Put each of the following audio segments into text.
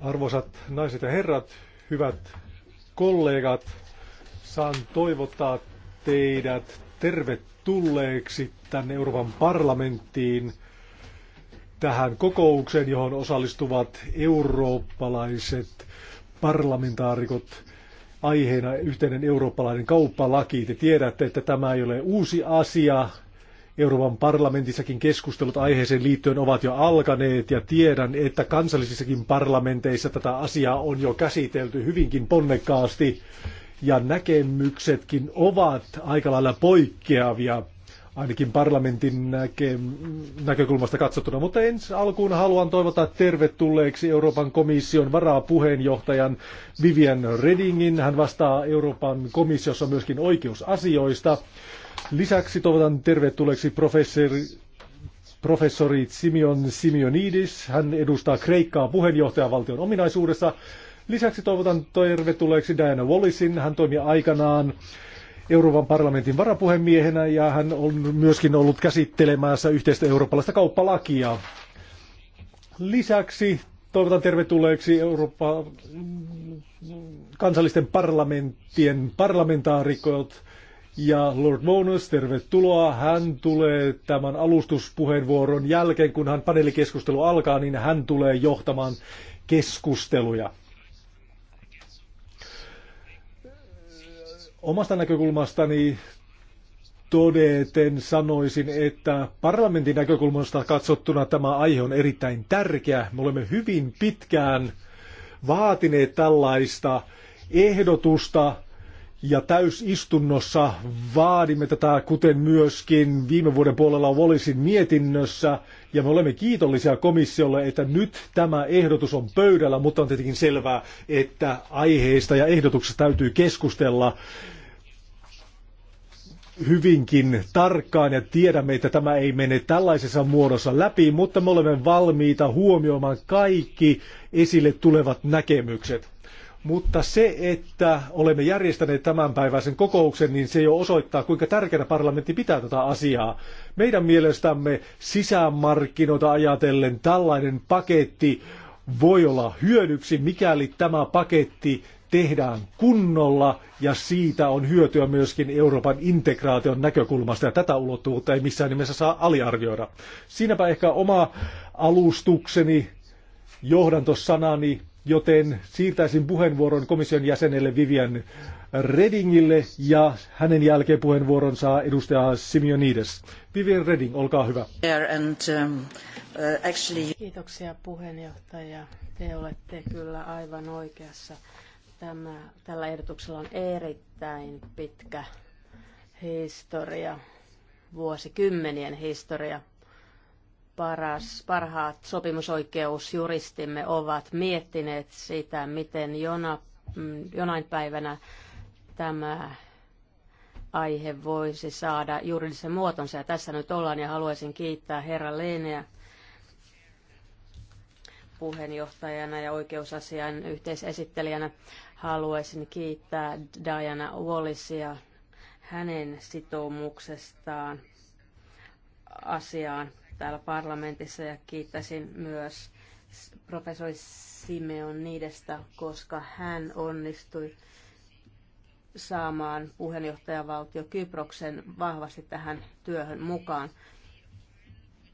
Arvoisat naiset ja herrat, hyvät kollegat, saan toivottaa teidät tervetulleeksi tänne Euroopan parlamenttiin tähän kokoukseen, johon osallistuvat eurooppalaiset parlamentaarikot aiheena yhteinen eurooppalainen kauppalaki. Te tiedätte, että tämä ei ole uusi asia, Euroopan parlamentissakin keskustelut aiheeseen liittyen ovat jo alkaneet ja tiedän, että kansallisissakin parlamenteissa tätä asiaa on jo käsitelty hyvinkin ponnekkaasti ja näkemyksetkin ovat aika lailla poikkeavia ainakin parlamentin näke, näkökulmasta katsottuna. Mutta ensi alkuun haluan toivottaa tervetulleeksi Euroopan komission varapuheenjohtajan Vivian Redingin. Hän vastaa Euroopan komissiossa myöskin oikeusasioista. Lisäksi toivotan tervetulleeksi professori professori Simeon Simeonidis. Hän edustaa Kreikkaa puheenjohtajavaltion ominaisuudessa. Lisäksi toivotan tervetulleeksi Diana Wallisin. Hän toimii aikanaan Euroopan parlamentin varapuhemiehenä ja hän on myöskin ollut käsittelemässä yhteistä eurooppalaista kauppalakia. Lisäksi toivotan tervetulleeksi Eurooppa, kansallisten parlamenttien parlamentaarikot ja Lord Bonus, tervetuloa. Hän tulee tämän alustuspuheenvuoron jälkeen, kun hän paneelikeskustelu alkaa, niin hän tulee johtamaan keskusteluja. Omasta näkökulmastani todeten sanoisin, että parlamentin näkökulmasta katsottuna tämä aihe on erittäin tärkeä. Me olemme hyvin pitkään vaatineet tällaista ehdotusta ja täysistunnossa vaadimme tätä, kuten myöskin viime vuoden puolella Wallisin mietinnössä. Ja me olemme kiitollisia komissiolle, että nyt tämä ehdotus on pöydällä, mutta on tietenkin selvää, että aiheista ja ehdotuksesta täytyy keskustella hyvinkin tarkkaan ja tiedämme, että tämä ei mene tällaisessa muodossa läpi, mutta me olemme valmiita huomioimaan kaikki esille tulevat näkemykset. Mutta se, että olemme järjestäneet tämänpäiväisen kokouksen, niin se jo osoittaa, kuinka tärkeänä parlamentti pitää tätä asiaa. Meidän mielestämme sisämarkkinoita ajatellen tällainen paketti voi olla hyödyksi, mikäli tämä paketti tehdään kunnolla ja siitä on hyötyä myöskin Euroopan integraation näkökulmasta ja tätä ulottuvuutta ei missään nimessä saa aliarvioida. Siinäpä ehkä oma alustukseni, johdantosanani joten siirtäisin puheenvuoron komission jäsenelle Vivian Redingille ja hänen jälkeen puheenvuoron saa edustaja Simionides. Vivian Reding, olkaa hyvä. Um, uh, Kiitoksia puheenjohtaja. Te olette kyllä aivan oikeassa. Tämä, tällä ehdotuksella on erittäin pitkä historia, vuosikymmenien historia paras, parhaat sopimusoikeusjuristimme ovat miettineet sitä, miten jona, mm, jonain päivänä tämä aihe voisi saada juridisen muotonsa. Ja tässä nyt ollaan ja haluaisin kiittää herra Leeneä puheenjohtajana ja oikeusasian yhteisesittelijänä. Haluaisin kiittää Diana Wallisia hänen sitoumuksestaan asiaan täällä parlamentissa ja kiittäisin myös professori Simeon Niidestä, koska hän onnistui saamaan puheenjohtajavaltio Kyproksen vahvasti tähän työhön mukaan.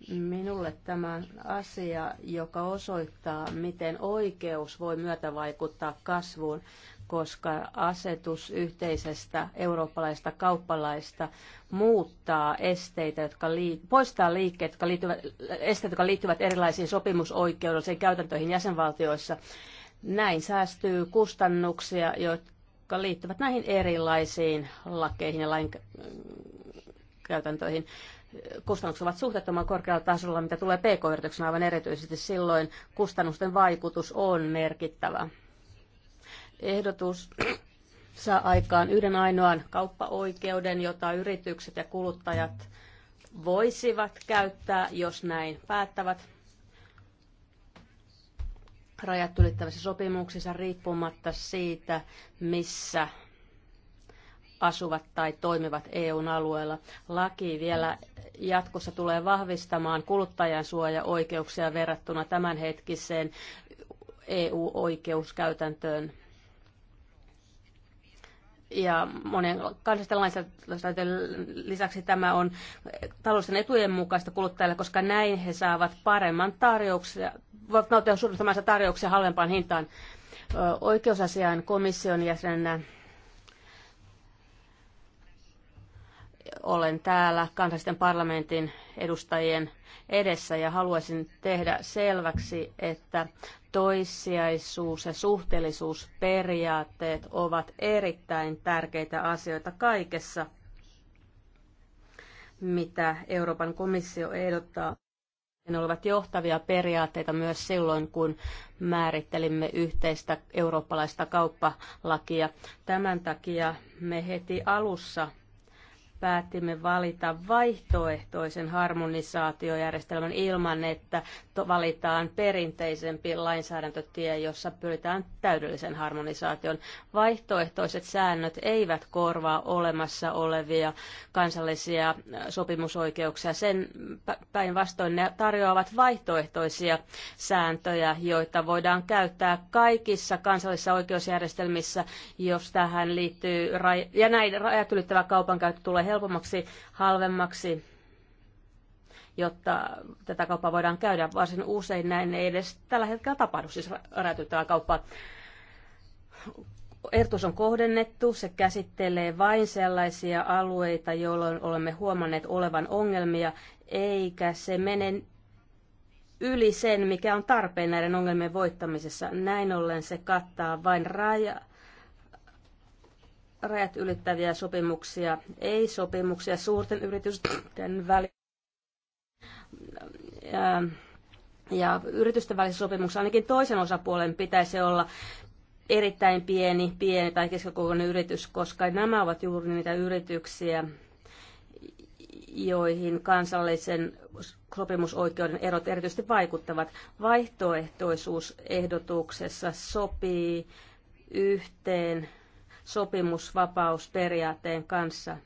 Minulle tämä asia, joka osoittaa, miten oikeus voi myötävaikuttaa kasvuun, koska asetus yhteisestä eurooppalaista kauppalaista muuttaa esteitä, jotka lii- poistaa liikkeet, jotka liittyvät, esteet, jotka liittyvät erilaisiin sopimusoikeudellisiin käytäntöihin jäsenvaltioissa. Näin säästyy kustannuksia, jotka liittyvät näihin erilaisiin lakeihin ja lain käytäntöihin kustannukset ovat suhteettoman korkealla tasolla, mitä tulee pk-yrityksen aivan erityisesti silloin kustannusten vaikutus on merkittävä ehdotus saa aikaan yhden ainoan kauppaoikeuden, jota yritykset ja kuluttajat voisivat käyttää, jos näin päättävät rajat ylittävissä sopimuksissa riippumatta siitä, missä asuvat tai toimivat EUn alueella. Laki vielä jatkossa tulee vahvistamaan kuluttajan suoja-oikeuksia verrattuna tämänhetkiseen EU-oikeuskäytäntöön ja monen kansallisten lainsäädäntöjen lisäksi tämä on talousten etujen mukaista kuluttajille, koska näin he saavat paremman tarjouksen, voivat nauttia suurimmansa tarjouksia halvempaan hintaan oikeusasian komission jäsenenä. Olen täällä kansallisten parlamentin edustajien edessä ja haluaisin tehdä selväksi, että toissijaisuus ja suhteellisuusperiaatteet ovat erittäin tärkeitä asioita kaikessa, mitä Euroopan komissio ehdottaa. Ne olivat johtavia periaatteita myös silloin, kun määrittelimme yhteistä eurooppalaista kauppalakia. Tämän takia me heti alussa päätimme valita vaihtoehtoisen harmonisaatiojärjestelmän ilman, että valitaan perinteisempi lainsäädäntötie, jossa pyritään täydellisen harmonisaation. Vaihtoehtoiset säännöt eivät korvaa olemassa olevia kansallisia äh, sopimusoikeuksia. Sen päinvastoin ne tarjoavat vaihtoehtoisia sääntöjä, joita voidaan käyttää kaikissa kansallisissa oikeusjärjestelmissä, jos tähän liittyy, ja näin rajat ylittävä kaupankäyttö tulee helpommaksi, halvemmaksi, jotta tätä kauppaa voidaan käydä. Varsin usein näin ei edes tällä hetkellä tapahdu, siis räätyttävää kauppa. Ertus on kohdennettu, se käsittelee vain sellaisia alueita, jolloin olemme huomanneet olevan ongelmia, eikä se mene yli sen, mikä on tarpeen näiden ongelmien voittamisessa. Näin ollen se kattaa vain raja, rajat ylittäviä sopimuksia, ei sopimuksia suurten yritysten välillä. Ja, yritysten välisessä sopimuksessa ainakin toisen osapuolen pitäisi olla erittäin pieni, pieni tai keskikokoinen yritys, koska nämä ovat juuri niitä yrityksiä, joihin kansallisen sopimusoikeuden erot erityisesti vaikuttavat. Vaihtoehtoisuusehdotuksessa sopii yhteen sopimusvapausperiaatteen kanssa.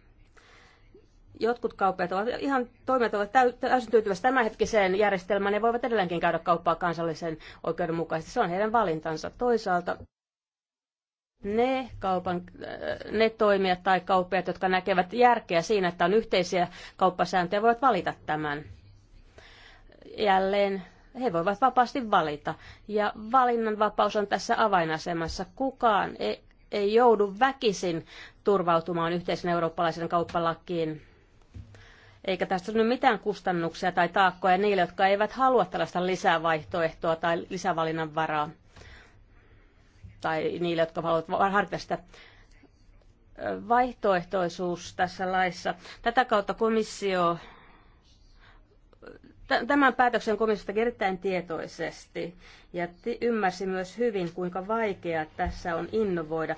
Jotkut kauppiaat ovat ihan toimet ovat täysin tyytyväisiä tämänhetkiseen järjestelmään ja voivat edelleenkin käydä kauppaa kansallisen oikeudenmukaisesti. Se on heidän valintansa. Toisaalta ne, kaupan, äh, ne toimijat tai kauppiaat, jotka näkevät järkeä siinä, että on yhteisiä kauppasääntöjä, voivat valita tämän. Jälleen he voivat vapaasti valita. Ja valinnanvapaus on tässä avainasemassa. Kukaan ei, ei joudu väkisin turvautumaan yhteisen eurooppalaisen kauppalakiin. Eikä tästä ole mitään kustannuksia tai taakkoja niille, jotka eivät halua tällaista lisävaihtoehtoa tai lisävalinnan varaa. Tai niille, jotka haluavat harkita sitä vaihtoehtoisuus tässä laissa. Tätä kautta komissio tämän päätöksen komissiosta erittäin tietoisesti ja ymmärsi myös hyvin, kuinka vaikeaa tässä on innovoida.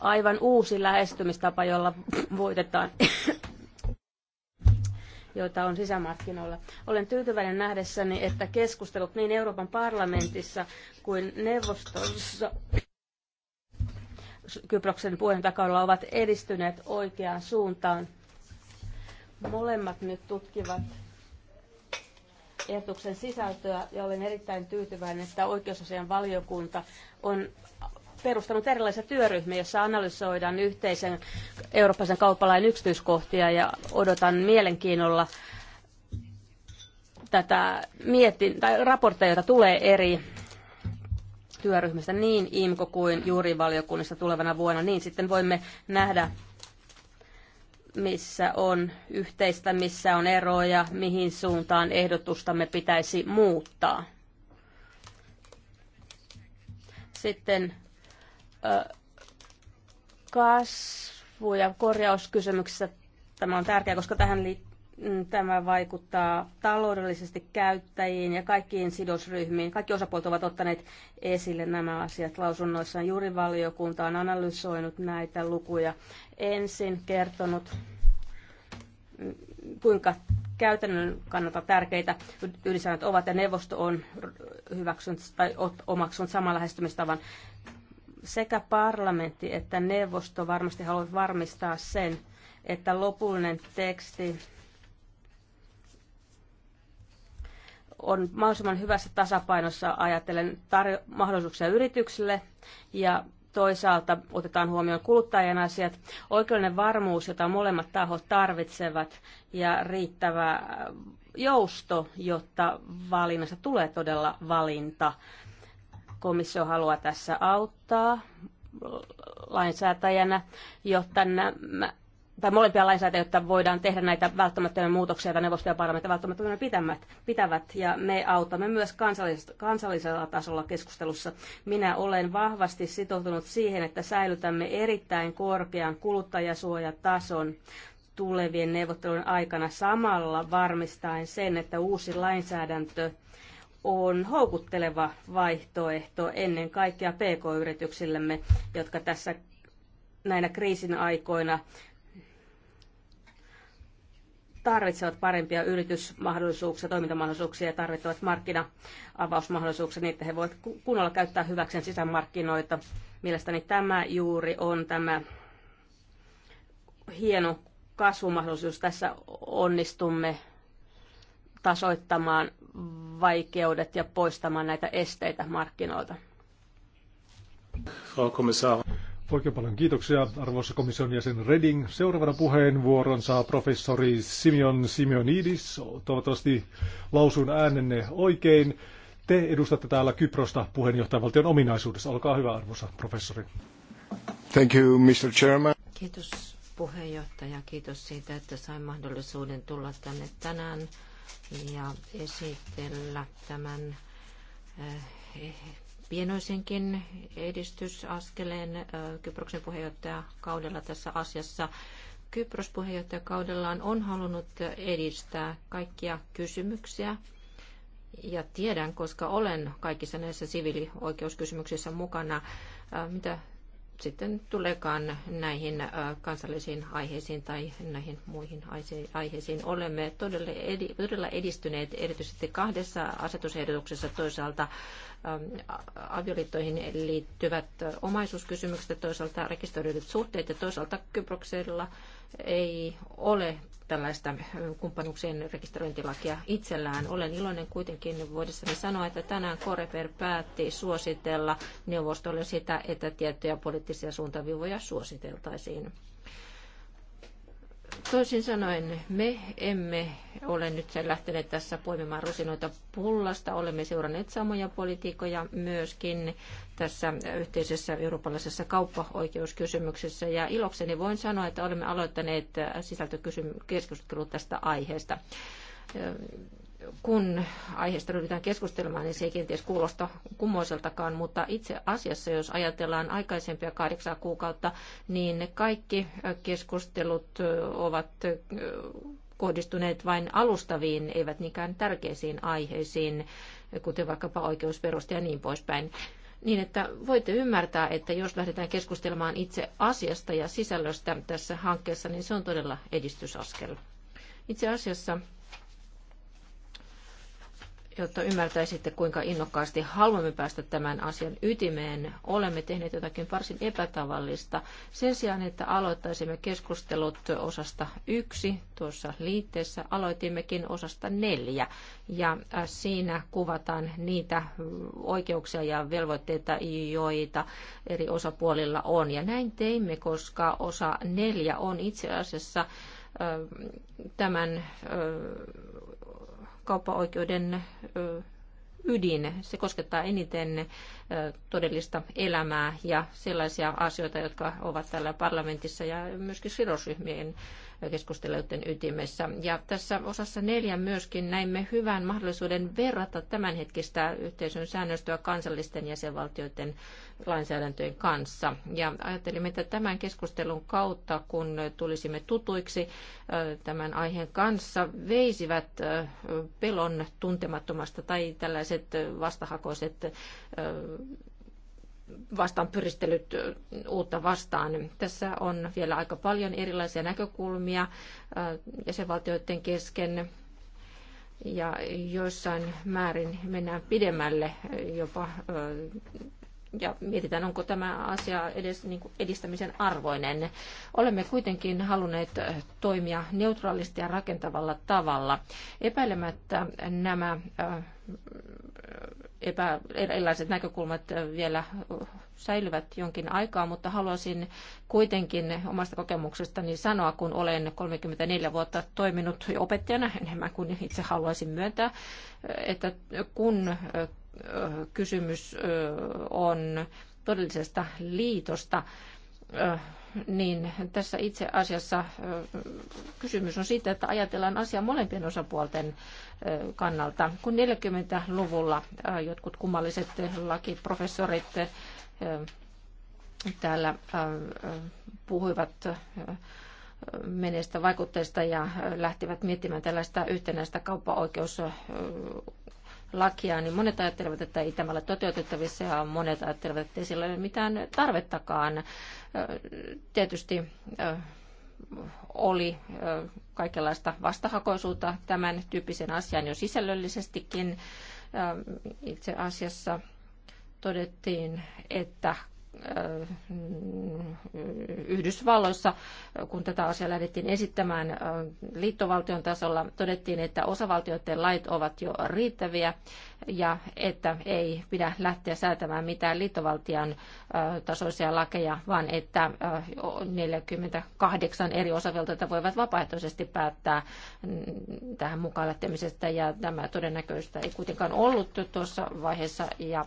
Aivan uusi lähestymistapa, jolla voitetaan joita on sisämarkkinoilla. Olen tyytyväinen nähdessäni, että keskustelut niin Euroopan parlamentissa kuin neuvostossa Kyproksen puheenjohtajakaudella ovat edistyneet oikeaan suuntaan. Molemmat nyt tutkivat ehdotuksen sisältöä ja olen erittäin tyytyväinen, että oikeusasian valiokunta on perustanut erilaisia työryhmiä, jossa analysoidaan yhteisen eurooppalaisen kauppalain yksityiskohtia ja odotan mielenkiinnolla tätä mietin, tai raportteja, joita tulee eri työryhmistä niin IMKO kuin juurivaliokunnista tulevana vuonna, niin sitten voimme nähdä, missä on yhteistä, missä on eroja, mihin suuntaan ehdotustamme pitäisi muuttaa. Sitten kasvu- ja korjauskysymyksessä tämä on tärkeää, koska tähän liittyy Mm, tämä vaikuttaa taloudellisesti käyttäjiin ja kaikkiin sidosryhmiin. Kaikki osapuolet ovat ottaneet esille nämä asiat lausunnoissaan. Juuri valiokunta on analysoinut näitä lukuja. Ensin kertonut, mm, kuinka käytännön kannalta tärkeitä ylisäännöt ovat ja neuvosto on hyväksynyt tai omaksunut saman lähestymistavan sekä parlamentti että neuvosto varmasti haluavat varmistaa sen, että lopullinen teksti on mahdollisimman hyvässä tasapainossa ajatellen tarjo- mahdollisuuksia yrityksille ja toisaalta otetaan huomioon kuluttajien asiat, oikeudellinen varmuus, jota molemmat tahot tarvitsevat ja riittävä jousto, jotta valinnasta tulee todella valinta. Komissio haluaa tässä auttaa lainsäätäjänä, jotta nämä tai molempia lainsäätäjiä, jotta voidaan tehdä näitä välttämättömiä muutoksia, joita neuvosto ja parlamentti välttämättömiä pitämät, pitävät. Ja me autamme myös kansallis- kansallisella tasolla keskustelussa. Minä olen vahvasti sitoutunut siihen, että säilytämme erittäin korkean kuluttajasuojatason tulevien neuvottelujen aikana samalla varmistaen sen, että uusi lainsäädäntö on houkutteleva vaihtoehto ennen kaikkea pk-yrityksillemme, jotka tässä näinä kriisin aikoina tarvitsevat parempia yritysmahdollisuuksia, toimintamahdollisuuksia ja tarvittavat markkina-avausmahdollisuuksia, niin että he voivat kunnolla käyttää hyväkseen sisämarkkinoita. Mielestäni tämä juuri on tämä hieno kasvumahdollisuus. Tässä onnistumme tasoittamaan vaikeudet ja poistamaan näitä esteitä markkinoilta. Frau Kommissar. Oikein paljon kiitoksia arvoisa komission jäsen Reding. Seuraavana puheenvuoron saa professori Simeon Simeonidis. Toivottavasti lausun äänenne oikein. Te edustatte täällä Kyprosta puheenjohtajavaltion ominaisuudessa. Olkaa hyvä arvoisa professori. Thank you, Mr. Chairman. Kiitos puheenjohtaja. Kiitos siitä, että sain mahdollisuuden tulla tänne tänään ja esitellä tämän eh, pienoisenkin edistysaskeleen Kyproksen puheenjohtajakaudella tässä asiassa. Kypros puheenjohtajakaudellaan on halunnut edistää kaikkia kysymyksiä, ja tiedän, koska olen kaikissa näissä siviilioikeuskysymyksissä mukana, mitä sitten tulekaan näihin äh, kansallisiin aiheisiin tai näihin muihin aiheisiin. Olemme todella edistyneet erityisesti kahdessa asetusehdotuksessa toisaalta ähm, avioliittoihin liittyvät äh, omaisuuskysymykset, toisaalta rekisteröidyt suhteet ja toisaalta Kyproksella ei ole tällaista kumppanuuksien rekisteröintilakia itsellään. Olen iloinen kuitenkin voidessani sanoa, että tänään Koreper päätti suositella neuvostolle sitä, että tiettyjä poliittisia suuntavivoja suositeltaisiin. Toisin sanoen, me emme ole nyt lähteneet tässä poimimaan rusinoita pullasta. Olemme seuranneet samoja politiikkoja myöskin tässä yhteisessä eurooppalaisessa kauppaoikeuskysymyksessä. Ja ilokseni voin sanoa, että olemme aloittaneet sisältökeskustelut tästä aiheesta kun aiheesta ryhdytään keskustelemaan, niin se ei kenties kuulosta kummoiseltakaan, mutta itse asiassa, jos ajatellaan aikaisempia kahdeksaa kuukautta, niin ne kaikki keskustelut ovat kohdistuneet vain alustaviin, eivät niinkään tärkeisiin aiheisiin, kuten vaikkapa oikeusperuste ja niin poispäin niin, että voitte ymmärtää, että jos lähdetään keskustelemaan itse asiasta ja sisällöstä tässä hankkeessa, niin se on todella edistysaskel. Itse asiassa jotta ymmärtäisitte, kuinka innokkaasti haluamme päästä tämän asian ytimeen, olemme tehneet jotakin varsin epätavallista. Sen sijaan, että aloittaisimme keskustelut osasta yksi, tuossa liitteessä aloitimmekin osasta neljä. Ja äh, siinä kuvataan niitä oikeuksia ja velvoitteita, joita eri osapuolilla on. Ja näin teimme, koska osa neljä on itse asiassa äh, tämän äh, kauppaoikeuden ydin. Se koskettaa eniten todellista elämää ja sellaisia asioita, jotka ovat täällä parlamentissa ja myöskin sidosryhmien keskusteluiden ytimessä. Ja tässä osassa neljä myöskin näimme hyvän mahdollisuuden verrata tämänhetkistä yhteisön säännöstöä kansallisten jäsenvaltioiden lainsäädäntöjen kanssa. Ja ajattelimme, että tämän keskustelun kautta, kun tulisimme tutuiksi tämän aiheen kanssa, veisivät pelon tuntemattomasta tai tällaiset vastahakoiset vastaan pyristelyt uutta vastaan. Tässä on vielä aika paljon erilaisia näkökulmia jäsenvaltioiden kesken ja joissain määrin mennään pidemmälle jopa ja mietitään, onko tämä asia edes niin kuin edistämisen arvoinen. Olemme kuitenkin halunneet toimia neutraalisti ja rakentavalla tavalla. Epäilemättä nämä epä, erilaiset näkökulmat vielä säilyvät jonkin aikaa, mutta haluaisin kuitenkin omasta kokemuksestani sanoa, kun olen 34 vuotta toiminut opettajana enemmän kuin itse haluaisin myöntää, että kun kysymys on todellisesta liitosta, niin tässä itse asiassa kysymys on siitä, että ajatellaan asiaa molempien osapuolten kannalta. Kun 40-luvulla jotkut kummalliset lakiprofessorit täällä puhuivat menestä vaikutteista ja lähtivät miettimään tällaista yhtenäistä kauppaoikeus lakia, niin monet ajattelevat, että ei tämä ole toteutettavissa ja monet ajattelevat, että ei sillä ole mitään tarvettakaan. Tietysti oli kaikenlaista vastahakoisuutta tämän tyyppisen asian jo sisällöllisestikin. Itse asiassa todettiin, että Äh, Yhdysvalloissa, kun tätä asiaa lähdettiin esittämään äh, liittovaltion tasolla, todettiin, että osavaltioiden lait ovat jo riittäviä ja että ei pidä lähteä säätämään mitään liittovaltion tasoisia lakeja, vaan että 48 eri osavaltiota voivat vapaaehtoisesti päättää mm, tähän mukaan lähtemisestä ja tämä todennäköistä ei kuitenkaan ollut tuossa vaiheessa ja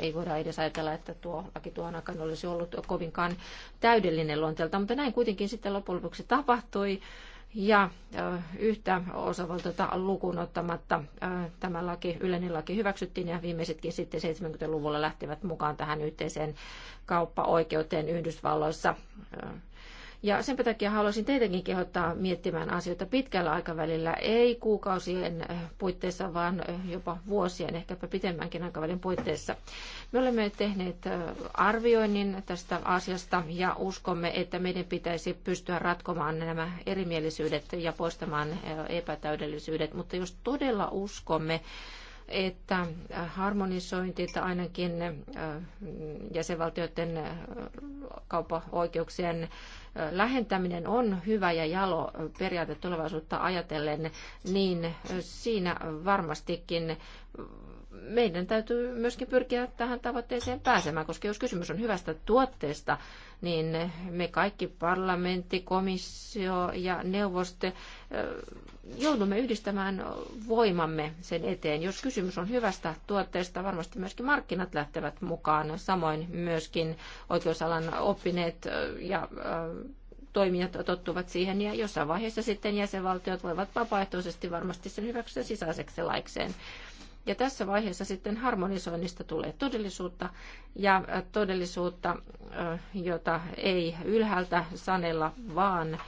ei voida edes ajatella, että tuo laki tuohon aikaan olisi ollut kovinkaan täydellinen luonteelta, mutta näin kuitenkin sitten lopuksi tapahtui ja yhtä osavaltiota lukuun ottamatta tämä laki, yleinen laki hyväksyttiin ja viimeisetkin sitten 70-luvulla lähtivät mukaan tähän yhteiseen kauppaoikeuteen Yhdysvalloissa. Ja sen takia haluaisin teitäkin kehottaa miettimään asioita pitkällä aikavälillä, ei kuukausien eh, puitteissa, vaan eh, jopa vuosien, ehkäpä pitemmänkin aikavälin puitteissa. Me olemme tehneet eh, arvioinnin tästä asiasta ja uskomme, että meidän pitäisi pystyä ratkomaan nämä erimielisyydet ja poistamaan epätäydellisyydet, mutta jos todella uskomme, että harmonisointi tai ainakin jäsenvaltioiden oikeuksien lähentäminen on hyvä ja jalo periaate tulevaisuutta ajatellen, niin siinä varmastikin meidän täytyy myöskin pyrkiä tähän tavoitteeseen pääsemään, koska jos kysymys on hyvästä tuotteesta, niin me kaikki parlamentti, komissio ja neuvosto joudumme yhdistämään voimamme sen eteen. Jos kysymys on hyvästä tuotteesta, varmasti myöskin markkinat lähtevät mukaan, samoin myöskin oikeusalan oppineet ja toimijat tottuvat siihen ja jossain vaiheessa sitten jäsenvaltiot voivat vapaaehtoisesti varmasti sen hyväksyä sisäiseksi laikseen. Ja tässä vaiheessa sitten harmonisoinnista tulee todellisuutta ja äh, todellisuutta, äh, jota ei ylhäältä sanella, vaan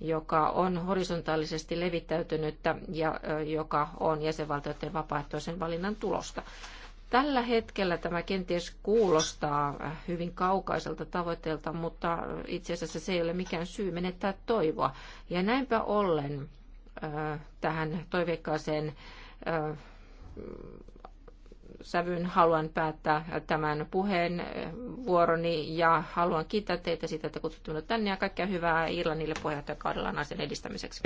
joka on horisontaalisesti levittäytynyttä ja äh, joka on jäsenvaltioiden vapaaehtoisen valinnan tulosta. Tällä hetkellä tämä kenties kuulostaa hyvin kaukaiselta tavoitteelta, mutta itse asiassa se ei ole mikään syy menettää toivoa. Ja näinpä ollen tähän toiveikkaaseen sävyyn haluan päättää tämän puheen vuoroni ja haluan kiittää teitä siitä, että kutsutte minut tänne ja kaikkea hyvää Irlannille puheenjohtajakaudellaan asian edistämiseksi.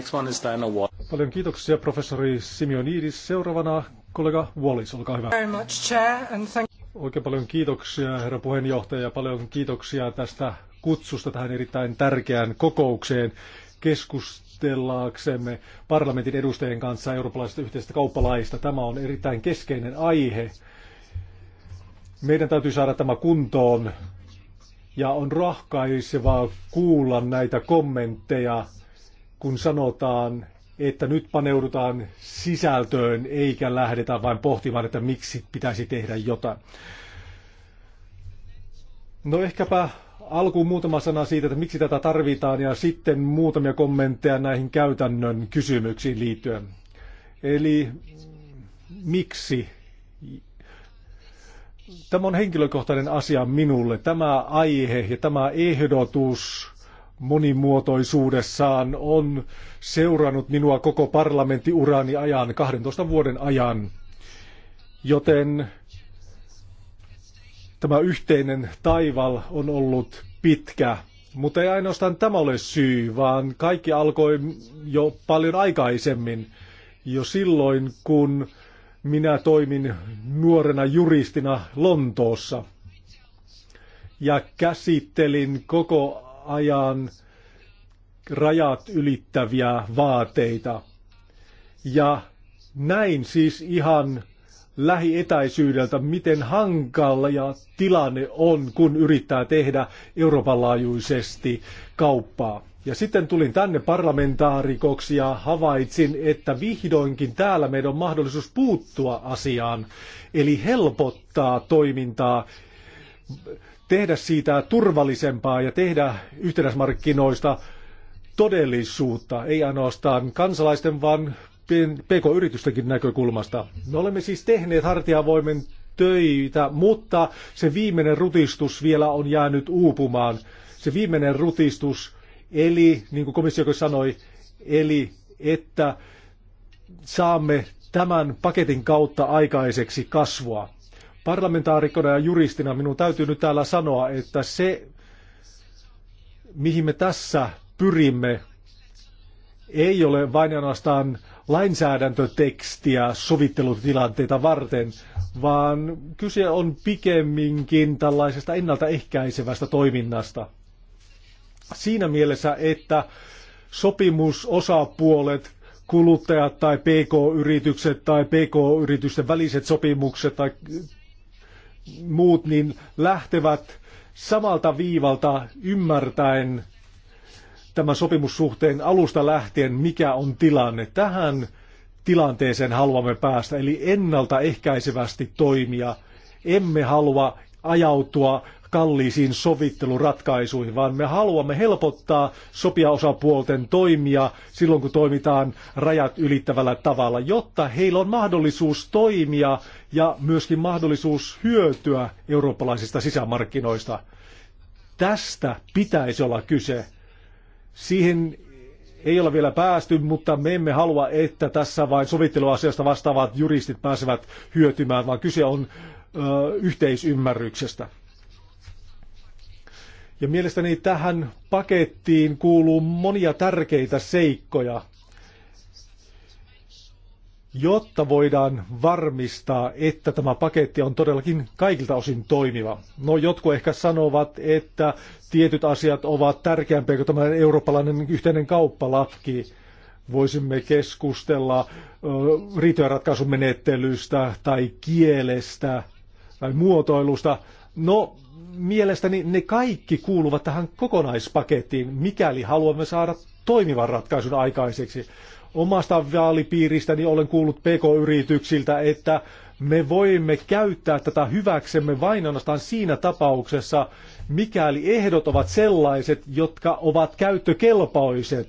Paljon kiitoksia professori Simeonidis. Seuraavana kollega Wallis, olkaa hyvä. Very much, chair, and thank Oikein paljon kiitoksia herra puheenjohtaja ja paljon kiitoksia tästä kutsusta tähän erittäin tärkeään kokoukseen. Keskus keskustellaaksemme parlamentin edustajien kanssa eurooppalaisesta yhteisestä kauppalaista. Tämä on erittäin keskeinen aihe. Meidän täytyy saada tämä kuntoon ja on rahkaisevaa kuulla näitä kommentteja, kun sanotaan, että nyt paneudutaan sisältöön eikä lähdetä vain pohtimaan, että miksi pitäisi tehdä jotain. No ehkäpä alkuun muutama sana siitä, että miksi tätä tarvitaan ja sitten muutamia kommentteja näihin käytännön kysymyksiin liittyen. Eli miksi? Tämä on henkilökohtainen asia minulle. Tämä aihe ja tämä ehdotus monimuotoisuudessaan on seurannut minua koko parlamenttiurani ajan, 12 vuoden ajan. Joten Tämä yhteinen taival on ollut pitkä, mutta ei ainoastaan tämä ole syy, vaan kaikki alkoi jo paljon aikaisemmin, jo silloin kun minä toimin nuorena juristina Lontoossa ja käsittelin koko ajan rajat ylittäviä vaateita. Ja näin siis ihan lähietäisyydeltä, miten hankala ja tilanne on, kun yrittää tehdä Euroopan laajuisesti kauppaa. Ja sitten tulin tänne parlamentaarikoksi ja havaitsin, että vihdoinkin täällä meidän on mahdollisuus puuttua asiaan, eli helpottaa toimintaa, tehdä siitä turvallisempaa ja tehdä yhtenäismarkkinoista todellisuutta, ei ainoastaan kansalaisten, vaan PK-yritystenkin näkökulmasta. Me olemme siis tehneet hartiavoimen töitä, mutta se viimeinen rutistus vielä on jäänyt uupumaan. Se viimeinen rutistus, eli niin kuin komissio sanoi, eli että saamme tämän paketin kautta aikaiseksi kasvua. Parlamentaarikkona ja juristina minun täytyy nyt täällä sanoa, että se, mihin me tässä pyrimme, ei ole vain ainoastaan lainsäädäntötekstiä sovittelutilanteita varten, vaan kyse on pikemminkin tällaisesta ennaltaehkäisevästä toiminnasta. Siinä mielessä, että sopimusosapuolet, kuluttajat tai PK-yritykset tai PK-yritysten väliset sopimukset tai muut, niin lähtevät samalta viivalta ymmärtäen tämän sopimussuhteen alusta lähtien, mikä on tilanne. Tähän tilanteeseen haluamme päästä, eli ennaltaehkäisevästi toimia. Emme halua ajautua kalliisiin sovitteluratkaisuihin, vaan me haluamme helpottaa sopijaosapuolten toimia silloin, kun toimitaan rajat ylittävällä tavalla, jotta heillä on mahdollisuus toimia ja myöskin mahdollisuus hyötyä eurooppalaisista sisämarkkinoista. Tästä pitäisi olla kyse. Siihen ei ole vielä päästy, mutta me emme halua, että tässä vain sovitteluasiasta vastaavat juristit pääsevät hyötymään, vaan kyse on ö, yhteisymmärryksestä. Ja mielestäni tähän pakettiin kuuluu monia tärkeitä seikkoja jotta voidaan varmistaa, että tämä paketti on todellakin kaikilta osin toimiva. No jotkut ehkä sanovat, että tietyt asiat ovat tärkeämpiä kuin tämä eurooppalainen yhteinen kauppalaki. Voisimme keskustella riitojenratkaisumenettelystä tai kielestä tai muotoilusta. No mielestäni ne kaikki kuuluvat tähän kokonaispakettiin, mikäli haluamme saada toimivan ratkaisun aikaiseksi. Omasta vaalipiiristäni niin olen kuullut PK-yrityksiltä, että me voimme käyttää tätä hyväksemme vain ainoastaan siinä tapauksessa, mikäli ehdot ovat sellaiset, jotka ovat käyttökelpoiset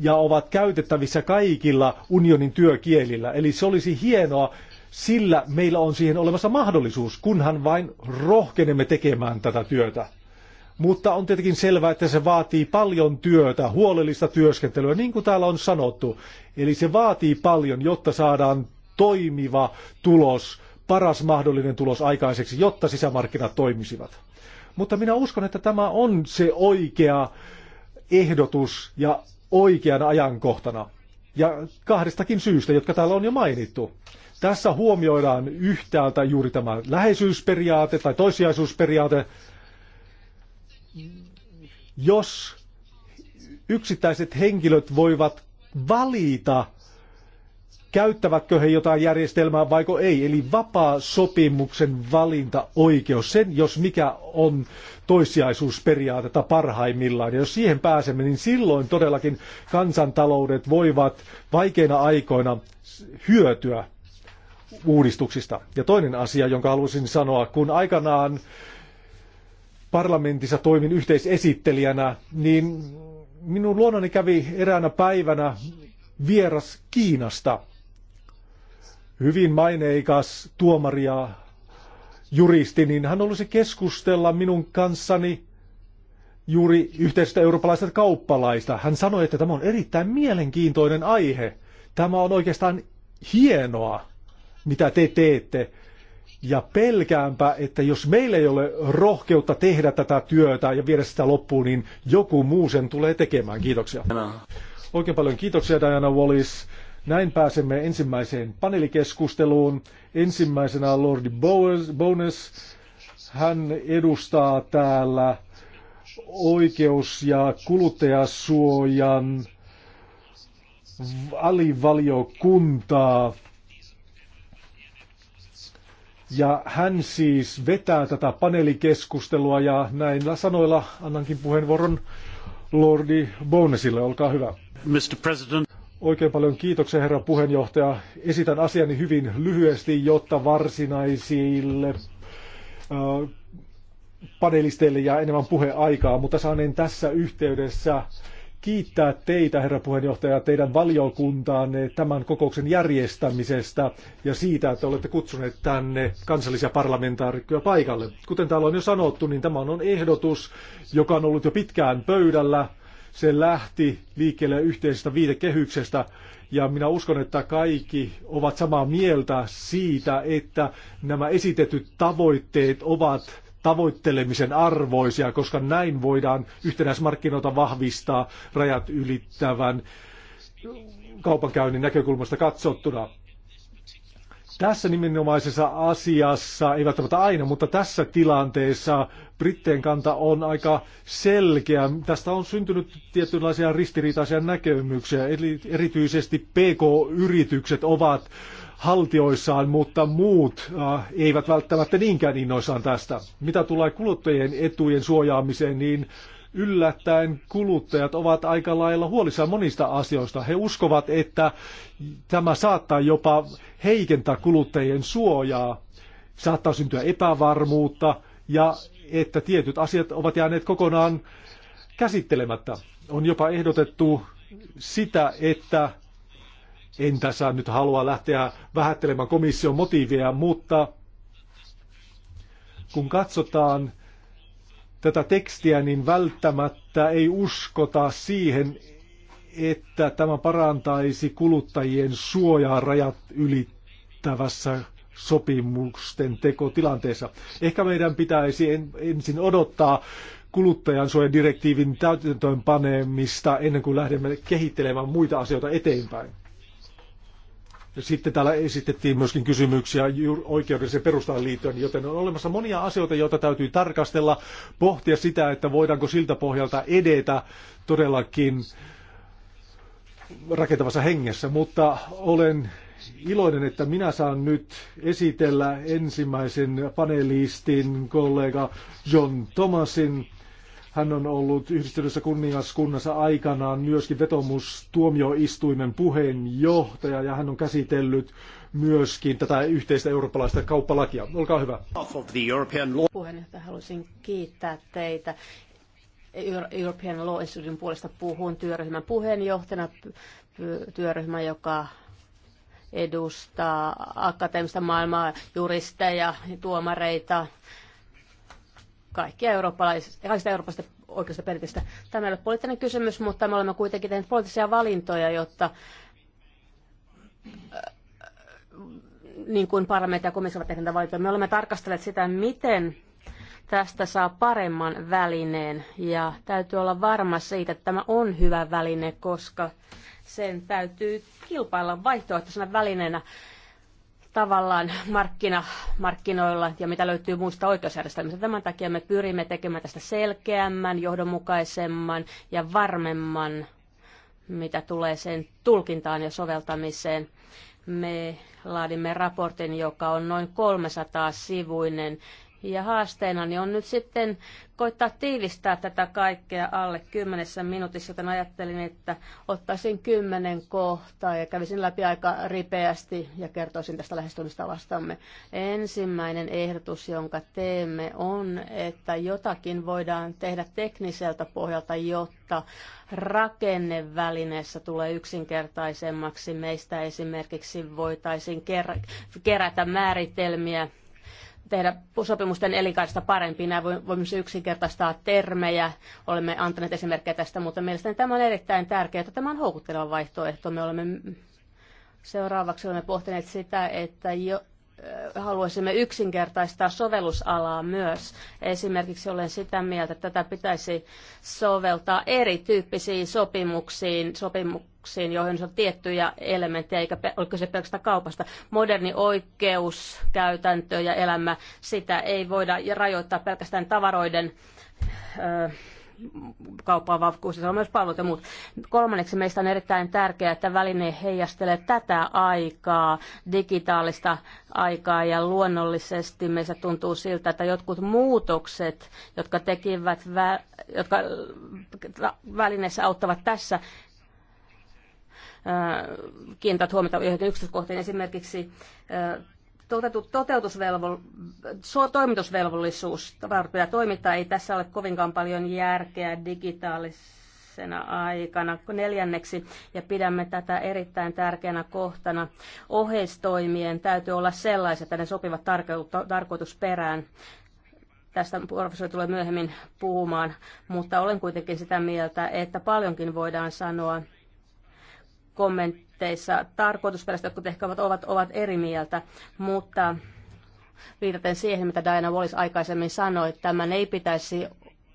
ja ovat käytettävissä kaikilla unionin työkielillä. Eli se olisi hienoa, sillä meillä on siihen olemassa mahdollisuus, kunhan vain rohkenemme tekemään tätä työtä. Mutta on tietenkin selvää, että se vaatii paljon työtä, huolellista työskentelyä, niin kuin täällä on sanottu. Eli se vaatii paljon, jotta saadaan toimiva tulos, paras mahdollinen tulos aikaiseksi, jotta sisämarkkinat toimisivat. Mutta minä uskon, että tämä on se oikea ehdotus ja oikeana ajankohtana. Ja kahdestakin syystä, jotka täällä on jo mainittu. Tässä huomioidaan yhtäältä juuri tämä läheisyysperiaate tai toissijaisuusperiaate, jos yksittäiset henkilöt voivat valita, käyttävätkö he jotain järjestelmää vaiko ei. Eli vapaa sopimuksen valintaoikeus, sen jos mikä on toissijaisuusperiaatetta parhaimmillaan. Ja jos siihen pääsemme, niin silloin todellakin kansantaloudet voivat vaikeina aikoina hyötyä uudistuksista. Ja toinen asia, jonka halusin sanoa, kun aikanaan parlamentissa toimin yhteisesittelijänä, niin minun luonani kävi eräänä päivänä vieras Kiinasta. Hyvin maineikas tuomari ja juristi, niin hän olisi keskustella minun kanssani juuri yhteisestä eurooppalaisesta kauppalaista. Hän sanoi, että tämä on erittäin mielenkiintoinen aihe. Tämä on oikeastaan hienoa, mitä te teette. Ja pelkäänpä, että jos meillä ei ole rohkeutta tehdä tätä työtä ja viedä sitä loppuun, niin joku muu sen tulee tekemään. Kiitoksia. Oikein paljon kiitoksia Diana Wallis. Näin pääsemme ensimmäiseen paneelikeskusteluun. Ensimmäisenä Lordi Bones. Hän edustaa täällä oikeus- ja kuluttajasuojan alivaliokuntaa ja hän siis vetää tätä paneelikeskustelua ja näillä sanoilla annankin puheenvuoron Lordi Bonesille. Olkaa hyvä. Mr. President. Oikein paljon kiitoksia, herra puheenjohtaja. Esitän asiani hyvin lyhyesti, jotta varsinaisille äh, panelisteille jää enemmän puheaikaa, mutta saanen tässä yhteydessä kiittää teitä, herra puheenjohtaja, teidän valiokuntaanne tämän kokouksen järjestämisestä ja siitä, että olette kutsuneet tänne kansallisia parlamentaarikkoja paikalle. Kuten täällä on jo sanottu, niin tämä on ehdotus, joka on ollut jo pitkään pöydällä. Se lähti liikkeelle yhteisestä viitekehyksestä ja minä uskon, että kaikki ovat samaa mieltä siitä, että nämä esitetyt tavoitteet ovat tavoittelemisen arvoisia, koska näin voidaan yhtenäismarkkinoita vahvistaa rajat ylittävän kaupankäynnin näkökulmasta katsottuna. Tässä nimenomaisessa asiassa, ei välttämättä aina, mutta tässä tilanteessa Britteen kanta on aika selkeä. Tästä on syntynyt tietynlaisia ristiriitaisia näkemyksiä, eli erityisesti PK-yritykset ovat haltioissaan, mutta muut äh, eivät välttämättä niinkään innoissaan tästä. Mitä tulee kuluttajien etujen suojaamiseen, niin yllättäen kuluttajat ovat aika lailla huolissaan monista asioista. He uskovat, että tämä saattaa jopa heikentää kuluttajien suojaa, saattaa syntyä epävarmuutta ja että tietyt asiat ovat jääneet kokonaan käsittelemättä. On jopa ehdotettu sitä, että en tässä nyt halua lähteä vähättelemään komission motiiveja, mutta kun katsotaan tätä tekstiä, niin välttämättä ei uskota siihen, että tämä parantaisi kuluttajien suojaa rajat ylittävässä sopimusten tekotilanteessa. Ehkä meidän pitäisi en, ensin odottaa suojadirektiivin täytäntöön panemista ennen kuin lähdemme kehittelemään muita asioita eteenpäin. Sitten täällä esitettiin myöskin kysymyksiä oikeudellisen perustaan liittyen, joten on olemassa monia asioita, joita täytyy tarkastella, pohtia sitä, että voidaanko siltä pohjalta edetä todellakin rakentavassa hengessä, mutta olen iloinen, että minä saan nyt esitellä ensimmäisen panelistin kollega John Thomasin. Hän on ollut yhdistyneessä kuningaskunnassa aikanaan myöskin vetomustuomioistuimen puheenjohtaja ja hän on käsitellyt myöskin tätä yhteistä eurooppalaista kauppalakia. Olkaa hyvä. Puheenjohtaja, haluaisin kiittää teitä. European Law Institutein puolesta puhun työryhmän puheenjohtajana, työryhmä, joka edustaa akateemista maailmaa, juristeja, tuomareita, kaikkia eurooppalaisista, kaikista eurooppalaisista oikeista perinteistä. Tämä ei ole poliittinen kysymys, mutta me olemme kuitenkin tehneet poliittisia valintoja, jotta äh, niin kuin parlamentti ja komissio ovat tehneet valintoja, me olemme tarkastelleet sitä, miten tästä saa paremman välineen ja täytyy olla varma siitä, että tämä on hyvä väline, koska sen täytyy kilpailla vaihtoehtoisena välineenä tavallaan markkina, markkinoilla ja mitä löytyy muista oikeusjärjestelmistä. Tämän takia me pyrimme tekemään tästä selkeämmän, johdonmukaisemman ja varmemman, mitä tulee sen tulkintaan ja soveltamiseen. Me laadimme raportin, joka on noin 300 sivuinen ja haasteena niin on nyt sitten koittaa tiivistää tätä kaikkea alle kymmenessä minuutissa, joten ajattelin, että ottaisin kymmenen kohtaa ja kävisin läpi aika ripeästi ja kertoisin tästä lähestymistavastamme. Ensimmäinen ehdotus, jonka teemme, on, että jotakin voidaan tehdä tekniseltä pohjalta, jotta rakennevälineessä tulee yksinkertaisemmaksi. Meistä esimerkiksi voitaisiin kerätä määritelmiä tehdä sopimusten elinkaista parempi. Nämä voimme myös yksinkertaistaa termejä. Olemme antaneet esimerkkejä tästä, mutta mielestäni tämä on erittäin tärkeää, että tämä on houkutteleva vaihtoehto. Me olemme Seuraavaksi olemme pohtineet sitä, että jo, haluaisimme yksinkertaistaa sovellusalaa myös. Esimerkiksi olen sitä mieltä, että tätä pitäisi soveltaa erityyppisiin sopimuksiin, sopimuksiin joihin on tiettyjä elementtejä, eikä oliko se pelkästään kaupasta. Moderni oikeus, käytäntö ja elämä, sitä ei voida rajoittaa pelkästään tavaroiden kauppaa vahvuuksia, siis on myös palvelut ja muut. Kolmanneksi meistä on erittäin tärkeää, että väline heijastelee tätä aikaa, digitaalista aikaa ja luonnollisesti meistä tuntuu siltä, että jotkut muutokset, jotka tekivät, jotka välineessä auttavat tässä, kiinnität huomiota yhden yksityiskohtiin esimerkiksi toimitusvelvollisuus pitää toimittaa. Ei tässä ole kovinkaan paljon järkeä digitaalisena aikana neljänneksi ja pidämme tätä erittäin tärkeänä kohtana. Oheistoimien täytyy olla sellaiset, että ne sopivat tarkoitusperään. Tästä professori tulee myöhemmin puhumaan, mutta olen kuitenkin sitä mieltä, että paljonkin voidaan sanoa kommentti suhteissa tarkoitusperäistä, jotka ehkä ovat, ovat, ovat eri mieltä, mutta viitaten siihen, mitä Diana Wallis aikaisemmin sanoi, että tämän ei pitäisi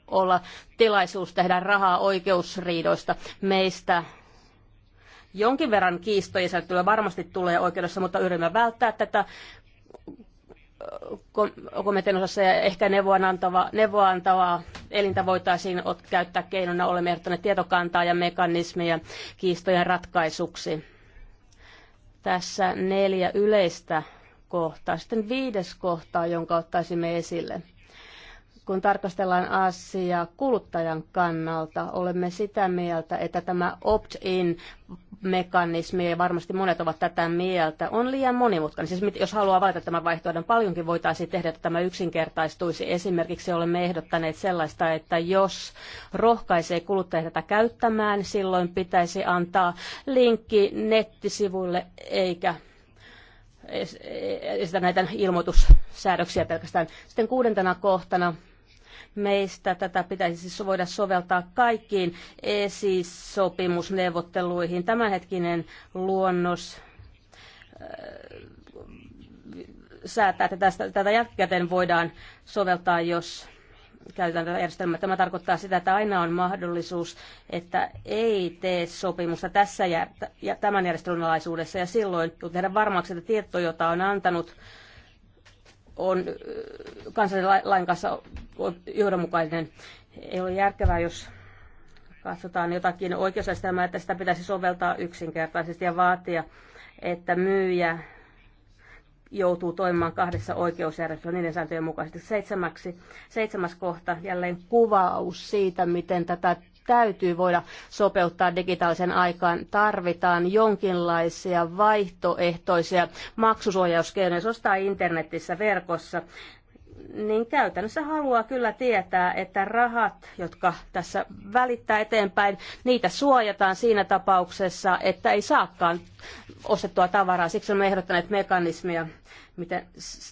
olla tilaisuus tehdä rahaa oikeusriidoista. Meistä jonkin verran kiistoja tulee varmasti tulee oikeudessa, mutta yritämme välttää tätä komitean osassa ja ehkä neuvoa antavaa, neuvoa antavaa elintä voitaisiin ot, käyttää keinona. Olemme ehdottaneet tietokantaa ja mekanismeja kiistojen ratkaisuksi tässä neljä yleistä kohtaa. Sitten viides kohta, jonka ottaisimme esille – kun tarkastellaan asiaa kuluttajan kannalta, olemme sitä mieltä, että tämä opt-in-mekanismi, ja varmasti monet ovat tätä mieltä, on liian monimutkainen. Siis jos haluaa valita tämän vaihtoehdon, paljonkin voitaisiin tehdä, että tämä yksinkertaistuisi. Esimerkiksi olemme ehdottaneet sellaista, että jos rohkaisee kuluttajia tätä käyttämään, silloin pitäisi antaa linkki nettisivuille eikä e-, esitä näitä ilmoitussäädöksiä pelkästään. Sitten kuudentena kohtana Meistä tätä pitäisi siis voida soveltaa kaikkiin esisopimusneuvotteluihin. Tämänhetkinen luonnos äh, säätää, että tästä, tätä jälkikäteen voidaan soveltaa, jos käytetään tätä järjestelmää. Tämä tarkoittaa sitä, että aina on mahdollisuus, että ei tee sopimusta tässä ja, tämän järjestelmän alaisuudessa, ja silloin kun tehdä varmaksi, että tieto, jota on antanut, on kansallisen kanssa johdonmukainen. Ei ole järkevää, jos katsotaan jotakin oikeusjärjestelmää, että sitä pitäisi soveltaa yksinkertaisesti ja vaatia, että myyjä joutuu toimimaan kahdessa oikeusjärjestelmässä niiden sääntöjen mukaisesti. Seitsemäksi, seitsemäs kohta, jälleen kuvaus siitä, miten tätä täytyy voida sopeuttaa digitaalisen aikaan. Tarvitaan jonkinlaisia vaihtoehtoisia maksusuojauskeinoja, jos ostaa internetissä verkossa niin käytännössä haluaa kyllä tietää, että rahat, jotka tässä välittää eteenpäin, niitä suojataan siinä tapauksessa, että ei saakaan ostettua tavaraa. Siksi olemme ehdottaneet mekanismia miten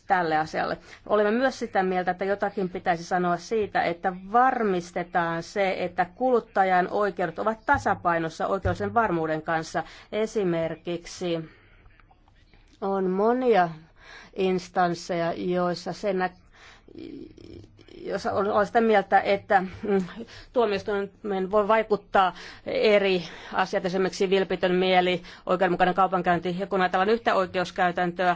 tälle asialle. Olemme myös sitä mieltä, että jotakin pitäisi sanoa siitä, että varmistetaan se, että kuluttajan oikeudet ovat tasapainossa oikeudellisen varmuuden kanssa. Esimerkiksi on monia instansseja, joissa se näkyy jos olen sitä mieltä, että mm, tuomioistuimen voi vaikuttaa eri asiat, esimerkiksi vilpitön mieli, oikeudenmukainen kaupankäynti, ja kun ajatellaan yhtä oikeuskäytäntöä,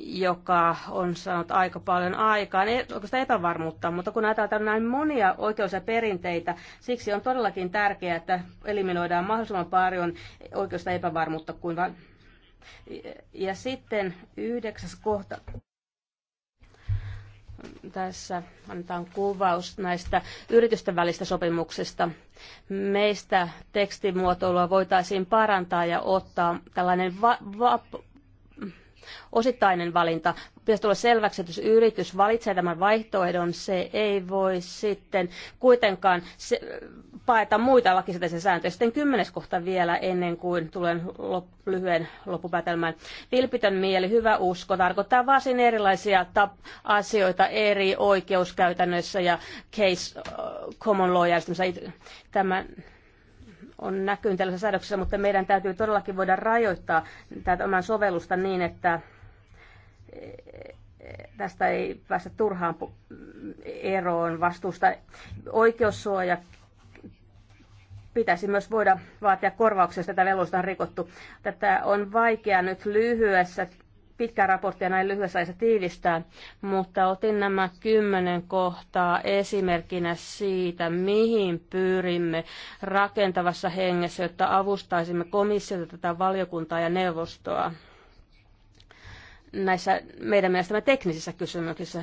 joka on saanut aika paljon aikaa, niin oikeastaan epävarmuutta, mutta kun ajatellaan näin monia oikeus- ja perinteitä, siksi on todellakin tärkeää, että eliminoidaan mahdollisimman paljon oikeusta epävarmuutta kuin ja sitten yhdeksäs kohta. Tässä annetaan kuvaus näistä yritysten välistä sopimuksista. Meistä tekstimuotoilua voitaisiin parantaa ja ottaa tällainen va- va- osittainen valinta. Pitäisi tulla selväksi, että jos yritys valitsee tämän vaihtoehdon, se ei voi sitten kuitenkaan se, paeta muita lakisääteisiä sääntöjä. Sitten kymmenes kohta vielä ennen kuin tulen lop, lyhyen loppupäätelmään. Vilpitön mieli, hyvä usko, tarkoittaa varsin erilaisia asioita eri oikeuskäytännöissä ja case äh, common law järjestelmässä. Tämän on näkyyn tällaisessa säädöksessä, mutta meidän täytyy todellakin voida rajoittaa tätä oman sovellusta niin, että eh, tästä ei päästä turhaan eroon vastuusta. Oikeussuoja pitäisi myös voida vaatia korvauksia, jos tätä velvollisuutta on rikottu. Tätä on vaikea nyt lyhyessä pitkä raporttia näin lyhyessä ajassa tiivistää, mutta otin nämä kymmenen kohtaa esimerkkinä siitä, mihin pyrimme rakentavassa hengessä, jotta avustaisimme komissiota tätä valiokuntaa ja neuvostoa näissä meidän mielestämme teknisissä kysymyksissä.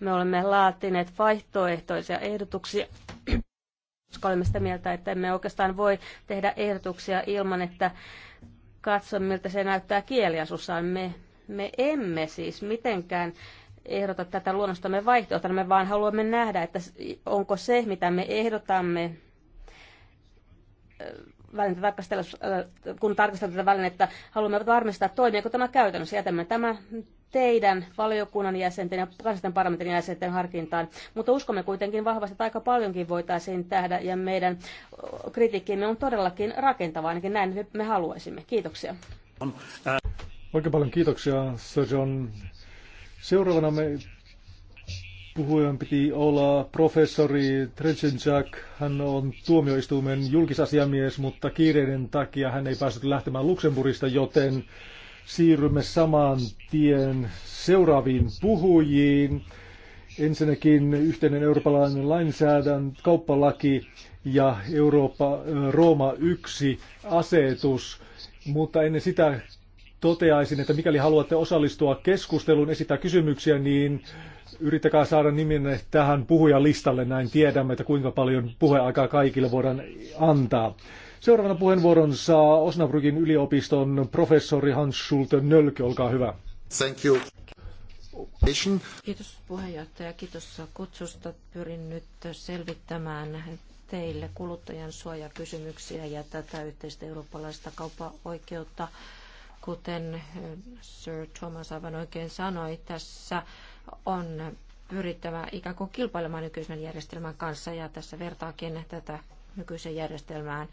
Me olemme laatineet vaihtoehtoisia ehdotuksia, koska olemme sitä mieltä, että emme oikeastaan voi tehdä ehdotuksia ilman, että katso, miltä se näyttää kieliasussaan. Me, me emme siis mitenkään ehdota tätä luonnostamme vaihtoehtoa, me vaan haluamme nähdä, että onko se, mitä me ehdotamme, välinettä äh, kun tarkastellaan tätä välinettä, haluamme varmistaa, toimiiko tämä käytännössä. Jätämme tämä teidän valiokunnan jäsenten ja kansallisten parlamentin jäsenten harkintaan, mutta uskomme kuitenkin vahvasti, että aika paljonkin voitaisiin tähdä ja meidän kritiikkimme on todellakin rakentava, ainakin näin me haluaisimme. Kiitoksia. Oikein paljon kiitoksia, John. Seuraavana me Puhujan piti olla professori Trezenjak. Hän on tuomioistuimen julkisasiamies, mutta kiireiden takia hän ei päässyt lähtemään Luxemburgista, joten siirrymme saman tien seuraaviin puhujiin. Ensinnäkin yhteinen eurooppalainen lainsäädäntö, kauppalaki ja Eurooppa, Rooma 1 asetus. Mutta ennen sitä toteaisin, että mikäli haluatte osallistua keskusteluun, esittää kysymyksiä, niin yrittäkää saada nimenne tähän puhujalistalle, näin tiedämme, että kuinka paljon puheaikaa kaikille voidaan antaa. Seuraavana puheenvuoron saa Osnabrykin yliopiston professori Hans Schulte Nölke, olkaa hyvä. Thank you. Kiitos puheenjohtaja, kiitos kutsusta. Pyrin nyt selvittämään teille kuluttajan suojakysymyksiä ja tätä yhteistä eurooppalaista kauppaoikeutta. oikeutta Kuten eh, Sir Thomas aivan oikein sanoi, tässä on pyrittävä ikään kuin kilpailemaan nykyisen järjestelmän kanssa ja tässä vertaakin tätä nykyiseen järjestelmään.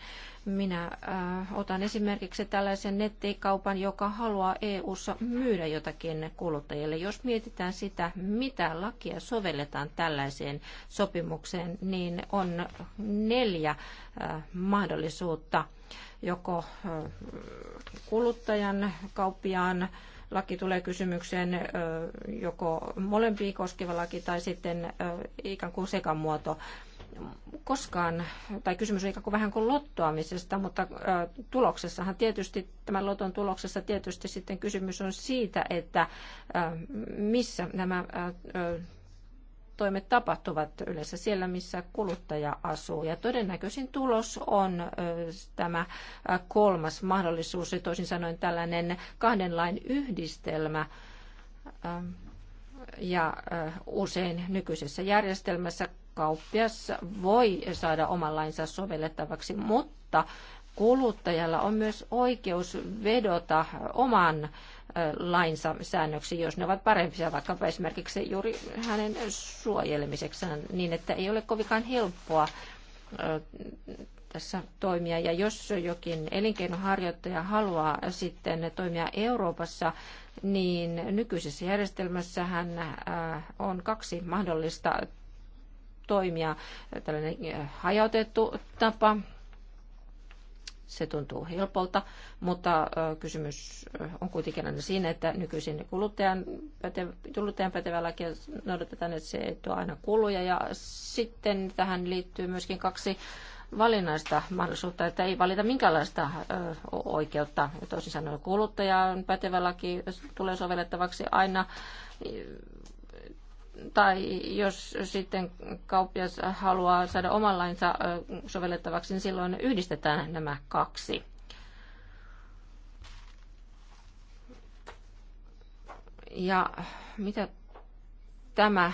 Minä äh, otan esimerkiksi tällaisen nettikaupan, joka haluaa EU-ssa myydä jotakin kuluttajille. Jos mietitään sitä, mitä lakia sovelletaan tällaiseen sopimukseen, niin on neljä äh, mahdollisuutta. Äh, joko kuluttajan, kauppiaan laki tulee kysymykseen joko molempiin koskeva laki tai sitten ikään kuin sekamuoto koskaan, tai kysymys on ikään kuin vähän kuin lottoamisesta, mutta tuloksessahan tietysti, tämän loton tuloksessa tietysti sitten kysymys on siitä, että missä nämä toimet tapahtuvat yleensä siellä, missä kuluttaja asuu. Ja todennäköisin tulos on tämä kolmas mahdollisuus, ja toisin sanoen tällainen kahden lain yhdistelmä. Ja usein nykyisessä järjestelmässä kauppias voi saada oman lainsa sovellettavaksi, mutta kuluttajalla on myös oikeus vedota oman lainsäännöksiin, jos ne ovat parempia, vaikkapa esimerkiksi juuri hänen suojelemisekseen, niin että ei ole kovinkaan helppoa tässä toimia. Ja jos jokin elinkeinoharjoittaja haluaa sitten toimia Euroopassa, niin nykyisessä järjestelmässä hän on kaksi mahdollista toimia. Tällainen hajautettu tapa, se tuntuu helpolta, mutta kysymys on kuitenkin aina siinä, että nykyisin kuluttajan, päte, kuluttajan pätevää lakia noudatetaan, että se ei tuo aina kuluja. Ja sitten tähän liittyy myöskin kaksi valinnaista mahdollisuutta, että ei valita minkäänlaista oikeutta. Ja toisin sanoen kuluttajan pätevä laki tulee sovellettavaksi aina tai jos sitten kauppias haluaa saada oman lainsa sovellettavaksi, niin silloin yhdistetään nämä kaksi. Ja mitä tämä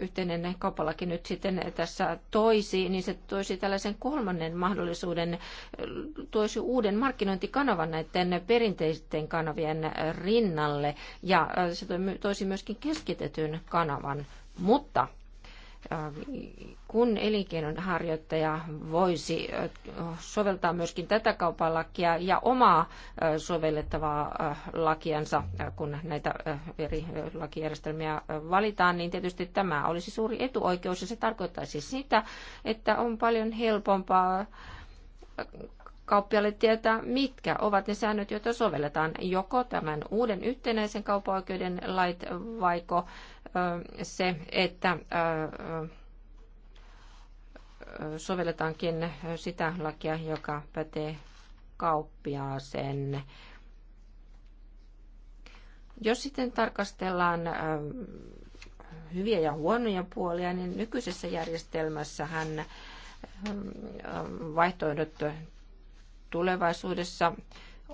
yhteinen kauppalaki nyt sitten tässä toisi, niin se toisi tällaisen kolmannen mahdollisuuden, toisi uuden markkinointikanavan näiden perinteisten kanavien rinnalle ja se toisi myöskin keskitetyn kanavan. Mutta kun elinkeinon voisi soveltaa myöskin tätä kaupalakia ja omaa sovellettavaa lakiansa, kun näitä eri lakijärjestelmiä valitaan, niin tietysti tämä olisi suuri etuoikeus ja se tarkoittaisi sitä, että on paljon helpompaa kauppialle tietää, mitkä ovat ne säännöt, joita sovelletaan joko tämän uuden yhtenäisen kaupaoikeuden lait vaiko se, että sovelletaankin sitä lakia, joka pätee kauppiaaseen. Jos sitten tarkastellaan hyviä ja huonoja puolia, niin nykyisessä järjestelmässähän vaihtoehdot tulevaisuudessa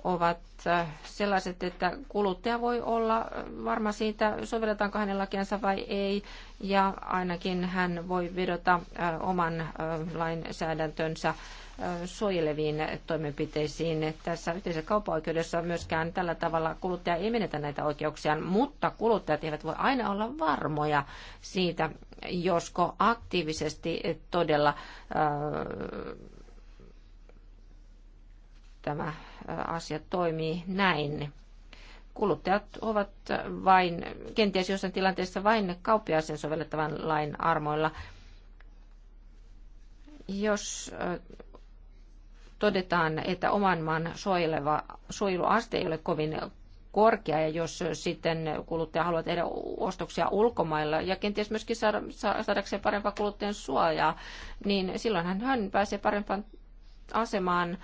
ovat äh, sellaiset, että kuluttaja voi olla äh, varma siitä, sovelletaanko hänen lakiansa vai ei, ja ainakin hän voi vedota äh, oman lainsäädäntönsä suojeleviin toimenpiteisiin. Tässä yhteisessä kaupaoikeudessa myöskään tällä tavalla kuluttaja ei menetä näitä oikeuksiaan, mutta kuluttajat eivät voi aina olla varmoja siitä, josko aktiivisesti todella äh, tämä asia toimii näin. Kuluttajat ovat vain, kenties jossain tilanteessa vain kauppiaisen sovellettavan lain armoilla. Jos todetaan, että oman maan suojeleva, suojeluaste ei ole kovin korkea ja jos sitten kuluttaja haluaa tehdä ostoksia ulkomailla ja kenties myöskin saada, saadakseen parempaa kuluttajan suojaa, niin silloin hän, hän pääsee parempaan asemaan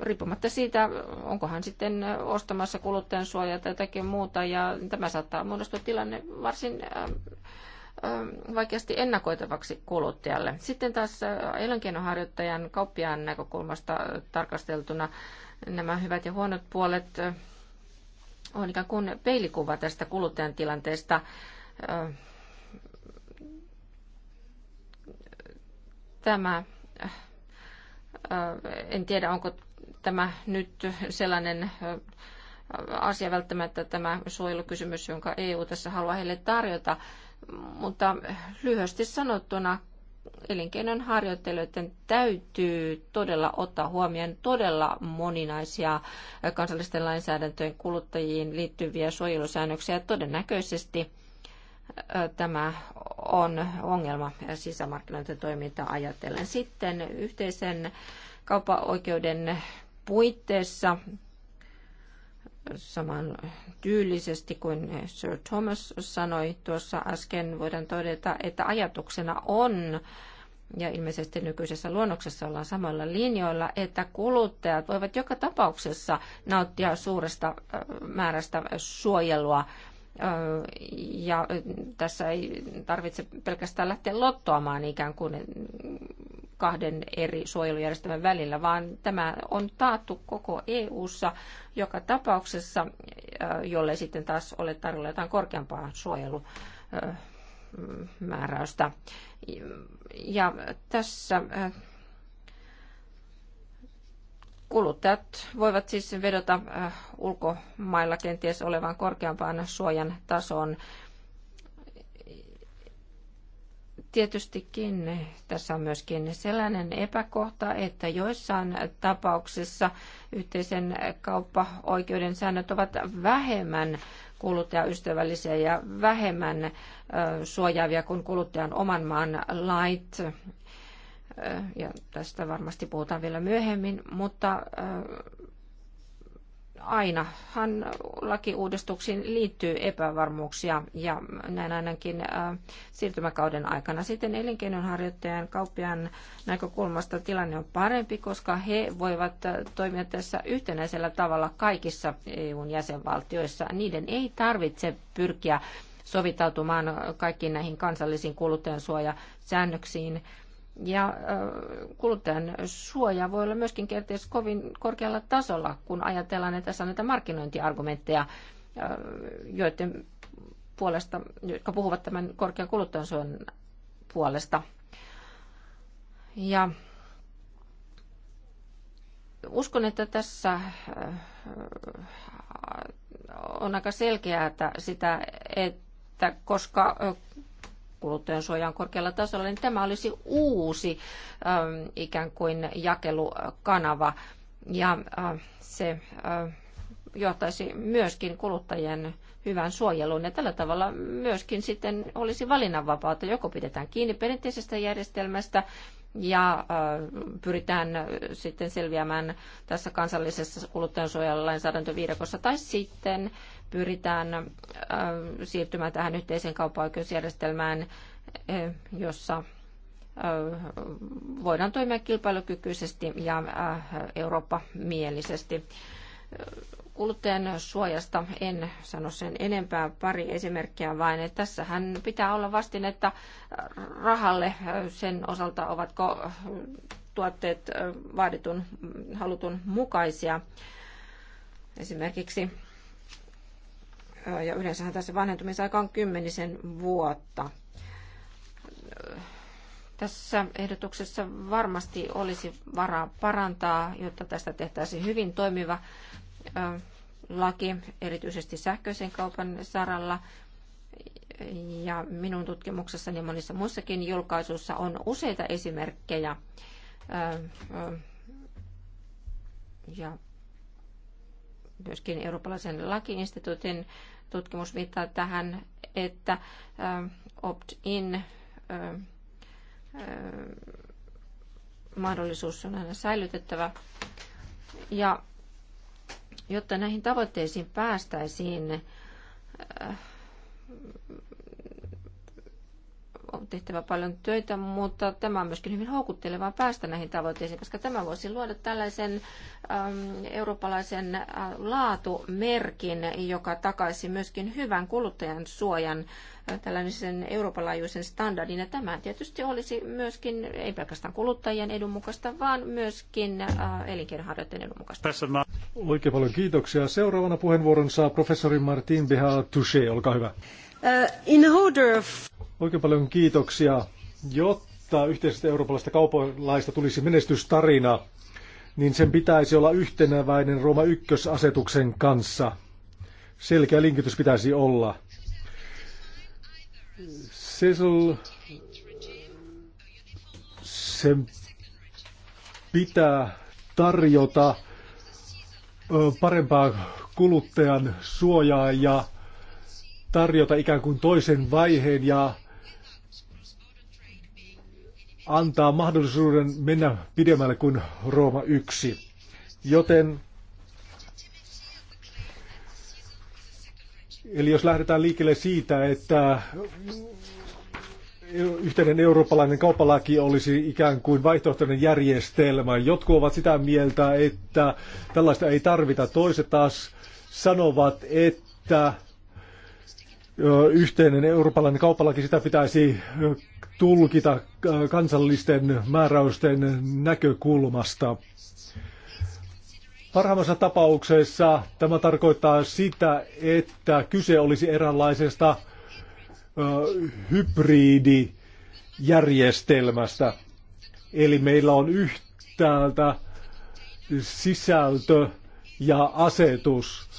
riippumatta siitä, onko hän sitten ostamassa kuluttajan suojaa tai jotakin muuta. Ja tämä saattaa muodostua tilanne varsin ähm, ähm, vaikeasti ennakoitavaksi kuluttajalle. Sitten taas äh, elinkeinoharjoittajan kauppiaan näkökulmasta tarkasteltuna nämä hyvät ja huonot puolet äh, on ikään kuin peilikuva tästä kuluttajan tilanteesta. Äh, tämä Äh, en tiedä, onko tämä nyt sellainen äh, asia välttämättä tämä suojelukysymys, jonka EU tässä haluaa heille tarjota, mutta lyhyesti sanottuna elinkeinon harjoittelijoiden täytyy todella ottaa huomioon todella moninaisia kansallisten lainsäädäntöjen kuluttajiin liittyviä suojelusäännöksiä. Todennäköisesti tämä on ongelma sisämarkkinoiden toimintaa ajatellen. Sitten yhteisen kaupaoikeuden puitteissa saman tyylisesti kuin Sir Thomas sanoi tuossa äsken, voidaan todeta, että ajatuksena on, ja ilmeisesti nykyisessä luonnoksessa ollaan samalla linjoilla, että kuluttajat voivat joka tapauksessa nauttia suuresta määrästä suojelua ja tässä ei tarvitse pelkästään lähteä lottoamaan ikään kuin kahden eri suojelujärjestelmän välillä, vaan tämä on taattu koko EU:ssa joka tapauksessa, jolle sitten taas ole tarjolla jotain korkeampaa suojelumääräystä. Ja tässä Kuluttajat voivat siis vedota äh, ulkomailla kenties olevan korkeampaan suojan tasoon. Tietystikin tässä on myöskin sellainen epäkohta, että joissain tapauksissa yhteisen kauppaoikeuden säännöt ovat vähemmän kuluttajaystävällisiä ja vähemmän äh, suojaavia kuin kuluttajan oman maan lait ja tästä varmasti puhutaan vielä myöhemmin, mutta ainahan lakiuudistuksiin liittyy epävarmuuksia ja näin ainakin siirtymäkauden aikana sitten elinkeinonharjoittajan kauppiaan näkökulmasta tilanne on parempi, koska he voivat toimia tässä yhtenäisellä tavalla kaikissa EUn jäsenvaltioissa. Niiden ei tarvitse pyrkiä sovitautumaan kaikkiin näihin kansallisiin kuluttajansuojasäännöksiin. säännöksiin ja kuluttajan suoja voi olla myöskin kerties kovin korkealla tasolla, kun ajatellaan, että tässä on näitä markkinointiargumentteja, joiden puolesta, jotka puhuvat tämän korkean suojan puolesta. Ja uskon, että tässä on aika selkeää että sitä, että koska kuluttajan suojaan korkealla tasolla, niin tämä olisi uusi äm, ikään kuin jakelukanava. Ja äh, se äh, johtaisi myöskin kuluttajien hyvän suojeluun. Ja tällä tavalla myöskin sitten olisi valinnanvapautta. Joko pidetään kiinni perinteisestä järjestelmästä ja äh, pyritään äh, sitten selviämään tässä kansallisessa kuluttajansuojalainsäädäntöviidakossa, tai sitten pyritään äh, siirtymään tähän yhteiseen kauppa-oikeusjärjestelmään, äh, jossa äh, voidaan toimia kilpailukykyisesti ja Eurooppa-mielisesti. Kuluttajan suojasta en sano sen enempää, pari esimerkkiä vain. Että tässähän pitää olla vastin, että rahalle sen osalta, ovatko tuotteet vaaditun, halutun mukaisia. Esimerkiksi ja yleensähän tässä vanhentumisaika on kymmenisen vuotta. Tässä ehdotuksessa varmasti olisi varaa parantaa, jotta tästä tehtäisiin hyvin toimiva laki, erityisesti sähköisen kaupan saralla. Ja minun tutkimuksessani ja monissa muissakin julkaisuissa on useita esimerkkejä ja myöskin eurooppalaisen lakiinstituutin tutkimus viittaa tähän, että ähm, opt-in ähm, äh, mahdollisuus on aina säilytettävä. Ja jotta näihin tavoitteisiin päästäisiin, äh, on tehtävä paljon töitä, mutta tämä on myöskin hyvin houkuttelevaa päästä näihin tavoitteisiin, koska tämä voisi luoda tällaisen äm, eurooppalaisen äh, laatumerkin, joka takaisi myöskin hyvän kuluttajan suojan äh, tällaisen eurooppalaisen standardin. Ja tämä tietysti olisi myöskin, ei pelkästään kuluttajien edun mukaista, vaan myöskin äh, elinkeinoharjoittajien edun mukaista. Oikein paljon kiitoksia. Seuraavana puheenvuoron saa professori Martin Beha Touché. Olkaa hyvä. Uh, in order of... Oikein paljon kiitoksia. Jotta yhteisestä eurooppalaisesta kaupunlaista tulisi menestystarina, niin sen pitäisi olla yhtenäväinen Rooma 1-asetuksen kanssa. Selkeä linkitys pitäisi olla. Cecil, sen pitää tarjota parempaa kuluttajan suojaa ja tarjota ikään kuin toisen vaiheen ja antaa mahdollisuuden mennä pidemmälle kuin Rooma 1. Joten Eli jos lähdetään liikkeelle siitä, että yhteinen eurooppalainen kauppalaki olisi ikään kuin vaihtoehtoinen järjestelmä. Jotkut ovat sitä mieltä, että tällaista ei tarvita. Toiset taas sanovat, että yhteinen eurooppalainen kauppalaki, sitä pitäisi tulkita kansallisten määräysten näkökulmasta. Parhaimmassa tapauksessa tämä tarkoittaa sitä, että kyse olisi eräänlaisesta hybridijärjestelmästä. Eli meillä on yhtäältä sisältö ja asetus.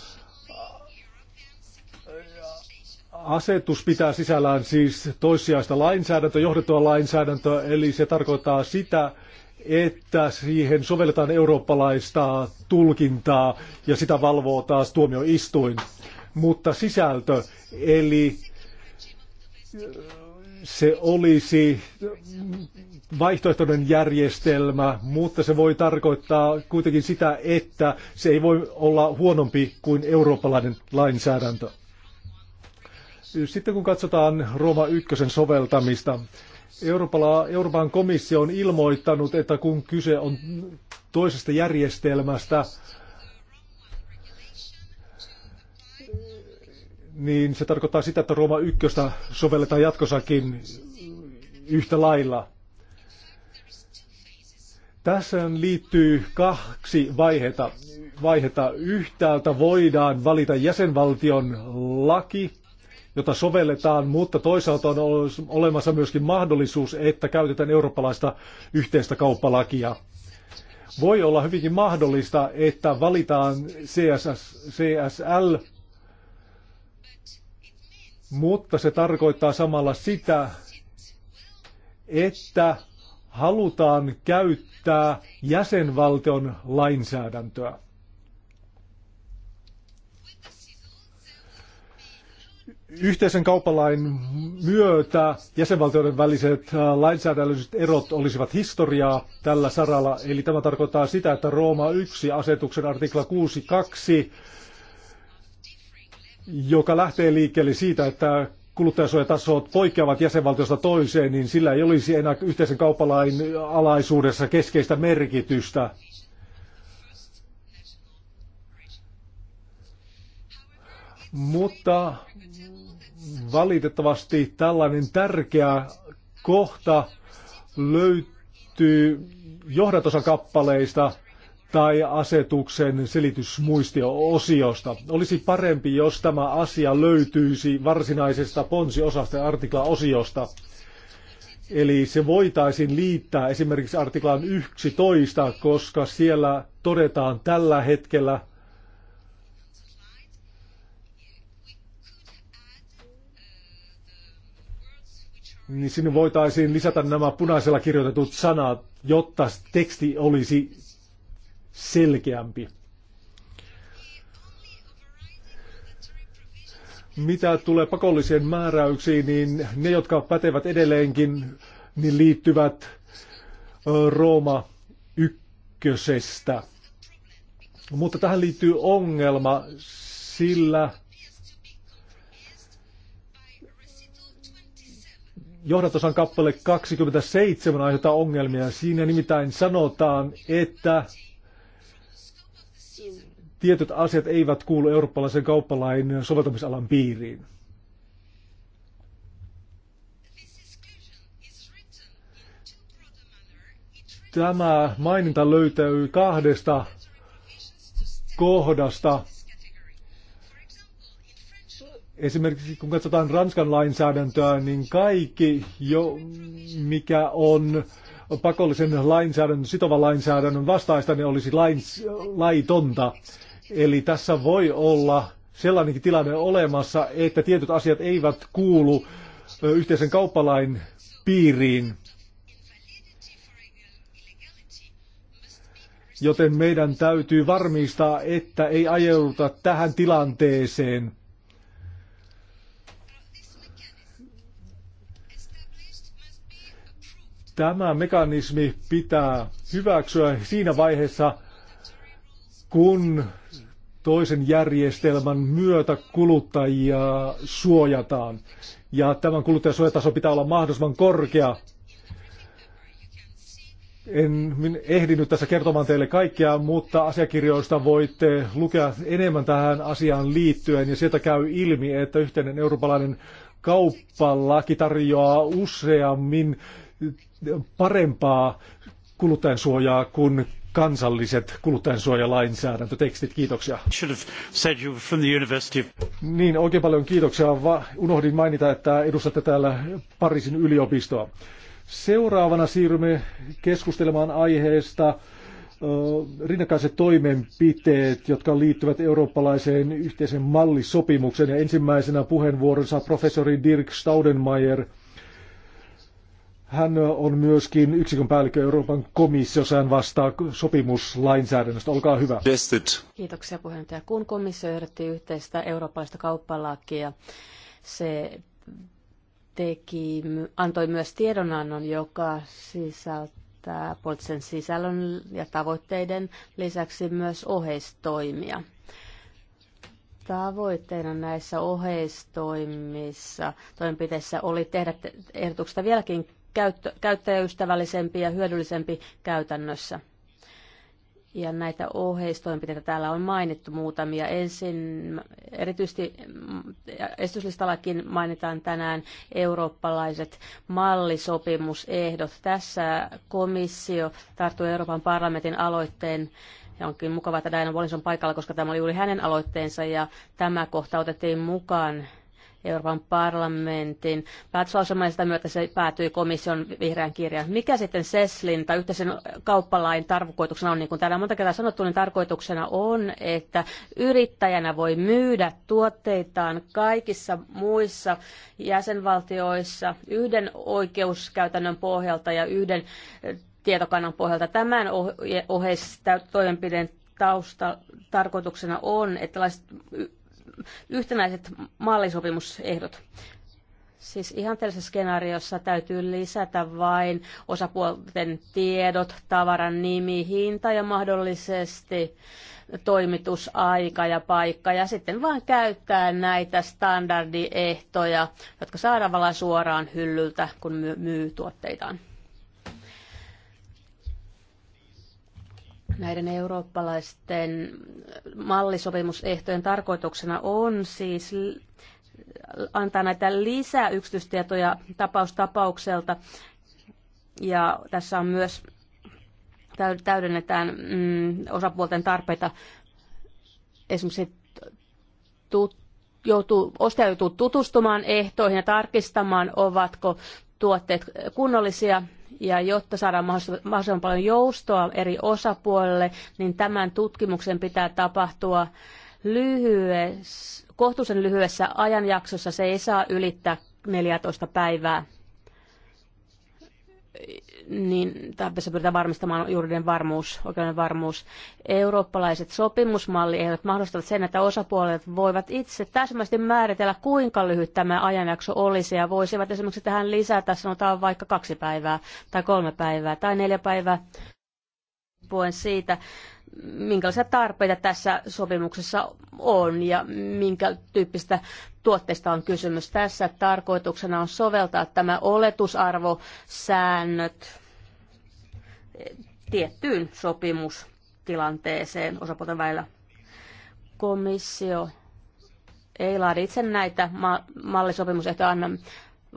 asetus pitää sisällään siis toissijaista lainsäädäntöä, johdettua lainsäädäntöä, eli se tarkoittaa sitä, että siihen sovelletaan eurooppalaista tulkintaa ja sitä valvoo taas tuomioistuin. Mutta sisältö, eli se olisi vaihtoehtoinen järjestelmä, mutta se voi tarkoittaa kuitenkin sitä, että se ei voi olla huonompi kuin eurooppalainen lainsäädäntö. Sitten kun katsotaan Roma 1 soveltamista, Euroopan komissio on ilmoittanut, että kun kyse on toisesta järjestelmästä, niin se tarkoittaa sitä, että Rooma 1 sovelletaan jatkossakin yhtä lailla. Tässä liittyy kaksi vaihetta. Vaihetta yhtäältä voidaan valita jäsenvaltion laki, jota sovelletaan, mutta toisaalta on olemassa myöskin mahdollisuus, että käytetään eurooppalaista yhteistä kauppalakia. Voi olla hyvinkin mahdollista, että valitaan CSS, CSL, mutta se tarkoittaa samalla sitä, että halutaan käyttää jäsenvaltion lainsäädäntöä. Yhteisen kauppalain myötä jäsenvaltioiden väliset äh, lainsäädännölliset erot olisivat historiaa tällä saralla. Eli tämä tarkoittaa sitä, että Rooma 1 asetuksen artikla 6.2, joka lähtee liikkeelle siitä, että kuluttajasuojatasot poikkeavat jäsenvaltiosta toiseen, niin sillä ei olisi enää yhteisen kauppalain alaisuudessa keskeistä merkitystä. Mutta valitettavasti tällainen tärkeä kohta löytyy johdatosakappaleista tai asetuksen selitysmuistio-osiosta. Olisi parempi, jos tämä asia löytyisi varsinaisesta ponsiosasta ja artikla-osiosta. Eli se voitaisiin liittää esimerkiksi artiklaan 11, koska siellä todetaan tällä hetkellä niin sinne voitaisiin lisätä nämä punaisella kirjoitetut sanat, jotta teksti olisi selkeämpi. Mitä tulee pakollisiin määräyksiin, niin ne, jotka pätevät edelleenkin, niin liittyvät Rooma ykkösestä. Mutta tähän liittyy ongelma, sillä johdatosan kappale 27 aiheuttaa ongelmia. Siinä nimittäin sanotaan, että tietyt asiat eivät kuulu eurooppalaisen kauppalain soveltamisalan piiriin. Tämä maininta löytyy kahdesta kohdasta Esimerkiksi kun katsotaan Ranskan lainsäädäntöä, niin kaikki, jo, mikä on pakollisen lainsäädännön, sitova lainsäädännön vastaista, ne olisi lains, laitonta. Eli tässä voi olla sellainenkin tilanne olemassa, että tietyt asiat eivät kuulu yhteisen kauppalain piiriin. Joten meidän täytyy varmistaa, että ei ajeuduta tähän tilanteeseen – Tämä mekanismi pitää hyväksyä siinä vaiheessa, kun toisen järjestelmän myötä kuluttajia suojataan. Ja tämän kuluttajasuojataso pitää olla mahdollisimman korkea. En ehdi nyt tässä kertomaan teille kaikkea, mutta asiakirjoista voitte lukea enemmän tähän asiaan liittyen. Ja sieltä käy ilmi, että yhteinen eurooppalainen kauppalaki tarjoaa useammin parempaa kuluttajansuojaa kuin kansalliset kuluttajansuojalainsäädäntötekstit. Kiitoksia. Niin, oikein paljon kiitoksia. unohdin mainita, että edustatte täällä Pariisin yliopistoa. Seuraavana siirrymme keskustelemaan aiheesta rinnakkaiset toimenpiteet, jotka liittyvät eurooppalaiseen yhteisen mallisopimukseen. Ja ensimmäisenä puheenvuoronsa professori Dirk Staudenmayer – hän on myöskin yksikön päällikkö Euroopan komissiossa. Hän vastaa sopimuslainsäädännöstä. Olkaa hyvä. Kiitoksia puheenjohtaja. Kun komissio ehdotti yhteistä eurooppalaista kauppalakia, se teki, antoi myös tiedonannon, joka sisältää poliittisen sisällön ja tavoitteiden lisäksi myös oheistoimia. Tavoitteena näissä oheistoimissa toimenpiteissä oli tehdä ehdotuksesta vieläkin käyttö, käyttäjäystävällisempi ja hyödyllisempi käytännössä. Ja näitä oheistoimenpiteitä täällä on mainittu muutamia. Ensin erityisesti estyslistallakin mainitaan tänään eurooppalaiset mallisopimusehdot. Tässä komissio tarttuu Euroopan parlamentin aloitteen ja onkin mukava, että Diana Wallis on paikalla, koska tämä oli juuri hänen aloitteensa ja tämä kohta otettiin mukaan Euroopan parlamentin päätöslauselma sitä myötä se päätyi komission vihreän kirjaan. Mikä sitten SESLin tai yhteisen kauppalain tarkoituksena on, niin kuin täällä monta kertaa sanottu, niin tarkoituksena on, että yrittäjänä voi myydä tuotteitaan kaikissa muissa jäsenvaltioissa yhden oikeuskäytännön pohjalta ja yhden eh, tietokannan pohjalta. Tämän oheistoimenpideen tausta tarkoituksena on, että yhtenäiset mallisopimusehdot. Siis ihan tällaisessa skenaariossa täytyy lisätä vain osapuolten tiedot, tavaran nimi, hinta ja mahdollisesti toimitusaika ja paikka. Ja sitten vain käyttää näitä standardiehtoja, jotka saadaan suoraan hyllyltä, kun myy tuotteitaan. Näiden eurooppalaisten mallisopimusehtojen tarkoituksena on siis antaa näitä lisää yksityistietoja tapaustapaukselta. Ja tässä on myös täydennetään mm, osapuolten tarpeita. Esimerkiksi tut, joutuu, ostaja joutuu tutustumaan ehtoihin ja tarkistamaan, ovatko tuotteet kunnollisia ja jotta saadaan mahdollisimman paljon joustoa eri osapuolille, niin tämän tutkimuksen pitää tapahtua lyhyessä, kohtuullisen lyhyessä ajanjaksossa. Se ei saa ylittää 14 päivää niin tässä pyritään varmistamaan juridinen varmuus, oikeuden varmuus. Eurooppalaiset ei mahdollistavat sen, että osapuolet voivat itse täsmästi määritellä, kuinka lyhyt tämä ajanjakso olisi, ja voisivat esimerkiksi tähän lisätä, sanotaan vaikka kaksi päivää, tai kolme päivää, tai neljä päivää, puhuen siitä, minkälaisia tarpeita tässä sopimuksessa on ja minkä tyyppistä tuotteista on kysymys. Tässä tarkoituksena on soveltaa tämä oletusarvosäännöt tiettyyn sopimustilanteeseen osapuolten välillä. Komissio ei laadi itse näitä ma- mallisopimusehtoja anna,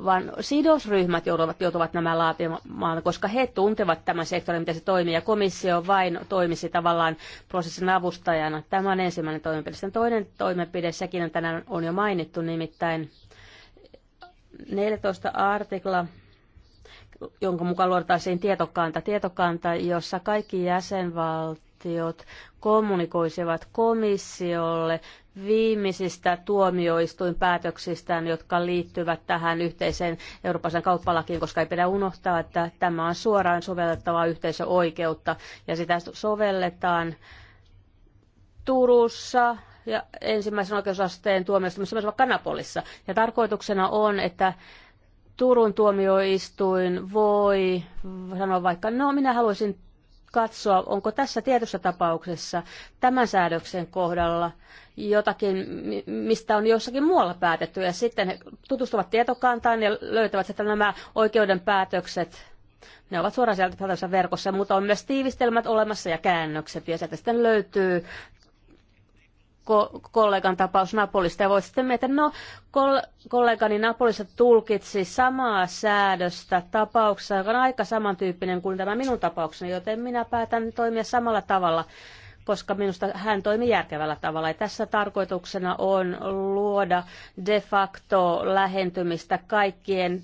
vaan sidosryhmät joutuvat, joutuvat nämä laatimaan, koska he tuntevat tämän sektorin, miten se toimii, ja komissio vain toimisi tavallaan prosessin avustajana. Tämä on ensimmäinen toimenpide. Sitten toinen toimenpide, sekin on tänään on jo mainittu, nimittäin 14 artikla jonka mukaan luotaisiin tietokanta. Tietokanta, jossa kaikki jäsenvaltiot kommunikoisivat komissiolle viimeisistä tuomioistuinpäätöksistään, jotka liittyvät tähän yhteiseen Euroopan kauppalakiin, koska ei pidä unohtaa, että tämä on suoraan sovellettavaa yhteisöoikeutta ja sitä sovelletaan Turussa ja ensimmäisen oikeusasteen tuomioistuimessa myös vaikka Napolissa. Ja tarkoituksena on, että Turun tuomioistuin voi sanoa vaikka, no minä haluaisin katsoa, onko tässä tietyssä tapauksessa tämän säädöksen kohdalla jotakin, mistä on jossakin muualla päätetty. Ja sitten he tutustuvat tietokantaan ja löytävät sitten nämä oikeuden päätökset. Ne ovat suoraan sieltä verkossa, mutta on myös tiivistelmät olemassa ja käännökset. Ja sieltä sitten löytyy kollegan tapaus Napolista. Ja voit sitten miettiä, no kollegani Napolissa tulkitsi samaa säädöstä tapauksessa, joka on aika samantyyppinen kuin tämä minun tapaukseni, joten minä päätän toimia samalla tavalla koska minusta hän toimi järkevällä tavalla. Ja tässä tarkoituksena on luoda de facto lähentymistä kaikkien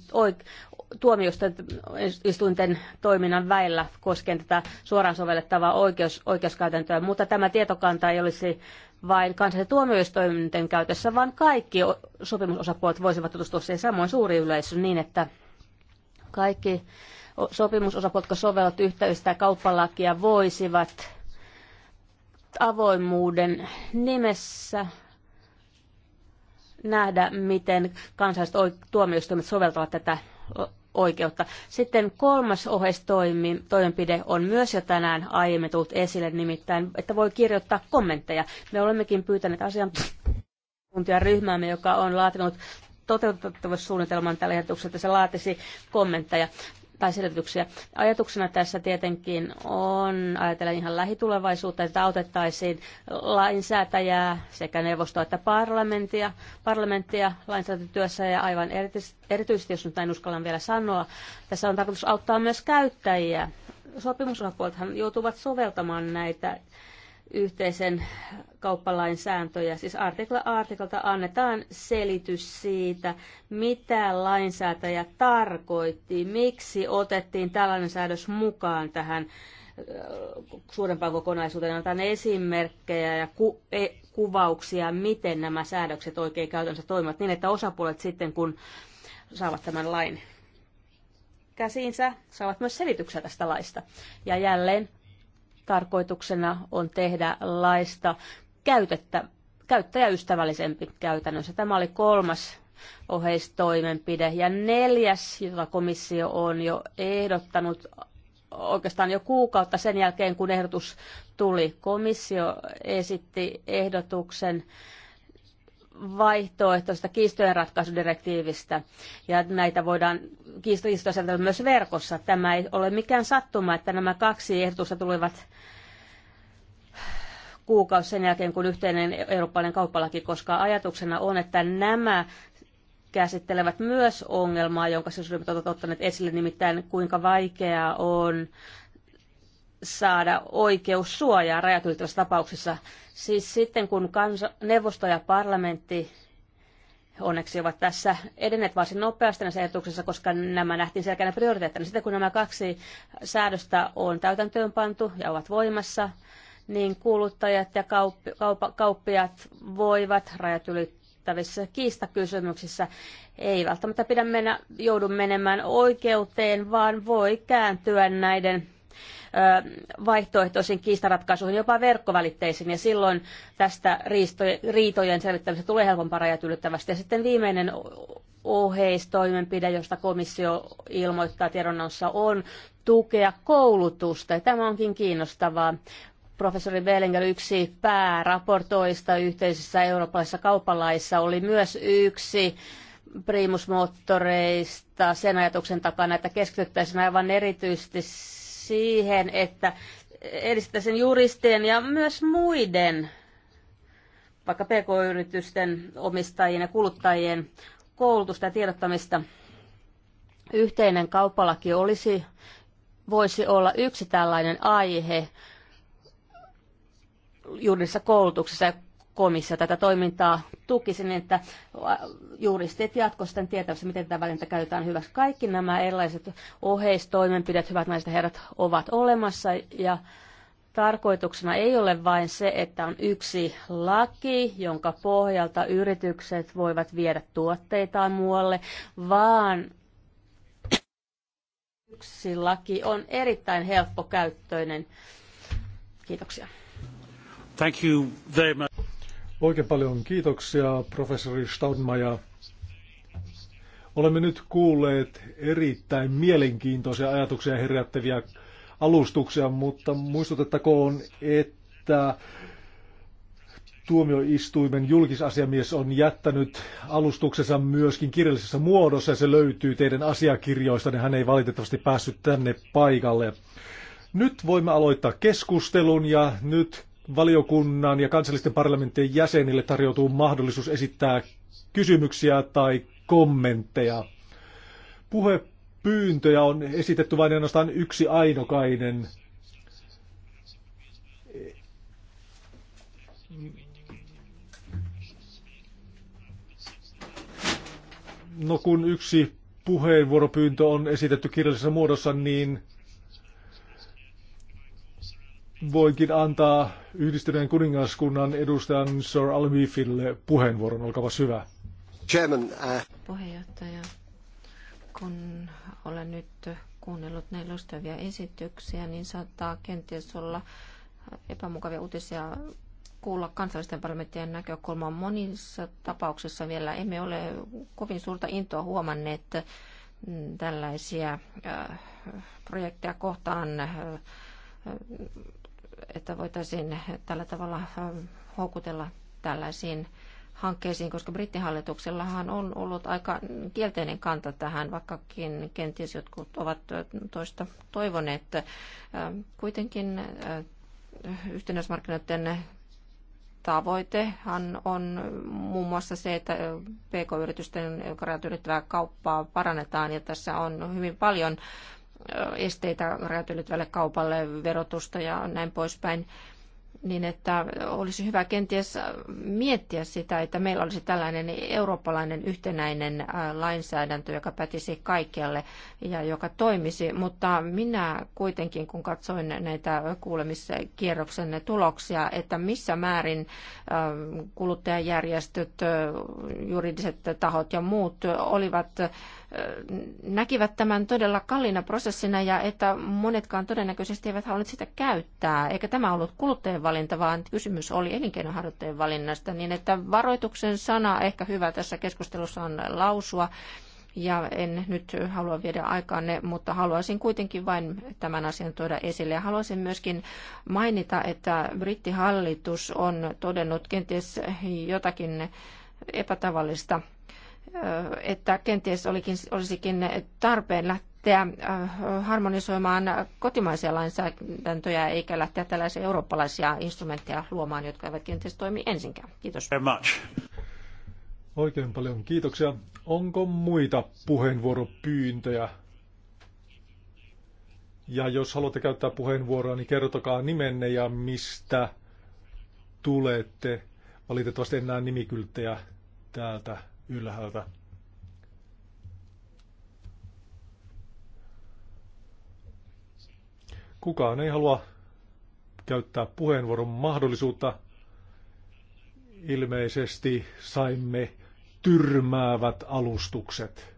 tuomioistuinten toiminnan väillä koskien tätä suoraan sovellettavaa oikeus, oikeuskäytäntöä, mutta tämä tietokanta ei olisi vain kansallisen tuomioistuinten käytössä, vaan kaikki sopimusosapuolet voisivat tutustua siihen samoin suuri yleisö niin, että kaikki sopimusosapuolet, jotka sovellat yhteistä kauppalakia, voisivat avoimuuden nimessä nähdä, miten kansalliset tuomioistuimet soveltavat tätä oikeutta. Sitten kolmas oheistoimenpide on myös jo tänään aiemmin tullut esille, nimittäin, että voi kirjoittaa kommentteja. Me olemmekin pyytäneet asiantuntijaryhmäämme, joka on laatinut toteutettavuussuunnitelman tällä hetkellä, että se laatisi kommentteja tai selvityksiä. Ajatuksena tässä tietenkin on, ajatella ihan lähitulevaisuutta, että autettaisiin lainsäätäjää sekä neuvostoa että parlamenttia, parlamenttia lainsäädäntötyössä ja aivan erityisesti, jos nyt näin uskallan vielä sanoa, tässä on tarkoitus auttaa myös käyttäjiä. Sopimusosapuolethan joutuvat soveltamaan näitä yhteisen kauppalain sääntöjä. Siis artikla artikalta annetaan selitys siitä, mitä lainsäätäjä tarkoitti, miksi otettiin tällainen säädös mukaan tähän äh, suurempaan kokonaisuuteen. Annetaan esimerkkejä ja ku, e, kuvauksia, miten nämä säädökset oikein käytännössä toimivat, niin että osapuolet sitten, kun saavat tämän lain käsiinsä, saavat myös selityksiä tästä laista. Ja jälleen Tarkoituksena on tehdä laista käytettä, käyttäjäystävällisempi käytännössä. Tämä oli kolmas oheistoimenpide. Ja neljäs, jota komissio on jo ehdottanut oikeastaan jo kuukautta sen jälkeen, kun ehdotus tuli. Komissio esitti ehdotuksen vaihtoehtoista kiistojen ratkaisudirektiivistä. ja näitä voidaan kiistoja myös verkossa. Tämä ei ole mikään sattuma, että nämä kaksi ehdotusta tulivat kuukausi sen jälkeen, kun yhteinen eurooppalainen kauppalaki, koska ajatuksena on, että nämä käsittelevät myös ongelmaa, jonka sosiaalidemokraatit ovat ottaneet esille, nimittäin kuinka vaikeaa on saada oikeus suojaa rajat ylittävissä tapauksissa. Siis sitten kun kansa, neuvosto ja parlamentti onneksi ovat tässä edenneet varsin nopeasti näissä ehdotuksissa, koska nämä nähtiin selkeänä prioriteettina. Sitten kun nämä kaksi säädöstä on täytäntöön pantu ja ovat voimassa, niin kuluttajat ja kauppi, kaupa, kauppiat voivat rajat ylittävissä kiistakysymyksissä. Ei välttämättä pidä mennä, joudu menemään oikeuteen, vaan voi kääntyä näiden vaihtoehtoisiin kiistaratkaisuihin, jopa verkkovälitteisiin, ja silloin tästä riitojen selvittämisestä tulee helpompaa rajat ylittävästi. Ja sitten viimeinen oheistoimenpide, josta komissio ilmoittaa tiedonannossa, on tukea koulutusta. Ja tämä onkin kiinnostavaa professori Wellinger, yksi pääraportoista yhteisessä eurooppalaisessa kaupalaissa, oli myös yksi primusmoottoreista sen ajatuksen takana, että keskityttäisiin aivan erityisesti siihen, että edistäisin juristien ja myös muiden, vaikka pk-yritysten omistajien ja kuluttajien koulutusta ja tiedottamista. Yhteinen kauppalaki olisi, voisi olla yksi tällainen aihe juridisessa koulutuksessa ja komissio tätä toimintaa tukisi, niin että juristit jatkossa tietävät, miten tätä välintä käytetään hyväksi. Kaikki nämä erilaiset oheistoimenpidet, hyvät naiset ja herrat, ovat olemassa ja tarkoituksena ei ole vain se, että on yksi laki, jonka pohjalta yritykset voivat viedä tuotteitaan muualle, vaan yksi laki on erittäin helppokäyttöinen. Kiitoksia. Thank you very much. Oikein paljon kiitoksia, professori Staudmaja. Olemme nyt kuulleet erittäin mielenkiintoisia ajatuksia herättäviä alustuksia, mutta muistutettakoon, että tuomioistuimen julkisasiamies on jättänyt alustuksensa myöskin kirjallisessa muodossa ja se löytyy teidän asiakirjoista, niin hän ei valitettavasti päässyt tänne paikalle. Nyt voimme aloittaa keskustelun ja nyt valiokunnan ja kansallisten parlamenttien jäsenille tarjoutuu mahdollisuus esittää kysymyksiä tai kommentteja. Puhepyyntöjä on esitetty vain ainoastaan yksi ainokainen. No kun yksi puheenvuoropyyntö on esitetty kirjallisessa muodossa, niin voinkin antaa yhdistyneen kuningaskunnan edustajan Sir Alvifille puheenvuoron. Olkaa hyvä. Chairman, uh... Puheenjohtaja, kun olen nyt kuunnellut näin loistavia esityksiä, niin saattaa kenties olla epämukavia uutisia kuulla kansallisten parlamenttien näkökulmaa. Monissa tapauksissa vielä emme ole kovin suurta intoa huomanneet tällaisia äh, projekteja kohtaan äh, että voitaisiin tällä tavalla äh, houkutella tällaisiin hankkeisiin, koska brittihallituksellahan on ollut aika kielteinen kanta tähän, vaikkakin kenties jotkut ovat äh, toista toivoneet. Äh, kuitenkin yhtenäismarkkinoiden tavoitehan on muun muassa se, että pk-yritysten rajat ylittävää kauppaa parannetaan ja tässä on hyvin paljon esteitä räätylytävälle kaupalle, verotusta ja näin poispäin, niin että olisi hyvä kenties miettiä sitä, että meillä olisi tällainen eurooppalainen yhtenäinen äh, lainsäädäntö, joka pätisi kaikkialle ja joka toimisi. Mutta minä kuitenkin, kun katsoin näitä kuulemiskierroksen tuloksia, että missä määrin äh, kuluttajajärjestöt, äh, juridiset tahot ja muut olivat näkivät tämän todella kalliina prosessina ja että monetkaan todennäköisesti eivät halunneet sitä käyttää. Eikä tämä ollut kuluttajien valinta, vaan kysymys oli elinkeinoharjoittajien valinnasta, niin että varoituksen sana ehkä hyvä tässä keskustelussa on lausua. Ja en nyt halua viedä aikaanne, mutta haluaisin kuitenkin vain tämän asian tuoda esille. Ja haluaisin myöskin mainita, että brittihallitus on todennut kenties jotakin epätavallista että kenties olikin, olisikin tarpeen lähteä harmonisoimaan kotimaisia lainsäädäntöjä eikä lähteä tällaisia eurooppalaisia instrumentteja luomaan, jotka eivät kenties toimi ensinkään. Kiitos. Very much. Oikein paljon kiitoksia. Onko muita puheenvuoropyyntöjä? Ja jos haluatte käyttää puheenvuoroa, niin kertokaa nimenne ja mistä tulette. Valitettavasti näe nimikylttejä täältä ylhäältä. Kukaan ei halua käyttää puheenvuoron mahdollisuutta. Ilmeisesti saimme tyrmäävät alustukset.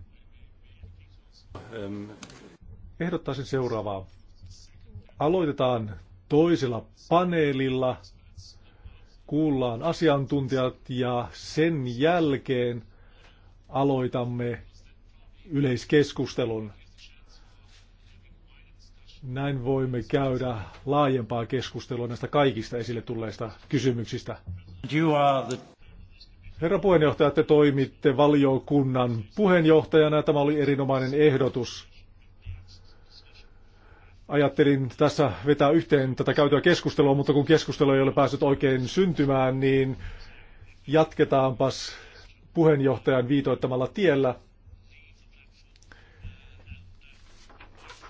Ehdottaisin seuraavaa. Aloitetaan toisella paneelilla, kuullaan asiantuntijat ja sen jälkeen aloitamme yleiskeskustelun. Näin voimme käydä laajempaa keskustelua näistä kaikista esille tulleista kysymyksistä. Herra puheenjohtaja, te toimitte valiokunnan puheenjohtajana. Tämä oli erinomainen ehdotus. Ajattelin tässä vetää yhteen tätä käytyä keskustelua, mutta kun keskustelu ei ole päässyt oikein syntymään, niin jatketaanpas puheenjohtajan viitoittamalla tiellä.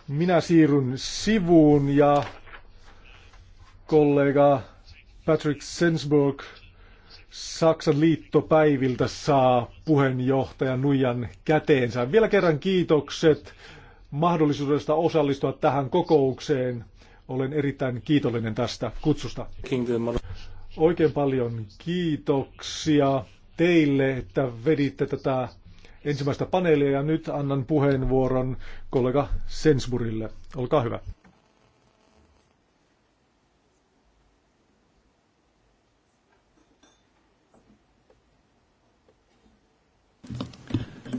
Minä siirryn sivuun ja kollega Patrick Sensburg Saksan liittopäiviltä saa puheenjohtajan Nujan käteensä. Vielä kerran kiitokset mahdollisuudesta osallistua tähän kokoukseen. Olen erittäin kiitollinen tästä kutsusta. Oikein paljon kiitoksia teille, että veditte tätä ensimmäistä paneelia ja nyt annan puheenvuoron kollega Sensburille. Olkaa hyvä.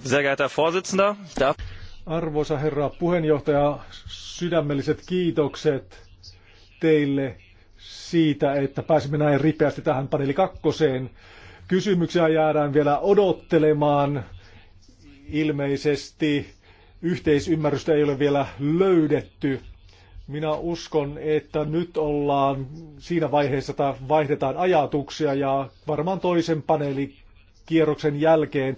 Sehr geehrter Vorsitzender, darf Arvoisa herra puheenjohtaja, sydämelliset kiitokset teille siitä, että pääsimme näin ripeästi tähän paneeli kakkoseen. Kysymyksiä jäädään vielä odottelemaan. Ilmeisesti yhteisymmärrystä ei ole vielä löydetty. Minä uskon, että nyt ollaan siinä vaiheessa, että vaihdetaan ajatuksia ja varmaan toisen paneelikierroksen jälkeen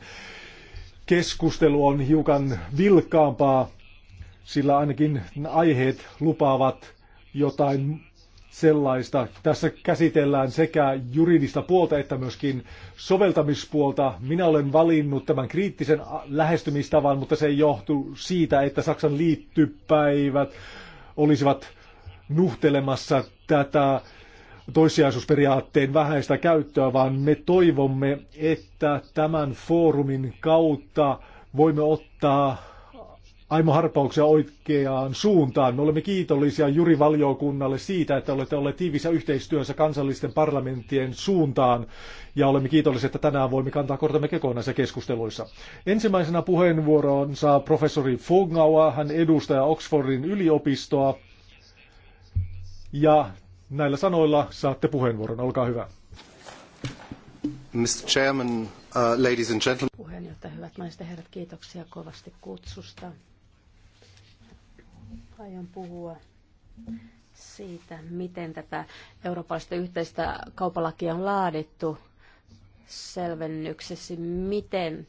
keskustelu on hiukan vilkkaampaa, sillä ainakin aiheet lupaavat jotain sellaista. Tässä käsitellään sekä juridista puolta että myöskin soveltamispuolta. Minä olen valinnut tämän kriittisen lähestymistavan, mutta se johtuu siitä, että Saksan liittypäivät olisivat nuhtelemassa tätä toissijaisuusperiaatteen vähäistä käyttöä, vaan me toivomme, että tämän foorumin kautta voimme ottaa Aimo harpauksia oikeaan suuntaan. Me olemme kiitollisia jurivaliokunnalle siitä, että olette olleet tiivissä yhteistyössä kansallisten parlamenttien suuntaan ja olemme kiitollisia, että tänään voimme kantaa kortamme kekoon näissä keskusteluissa. Ensimmäisenä puheenvuoroon saa professori Fognauer, hän edustaa Oxfordin yliopistoa ja näillä sanoilla saatte puheenvuoron. Olkaa hyvä. Mr. Chairman, uh, ladies and gentlemen. Puheenjohtaja, hyvät naiset ja herrat, kiitoksia kovasti kutsusta. Aion puhua siitä, miten tätä eurooppalaista yhteistä kaupalakia on laadittu selvennyksessä, miten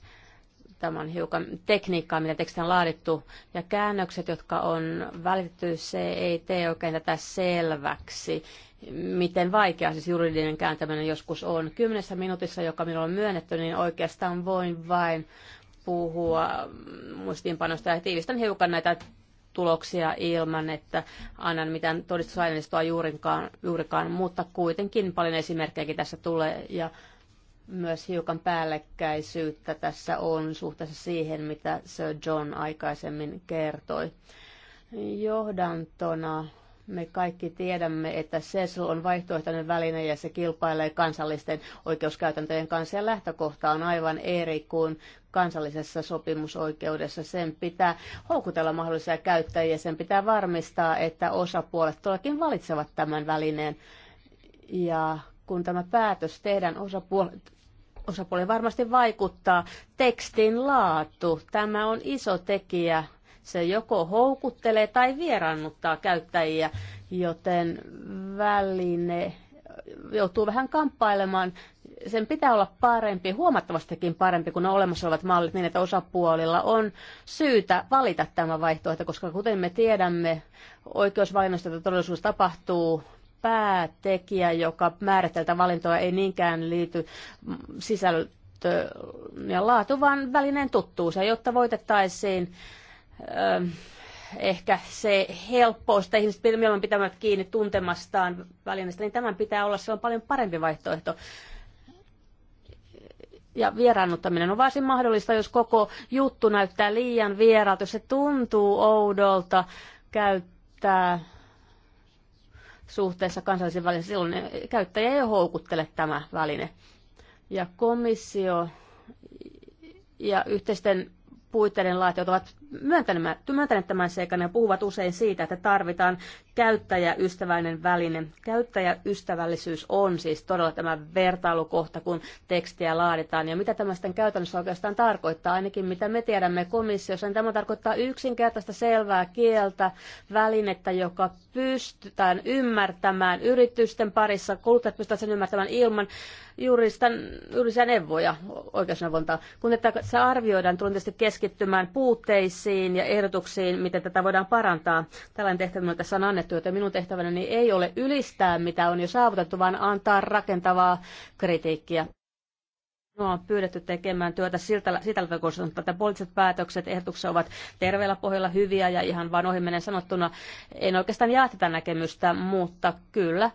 tämä on hiukan tekniikkaa, mitä tekstiä on laadittu, ja käännökset, jotka on välitetty, se ei tee oikein tätä selväksi, miten vaikea siis juridinen kääntäminen joskus on. Kymmenessä minuutissa, joka minulla on myönnetty, niin oikeastaan voin vain puhua muistiinpanosta ja tiivistän hiukan näitä tuloksia ilman, että annan mitään todistusaineistoa juurikaan, juurikaan, mutta kuitenkin paljon esimerkkejäkin tässä tulee ja myös hiukan päällekkäisyyttä tässä on suhteessa siihen, mitä Sir John aikaisemmin kertoi. Johdantona me kaikki tiedämme, että Cecil on vaihtoehtoinen väline ja se kilpailee kansallisten oikeuskäytäntöjen kanssa ja lähtökohta on aivan eri kuin kansallisessa sopimusoikeudessa. Sen pitää houkutella mahdollisia käyttäjiä, sen pitää varmistaa, että osapuolet todellakin valitsevat tämän välineen. Ja kun tämä päätös tehdään, osapuolet, osapuoli varmasti vaikuttaa. Tekstin laatu, tämä on iso tekijä. Se joko houkuttelee tai vieraannuttaa käyttäjiä, joten väline joutuu vähän kamppailemaan sen pitää olla parempi, huomattavastikin parempi kuin olemassa olevat mallit, niin että osapuolilla on syytä valita tämä vaihtoehto, koska kuten me tiedämme, oikeusvalinnosta todellisuus tapahtuu päätekijä, joka määritteltä valintoa ei niinkään liity sisältö ja laatu, vaan välineen tuttuus. Ja jotta voitettaisiin ähm, ehkä se helppous, että ihmiset mieluummin pitävät kiinni tuntemastaan välineestä, niin tämän pitää olla se on paljon parempi vaihtoehto ja vieraannuttaminen on varsin mahdollista, jos koko juttu näyttää liian vieraalta, jos se tuntuu oudolta käyttää suhteessa kansallisen väliin, silloin käyttäjä ei houkuttele tämä väline. Ja komissio ja yhteisten puitteiden laatiot ovat myöntäneet tämän seikan ja puhuvat usein siitä, että tarvitaan käyttäjäystävällinen väline. Käyttäjäystävällisyys on siis todella tämä vertailukohta, kun tekstiä laaditaan. Ja mitä tämä sitten käytännössä oikeastaan tarkoittaa, ainakin mitä me tiedämme komissiossa, niin tämä tarkoittaa yksinkertaista selvää kieltä, välinettä, joka pystytään ymmärtämään yritysten parissa, kuluttajat pystytään sen ymmärtämään ilman juuri juurisia neuvoja, oikeusneuvontaa. Kun tätä arvioidaan, tulen tietysti keskittymään puutteisiin, kompromissiin ja ehdotuksiin, miten tätä voidaan parantaa. Tällainen tehtävä minulle tässä on annettu, joten minun tehtäväni ei ole ylistää, mitä on jo saavutettu, vaan antaa rakentavaa kritiikkiä. Minua on pyydetty tekemään työtä siltä, siltä kohdasta, että poliittiset päätökset, ehdotukset ovat terveellä pohjalla hyviä ja ihan vain ohimennen sanottuna en oikeastaan jaa tätä näkemystä, mutta kyllä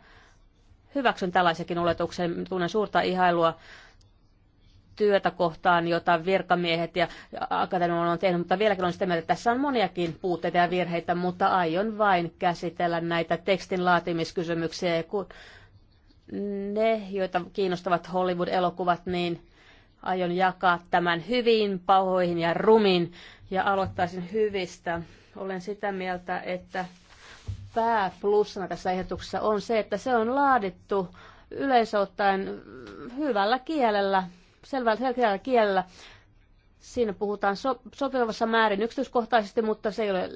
hyväksyn tällaisenkin oletuksen. Tunnen suurta ihailua työtä kohtaan, jota virkamiehet ja akatemian on tehnyt, mutta vieläkin on sitä mieltä, että tässä on moniakin puutteita ja virheitä, mutta aion vain käsitellä näitä tekstin laatimiskysymyksiä. kun ne, joita kiinnostavat Hollywood-elokuvat, niin aion jakaa tämän hyvin, pahoihin ja rumin ja aloittaisin hyvistä. Olen sitä mieltä, että pääplussana tässä ehdotuksessa on se, että se on laadittu yleisöottaen hyvällä kielellä, selvällä, selkeällä kielellä. Siinä puhutaan so, sopivassa määrin yksityiskohtaisesti, mutta se ei ole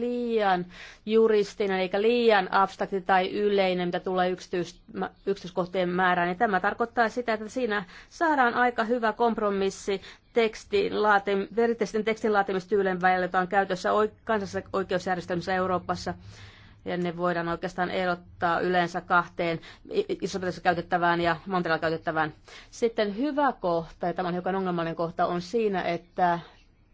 liian juristinen eikä liian abstrakti tai yleinen, mitä tulee yksityis, yksityiskohtien määrään. Ja tämä tarkoittaa sitä, että siinä saadaan aika hyvä kompromissi tekstin laatim, tekstin laatimistyylen välillä, jota on käytössä kansallisessa oikeusjärjestelmässä Euroopassa ja ne voidaan oikeastaan erottaa yleensä kahteen iso käytettävään ja Montreal käytettävään. Sitten hyvä kohta, ja tämä on hiukan ongelmallinen kohta, on siinä, että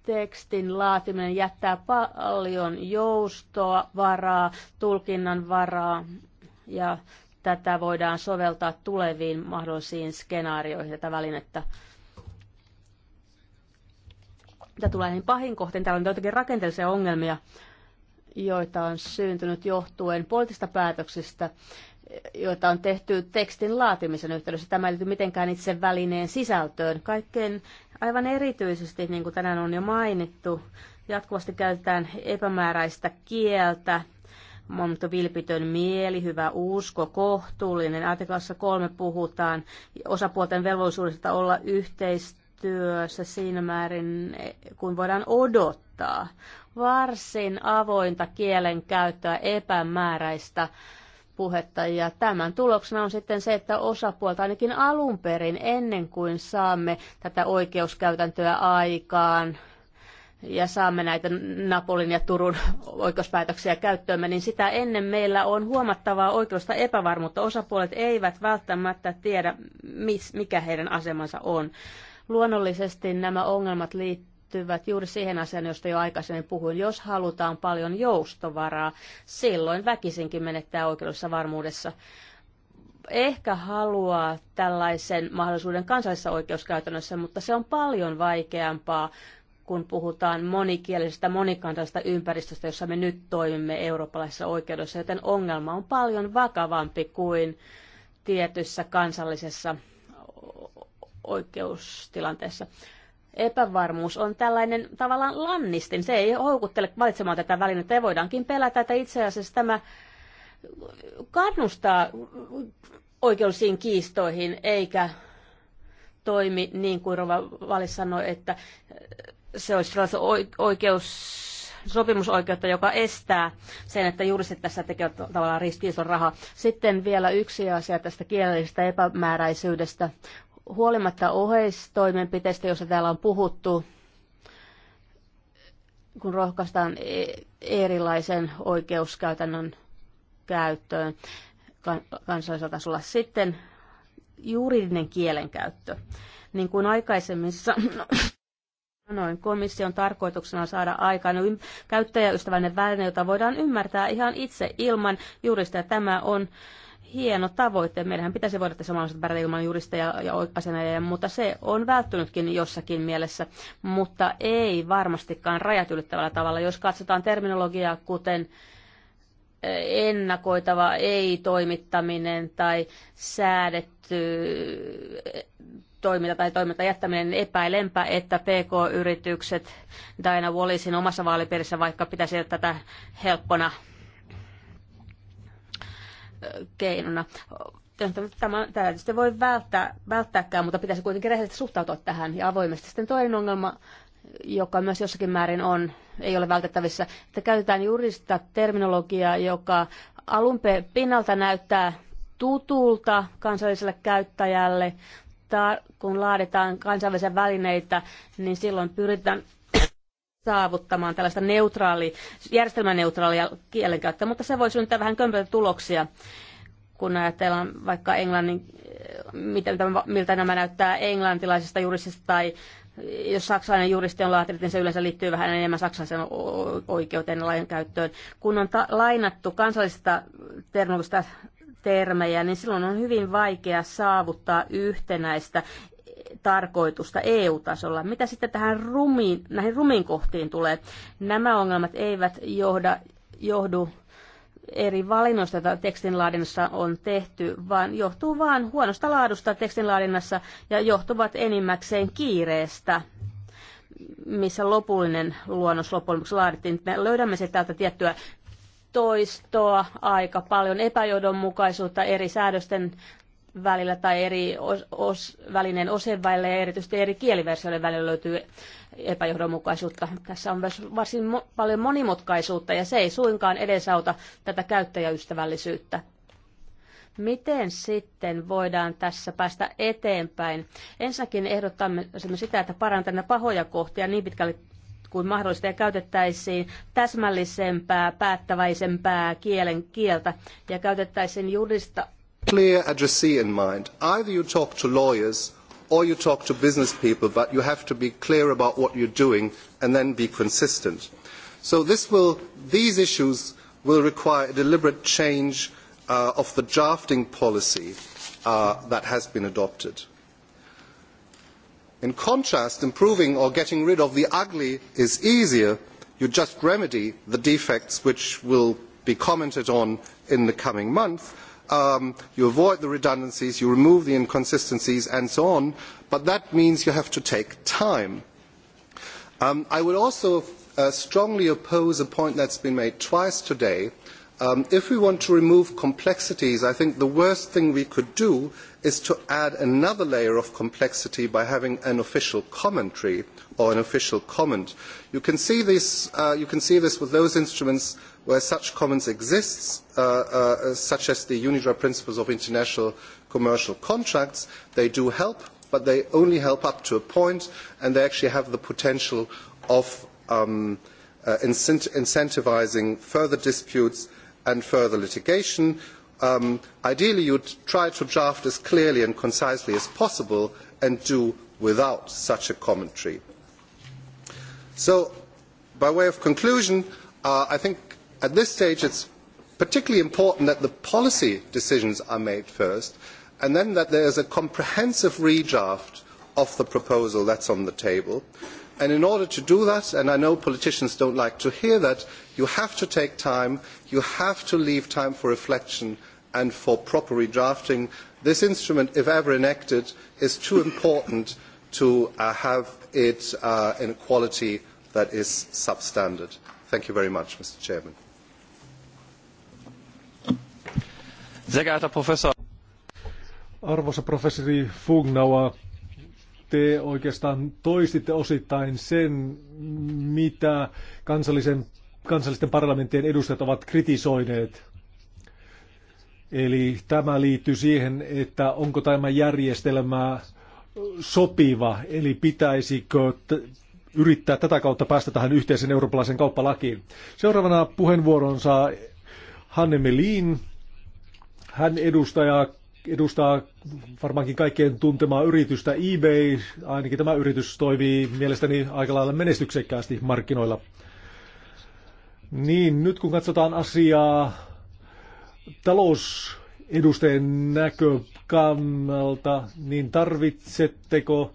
tekstin laatiminen jättää paljon joustoa, varaa, tulkinnan varaa ja tätä voidaan soveltaa tuleviin mahdollisiin skenaarioihin tätä välinettä. Mitä tulee niin pahin kohteen täällä on joitakin rakenteellisia ongelmia, joita on syntynyt johtuen poliittisista päätöksistä, joita on tehty tekstin laatimisen yhteydessä. Tämä ei liity mitenkään itse välineen sisältöön. Kaikkein aivan erityisesti, niin kuin tänään on jo mainittu, jatkuvasti käytetään epämääräistä kieltä, mutta vilpitön mieli, hyvä usko, kohtuullinen. Artiklassa kolme puhutaan osapuolten velvollisuudesta olla yhteistyössä työssä siinä määrin, kun voidaan odottaa. Varsin avointa kielen käyttöä, epämääräistä puhetta. Ja tämän tuloksena on sitten se, että osapuolta ainakin alun perin, ennen kuin saamme tätä oikeuskäytäntöä aikaan, ja saamme näitä Napolin ja Turun oikeuspäätöksiä käyttöömme, niin sitä ennen meillä on huomattavaa oikeusta epävarmuutta. Osapuolet eivät välttämättä tiedä, mikä heidän asemansa on. Luonnollisesti nämä ongelmat liittyvät juuri siihen asiaan, josta jo aikaisemmin puhuin. Jos halutaan paljon joustovaraa, silloin väkisinkin menettää oikeudessa varmuudessa ehkä haluaa tällaisen mahdollisuuden kansallisessa oikeuskäytännössä, mutta se on paljon vaikeampaa, kun puhutaan monikielisestä, monikantaisesta ympäristöstä, jossa me nyt toimimme eurooppalaisessa oikeudessa, joten ongelma on paljon vakavampi kuin tietyssä kansallisessa oikeustilanteessa. Epävarmuus on tällainen tavallaan lannistin. Se ei houkuttele valitsemaan tätä välinettä ja voidaankin pelätä, että itse asiassa tämä kannustaa oikeusiin kiistoihin eikä toimi niin kuin Rova Valis sanoi, että se olisi sellaisen oikeus sopimusoikeutta, joka estää sen, että juristit tässä tekevät tavallaan ristiison rahaa. Sitten vielä yksi asia tästä kielellisestä epämääräisyydestä huolimatta oheistoimenpiteistä, joista täällä on puhuttu, kun rohkaistaan e- erilaisen oikeuskäytännön käyttöön kansallisella tasolla. Sitten juridinen kielenkäyttö. Niin kuin aikaisemmin no, sanoin, komission tarkoituksena on saada aikaan käyttäjäystävällinen väline, jota voidaan ymmärtää ihan itse ilman juristia. Tämä on hieno tavoite. Meidän pitäisi voida tässä maailmassa pärjätä ilman juristeja ja asianajajia, mutta se on välttynytkin jossakin mielessä, mutta ei varmastikaan rajat ylittävällä tavalla. Jos katsotaan terminologiaa, kuten eh, ennakoitava ei-toimittaminen tai säädetty eh, toiminta tai toiminta jättäminen niin epäilempä, että PK-yritykset Diana Wallisin omassa vaalipiirissä vaikka pitäisi tätä helppona keinona. Tämä, tämä tietysti voi välttää, välttääkään, mutta pitäisi kuitenkin rehellisesti suhtautua tähän ja avoimesti. Sitten toinen ongelma, joka myös jossakin määrin on, ei ole vältettävissä, että käytetään juurista terminologiaa, joka alun pinnalta näyttää tutulta kansalliselle käyttäjälle, tar- kun laaditaan kansainvälisiä välineitä, niin silloin pyritään saavuttamaan tällaista neutraali, järjestelmäneutraalia kielenkäyttöä, mutta se voi synnyttää vähän kömpelöitä tuloksia, kun ajatellaan vaikka englannin, mitä, miltä nämä näyttää englantilaisesta juristista tai jos saksalainen juristi on laatinut, niin se yleensä liittyy vähän enemmän saksalaisen oikeuteen ja käyttöön. Kun on ta- lainattu kansallisista termoista termejä, niin silloin on hyvin vaikea saavuttaa yhtenäistä tarkoitusta EU-tasolla. Mitä sitten tähän rumiin, näihin rumiin kohtiin tulee? Nämä ongelmat eivät johda, johdu eri valinnoista, joita tekstinlaadinnassa on tehty, vaan johtuu vain huonosta laadusta tekstinlaadinnassa ja johtuvat enimmäkseen kiireestä missä lopullinen luonnos lopuksi laadittiin. Me löydämme se täältä tiettyä toistoa aika paljon, epäjohdonmukaisuutta eri säädösten välillä tai eri os, os, välineen osen välillä ja erityisesti eri kieliversioiden välillä löytyy epäjohdonmukaisuutta. Tässä on myös varsin mo- paljon monimutkaisuutta ja se ei suinkaan edesauta tätä käyttäjäystävällisyyttä. Miten sitten voidaan tässä päästä eteenpäin? Ensinnäkin ehdottamme sitä, että parantamme pahoja kohtia niin pitkälle kuin mahdollista ja käytettäisiin täsmällisempää, päättäväisempää kielen kieltä ja käytettäisiin juridista clear addressee in mind. Either you talk to lawyers or you talk to business people, but you have to be clear about what you're doing and then be consistent. So will, these issues will require a deliberate change uh, of the drafting policy uh, that has been adopted. In contrast, improving or getting rid of the ugly is easier. You just remedy the defects which will be commented on in the coming month um, you avoid the redundancies, you remove the inconsistencies and so on, but that means you have to take time. Um, I would also uh, strongly oppose a point that's been made twice today. Um, if we want to remove complexities, I think the worst thing we could do is to add another layer of complexity by having an official commentary or an official comment. You can see this, uh, you can see this with those instruments where such commons exist, uh, uh, uh, such as the UNIDROIT principles of international commercial contracts, they do help, but they only help up to a point, and they actually have the potential of um, uh, incent incentivizing further disputes and further litigation. Um, ideally, you would try to draft as clearly and concisely as possible and do without such a commentary. So, by way of conclusion, uh, I think at this stage it is particularly important that the policy decisions are made first and then that there is a comprehensive redraft of the proposal that is on the table. And in order to do that, and I know politicians do not like to hear that, you have to take time, you have to leave time for reflection and for proper redrafting. This instrument, if ever enacted, is too important to uh, have it uh, in a quality that is substandard. Thank you very much, Mr. Chairman. Sehr geehrter Professor. Arvoisa professori Fugnawa te oikeastaan toistitte osittain sen, mitä kansallisen, kansallisten parlamenttien edustajat ovat kritisoineet. Eli tämä liittyy siihen, että onko tämä järjestelmä sopiva, eli pitäisikö yrittää tätä kautta päästä tähän yhteisen eurooppalaisen kauppalakiin. Seuraavana puheenvuoron saa Hanne Melin, hän edustaja, edustaa varmaankin kaikkien tuntemaa yritystä eBay. Ainakin tämä yritys toimii mielestäni aika lailla menestyksekkäästi markkinoilla. Niin, nyt kun katsotaan asiaa talousedusteen näkökannalta, niin tarvitsetteko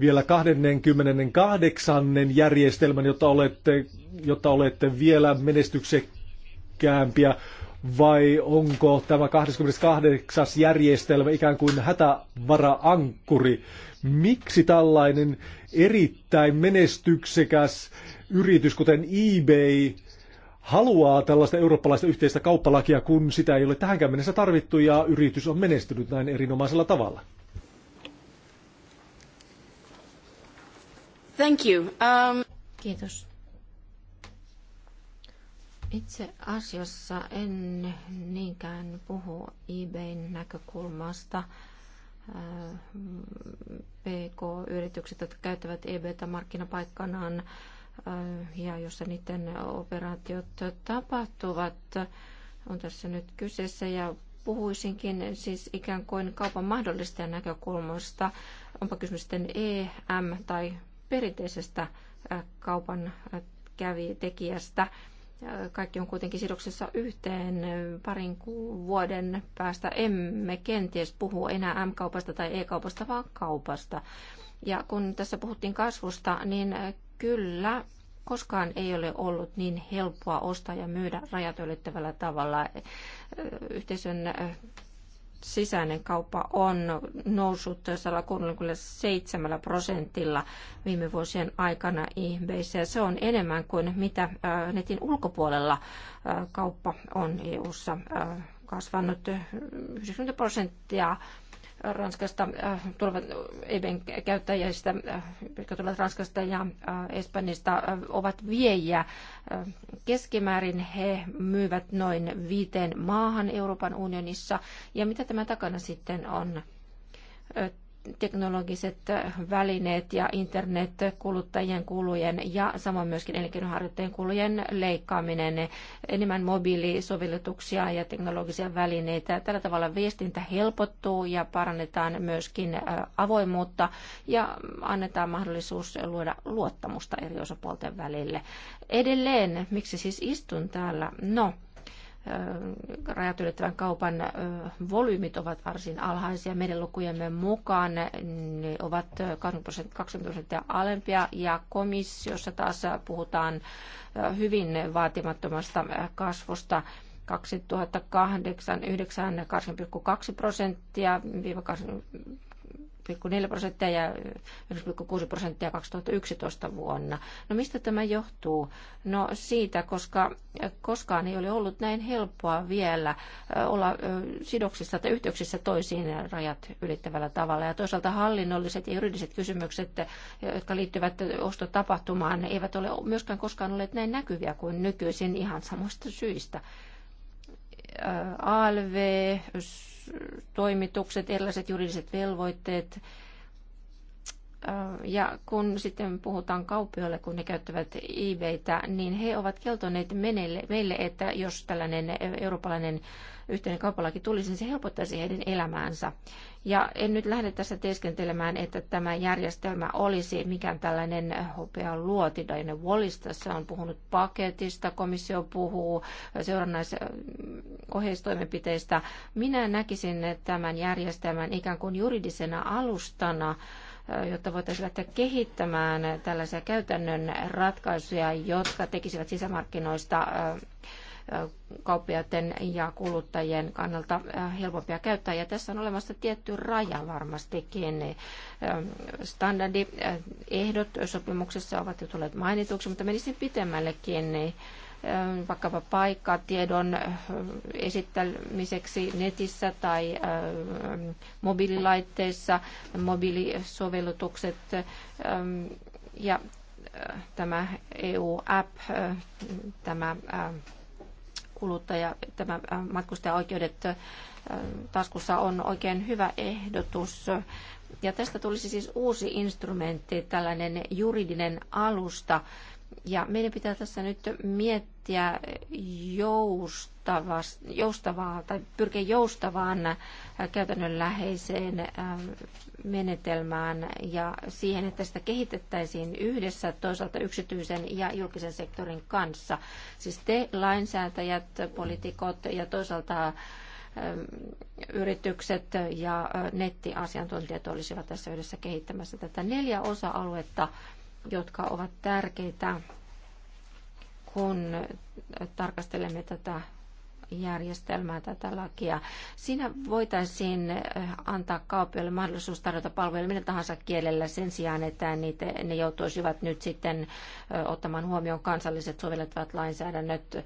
vielä 28. järjestelmän, jotta olette, jotta olette vielä menestyksekkäämpiä vai onko tämä 28. järjestelmä ikään kuin hätävaraankuri? Miksi tällainen erittäin menestyksekäs yritys, kuten eBay, haluaa tällaista eurooppalaista yhteistä kauppalakia, kun sitä ei ole tähänkään mennessä tarvittu ja yritys on menestynyt näin erinomaisella tavalla? Thank you. Um... Kiitos. Itse asiassa en niinkään puhu eBayn näkökulmasta. PK-yritykset, jotka käyttävät eBaytä markkinapaikkanaan ja jossa niiden operaatiot tapahtuvat, on tässä nyt kyseessä ja puhuisinkin siis ikään kuin kaupan mahdollisten näkökulmasta, onpa kysymys sitten EM tai perinteisestä kaupan kävi tekijästä kaikki on kuitenkin sidoksessa yhteen. Parin vuoden päästä emme kenties puhu enää M-kaupasta tai E-kaupasta, vaan kaupasta. Ja kun tässä puhuttiin kasvusta, niin kyllä koskaan ei ole ollut niin helppoa ostaa ja myydä rajat ylittävällä tavalla. Yhteisön sisäinen kauppa on noussut 137 prosentilla viime vuosien aikana ihmeissä. se on enemmän kuin mitä äh, netin ulkopuolella äh, kauppa on EU-ssa äh, kasvanut 90 prosenttia Ranskasta äh, tulevat EBEN käyttäjistä, äh, jotka tulevat Ranskasta ja äh, Espanjasta, ovat viejiä. Keskimäärin he myyvät noin viiteen maahan Euroopan unionissa. Ja mitä tämä takana sitten on? teknologiset välineet ja internet kuluttajien kulujen ja samoin myöskin elinkeinoharjoittajien kulujen leikkaaminen, enemmän mobiilisovellutuksia ja teknologisia välineitä. Tällä tavalla viestintä helpottuu ja parannetaan myöskin avoimuutta ja annetaan mahdollisuus luoda luottamusta eri osapuolten välille. Edelleen, miksi siis istun täällä? No, rajat ylittävän kaupan volyymit ovat varsin alhaisia. Meidän lukujemme mukaan ne ovat 20 prosenttia alempia ja komissiossa taas puhutaan hyvin vaatimattomasta kasvusta. 2008 9 8,2 prosenttia 1,4 prosenttia ja 1,6 prosenttia 2011 vuonna. No mistä tämä johtuu? No siitä, koska koskaan ei ole ollut näin helppoa vielä olla sidoksissa tai yhteyksissä toisiin rajat ylittävällä tavalla. Ja toisaalta hallinnolliset ja juridiset kysymykset, jotka liittyvät ostotapahtumaan, eivät ole myöskään koskaan olleet näin näkyviä kuin nykyisin ihan samoista syistä. ALV, toimitukset, erilaiset juridiset velvoitteet, ja kun sitten puhutaan kaupioille, kun ne käyttävät eBaytä, niin he ovat keltoneet meille, että jos tällainen eurooppalainen yhteinen kauppalaki tulisi, niin se helpottaisi heidän elämäänsä. Ja en nyt lähde tässä teeskentelemään, että tämä järjestelmä olisi mikään tällainen hopea luoti. Diana Wallis tässä on puhunut paketista, komissio puhuu seurannaisohjeistoimenpiteistä. Minä näkisin tämän järjestelmän ikään kuin juridisena alustana jotta voitaisiin lähteä kehittämään tällaisia käytännön ratkaisuja, jotka tekisivät sisämarkkinoista kauppiaiden ja kuluttajien kannalta helpompia käyttää. Ja tässä on olemassa tietty raja varmastikin. Standardiehdot sopimuksessa ovat jo tulleet mainituksi, mutta menisin pitemmällekin vaikkapa paikka tiedon esittämiseksi netissä tai mobiililaitteissa, mobiilisovellutukset ja tämä EU-app, tämä kuluttaja, tämä matkustajaoikeudet taskussa on oikein hyvä ehdotus. Ja tästä tulisi siis uusi instrumentti, tällainen juridinen alusta. Ja meidän pitää tässä nyt miettiä, miettiä joustavaa, joustavaa tai pyrkiä joustavaan käytännönläheiseen äh, menetelmään ja siihen, että sitä kehitettäisiin yhdessä toisaalta yksityisen ja julkisen sektorin kanssa. Siis te lainsäätäjät, poliitikot ja toisaalta ähm, yritykset ja äh, nettiasiantuntijat olisivat tässä yhdessä kehittämässä tätä neljä osa-aluetta, jotka ovat tärkeitä kun tarkastelemme tätä järjestelmää, tätä lakia. Siinä voitaisiin antaa kauppiaille mahdollisuus tarjota palveluja millä tahansa kielellä sen sijaan, että niitä, ne joutuisivat nyt sitten ottamaan huomioon kansalliset sovellettavat lainsäädännöt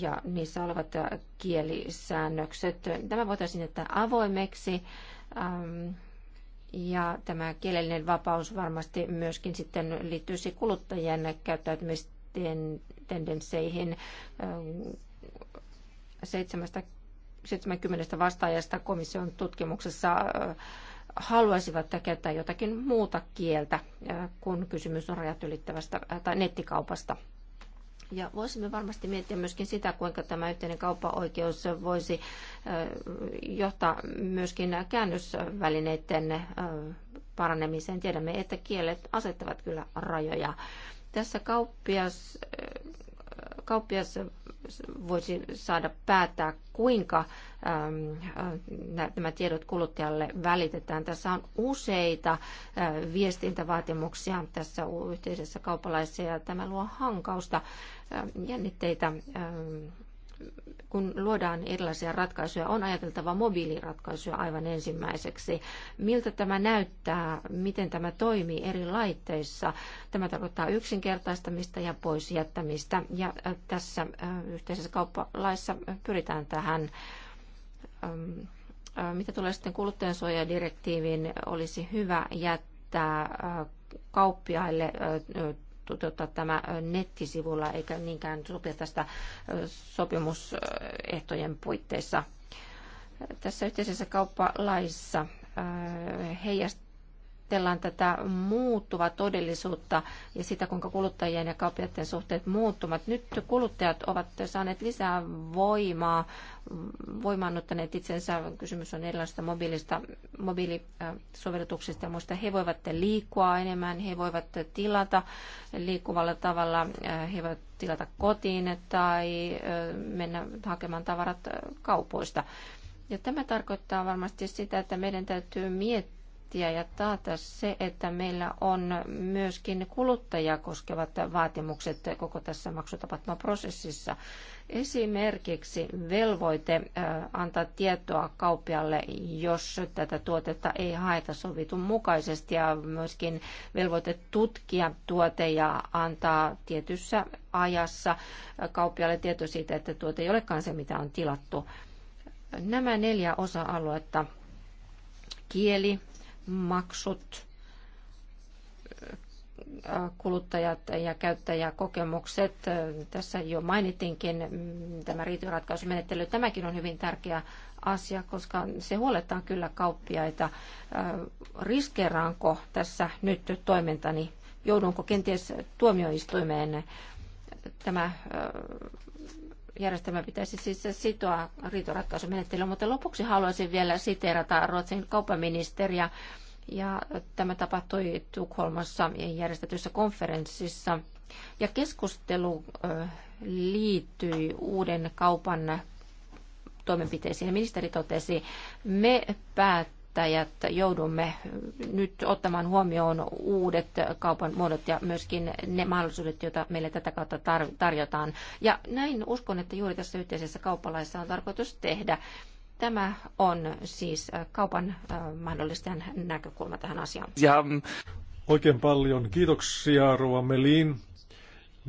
ja niissä olevat kielisäännökset. Tämä voitaisiin jättää avoimeksi ja tämä kielellinen vapaus varmasti myöskin sitten liittyisi kuluttajien käyttäytymistendensseihin. 70 vastaajasta komission tutkimuksessa haluaisivat käyttää jotakin muuta kieltä, kun kysymys on rajat ylittävästä tai nettikaupasta. Ja voisimme varmasti miettiä myöskin sitä, kuinka tämä yhteinen kauppaoikeus voisi johtaa myöskin käännösvälineiden paranemiseen. Tiedämme, että kielet asettavat kyllä rajoja. Tässä kauppias kauppias voisi saada päättää, kuinka ähm, äh, nämä tiedot kuluttajalle välitetään. Tässä on useita äh, viestintävaatimuksia tässä yhteisessä kaupalaisessa ja tämä luo hankausta, äh, jännitteitä ähm, kun luodaan erilaisia ratkaisuja, on ajateltava mobiiliratkaisuja aivan ensimmäiseksi. Miltä tämä näyttää, miten tämä toimii eri laitteissa? Tämä tarkoittaa yksinkertaistamista ja poisjättämistä. Ja äh, tässä äh, yhteisessä kauppalaissa pyritään tähän ähm, äh, mitä tulee sitten kuluttajansuojadirektiiviin, olisi hyvä jättää kauppiaille toteuttaa tämä nettisivulla eikä niinkään sopia tästä sopimusehtojen puitteissa. Tässä yhteisessä kauppalaissa heijastuu ajatellaan tätä muuttuvaa todellisuutta ja sitä, kuinka kuluttajien ja kauppiaiden suhteet muuttuvat, nyt kuluttajat ovat saaneet lisää voimaa, voimaannuttaneet itsensä. Kysymys on erilaisista mobiilista, mobiilisovellutuksista ja muista. He voivat liikkua enemmän, he voivat tilata liikkuvalla tavalla, he voivat tilata kotiin tai mennä hakemaan tavarat kaupoista. Ja tämä tarkoittaa varmasti sitä, että meidän täytyy miettiä, huolehtia ja taata se, että meillä on myöskin kuluttajia koskevat vaatimukset koko tässä maksutapahtumaprosessissa. Esimerkiksi velvoite äh, antaa tietoa kauppialle, jos tätä tuotetta ei haeta sovitun mukaisesti ja myöskin velvoite tutkia tuote ja antaa tietyssä ajassa kauppialle tieto siitä, että tuote ei olekaan se, mitä on tilattu. Nämä neljä osa-aluetta kieli, maksut, äh, kuluttajat ja käyttäjäkokemukset. Äh, tässä jo mainitinkin mm, tämä riityratkaisumenettely. Tämäkin on hyvin tärkeä asia, koska se huolettaa kyllä kauppiaita. Äh, Riskeraanko tässä nyt toimintani? Joudunko kenties tuomioistuimeen? Tämä järjestelmä pitäisi siis sitoa riitoratkaisumenettelyyn, mutta lopuksi haluaisin vielä siteerata Ruotsin kauppaministeriä. Ja tämä tapahtui Tukholmassa järjestetyssä konferenssissa. Ja keskustelu liittyi uuden kaupan toimenpiteisiin. Ministeri totesi, me päättäisimme yrittäjät joudumme nyt ottamaan huomioon uudet kaupan muodot ja myöskin ne mahdollisuudet, joita meille tätä kautta tar- tarjotaan. Ja näin uskon, että juuri tässä yhteisessä kauppalaissa on tarkoitus tehdä. Tämä on siis äh, kaupan äh, mahdollisten näkökulma tähän asiaan. Ja oikein paljon kiitoksia Rova Melin.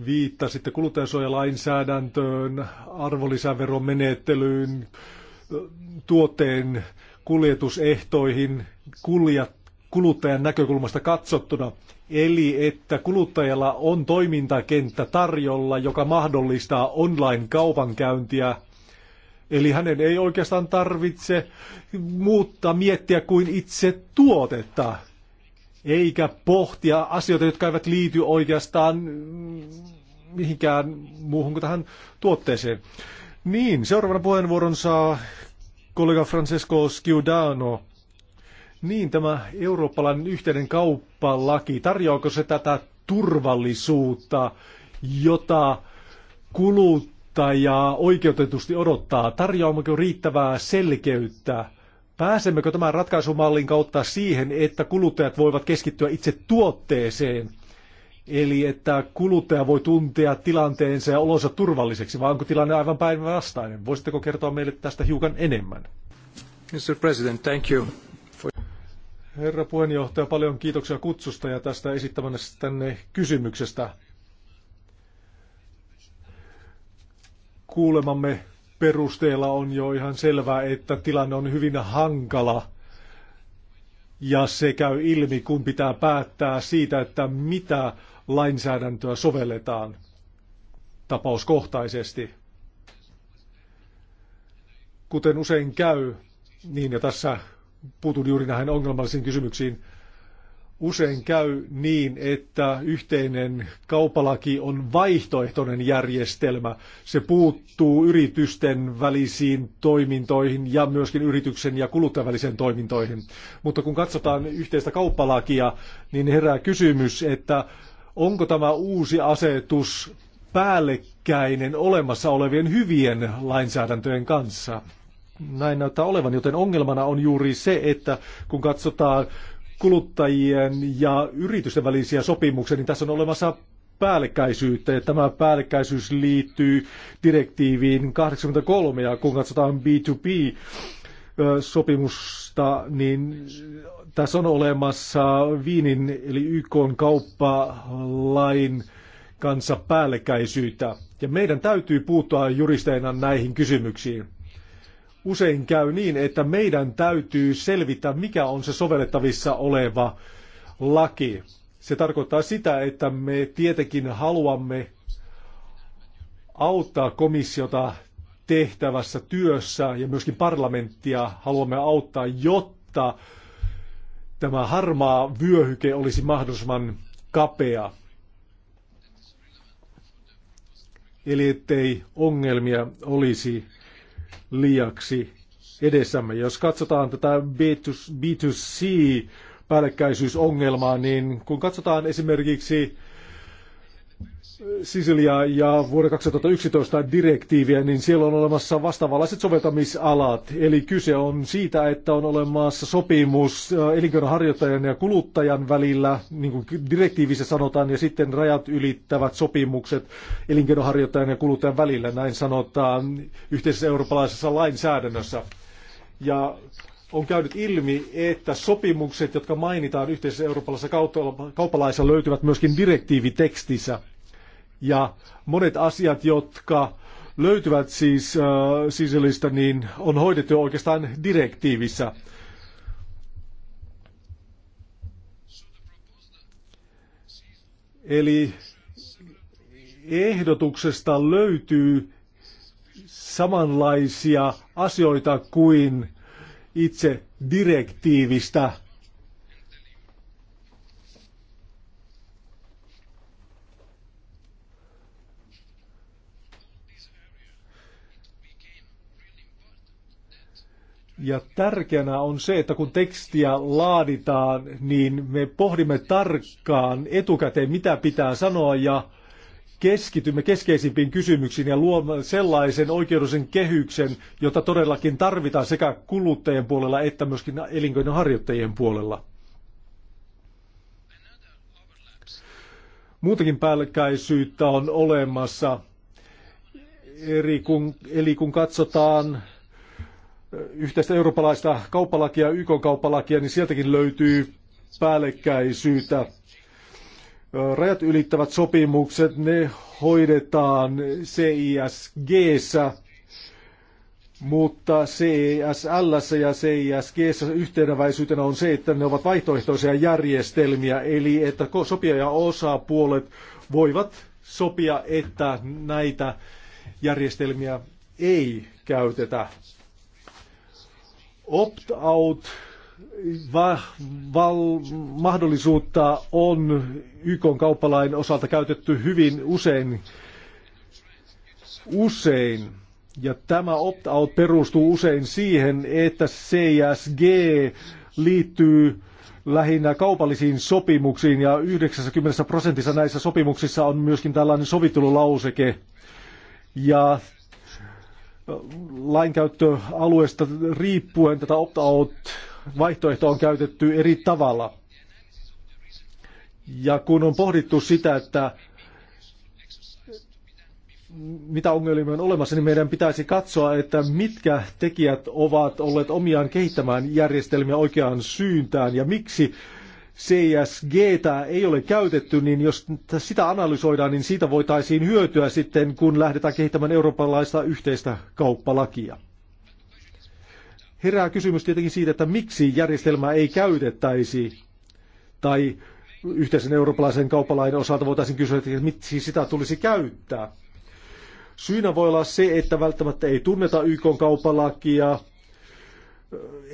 Viittasitte kuluttajansuojalainsäädäntöön, arvonlisäveromenettelyyn, tuoteen kuljetusehtoihin kuljat, kuluttajan näkökulmasta katsottuna. Eli että kuluttajalla on toimintakenttä tarjolla, joka mahdollistaa online-kaupankäyntiä. Eli hänen ei oikeastaan tarvitse muuttaa miettiä kuin itse tuotetta, eikä pohtia asioita, jotka eivät liity oikeastaan mihinkään muuhun kuin tähän tuotteeseen. Niin, seuraavana puheenvuoron saa kollega Francesco Sciudano. Niin, tämä eurooppalainen yhteinen kauppalaki, tarjoako se tätä turvallisuutta, jota kuluttaja oikeutetusti odottaa? Tarjoammeko riittävää selkeyttä? Pääsemmekö tämän ratkaisumallin kautta siihen, että kuluttajat voivat keskittyä itse tuotteeseen – Eli että kuluttaja voi tuntea tilanteensa ja olonsa turvalliseksi, vai onko tilanne aivan päinvastainen? Voisitteko kertoa meille tästä hiukan enemmän? Mr. President, thank you. For... Herra puheenjohtaja, paljon kiitoksia kutsusta ja tästä tänne kysymyksestä. Kuulemamme perusteella on jo ihan selvää, että tilanne on hyvin hankala – ja se käy ilmi, kun pitää päättää siitä, että mitä lainsäädäntöä sovelletaan tapauskohtaisesti. Kuten usein käy, niin ja tässä puutun juuri näihin ongelmallisiin kysymyksiin, usein käy niin, että yhteinen kaupalaki on vaihtoehtoinen järjestelmä. Se puuttuu yritysten välisiin toimintoihin ja myöskin yrityksen ja kuluttajan välisiin toimintoihin. Mutta kun katsotaan yhteistä kauppalakia, niin herää kysymys, että Onko tämä uusi asetus päällekkäinen olemassa olevien hyvien lainsäädäntöjen kanssa? Näin näyttää olevan, joten ongelmana on juuri se, että kun katsotaan kuluttajien ja yritysten välisiä sopimuksia, niin tässä on olemassa päällekkäisyyttä, ja tämä päällekkäisyys liittyy direktiiviin 83, ja kun katsotaan B2B, sopimusta, niin tässä on olemassa Viinin eli YK kauppalain kanssa päällekkäisyyttä. Ja meidän täytyy puuttua juristeina näihin kysymyksiin. Usein käy niin, että meidän täytyy selvittää, mikä on se sovellettavissa oleva laki. Se tarkoittaa sitä, että me tietenkin haluamme auttaa komissiota tehtävässä työssä ja myöskin parlamenttia haluamme auttaa, jotta tämä harmaa vyöhyke olisi mahdollisimman kapea. Eli ettei ongelmia olisi liiaksi edessämme. Jos katsotaan tätä B2C-päällekkäisyysongelmaa, niin kun katsotaan esimerkiksi Sisilia ja vuoden 2011 direktiiviä, niin siellä on olemassa vastaavanlaiset soveltamisalat. Eli kyse on siitä, että on olemassa sopimus elinkeinonharjoittajan ja kuluttajan välillä, niin kuin direktiivissä sanotaan, ja sitten rajat ylittävät sopimukset elinkeinonharjoittajan ja kuluttajan välillä, näin sanotaan yhteisessä eurooppalaisessa lainsäädännössä. Ja on käynyt ilmi, että sopimukset, jotka mainitaan yhteisessä eurooppalaisessa kauppalaissa, löytyvät myöskin direktiivitekstissä. Ja monet asiat, jotka löytyvät siis äh, sisällistä, niin on hoidettu oikeastaan direktiivissä. Eli ehdotuksesta löytyy samanlaisia asioita kuin itse direktiivistä – Ja tärkeänä on se, että kun tekstiä laaditaan, niin me pohdimme tarkkaan etukäteen, mitä pitää sanoa ja keskitymme keskeisimpiin kysymyksiin ja luomme sellaisen oikeudellisen kehyksen, jota todellakin tarvitaan sekä kuluttajien puolella että myöskin elinkeinoharjoittajien puolella. Muutakin päällekkäisyyttä on olemassa. Eri kun, eli kun katsotaan yhteistä eurooppalaista kauppalakia, YK-kauppalakia, niin sieltäkin löytyy päällekkäisyyttä. Rajat ylittävät sopimukset, ne hoidetaan cisg mutta CESL ja CISG yhtenäväisyytenä on se, että ne ovat vaihtoehtoisia järjestelmiä, eli että sopia ja osapuolet voivat sopia, että näitä järjestelmiä ei käytetä Opt-out mahdollisuutta on YK kauppalain osalta käytetty hyvin usein. Usein. Ja tämä opt-out perustuu usein siihen, että CSG liittyy lähinnä kaupallisiin sopimuksiin ja 90 prosentissa näissä sopimuksissa on myöskin tällainen sovittelulauseke. Ja lainkäyttöalueesta riippuen tätä opt-out-vaihtoehtoa on käytetty eri tavalla. Ja kun on pohdittu sitä, että mitä ongelmia on olemassa, niin meidän pitäisi katsoa, että mitkä tekijät ovat olleet omiaan kehittämään järjestelmiä oikeaan syyntään ja miksi CSG ei ole käytetty, niin jos sitä analysoidaan, niin siitä voitaisiin hyötyä sitten, kun lähdetään kehittämään eurooppalaista yhteistä kauppalakia. Herää kysymys tietenkin siitä, että miksi järjestelmää ei käytettäisi, tai yhteisen eurooppalaisen kauppalain osalta voitaisiin kysyä, että miksi sitä tulisi käyttää. Syynä voi olla se, että välttämättä ei tunneta YK kauppalakia,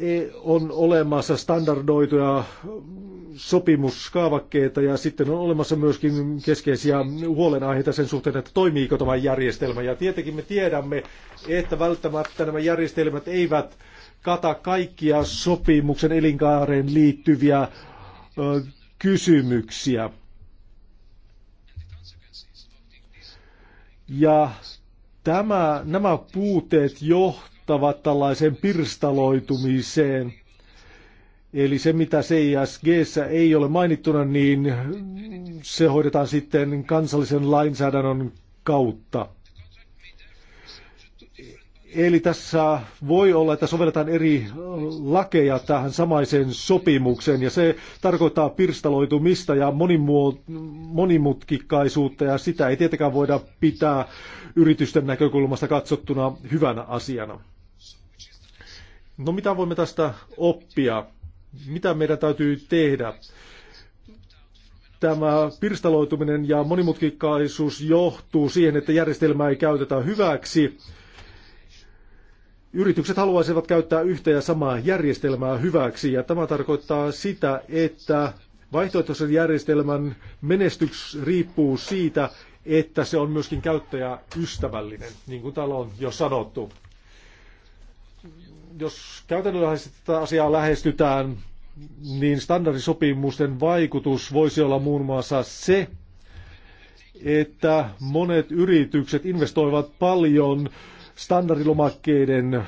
E, on olemassa standardoituja sopimuskaavakkeita ja sitten on olemassa myöskin keskeisiä huolenaiheita sen suhteen, että toimiiko tämä järjestelmä. Ja tietenkin me tiedämme, että välttämättä nämä järjestelmät eivät kata kaikkia sopimuksen elinkaareen liittyviä kysymyksiä. Ja tämä, nämä puutteet johtavat johtavat tällaiseen pirstaloitumiseen. Eli se, mitä CISG ei ole mainittuna, niin se hoidetaan sitten kansallisen lainsäädännön kautta. Eli tässä voi olla, että sovelletaan eri lakeja tähän samaiseen sopimukseen, ja se tarkoittaa pirstaloitumista ja monimutkikkaisuutta, ja sitä ei tietenkään voida pitää yritysten näkökulmasta katsottuna hyvänä asiana. No mitä voimme tästä oppia? Mitä meidän täytyy tehdä? Tämä pirstaloituminen ja monimutkikkaisuus johtuu siihen, että järjestelmää ei käytetä hyväksi. Yritykset haluaisivat käyttää yhtä ja samaa järjestelmää hyväksi, ja tämä tarkoittaa sitä, että vaihtoehtoisen järjestelmän menestyks riippuu siitä, että se on myöskin käyttäjäystävällinen, niin kuin täällä on jo sanottu jos käytännöllisesti tätä asiaa lähestytään, niin standardisopimusten vaikutus voisi olla muun muassa se, että monet yritykset investoivat paljon standardilomakkeiden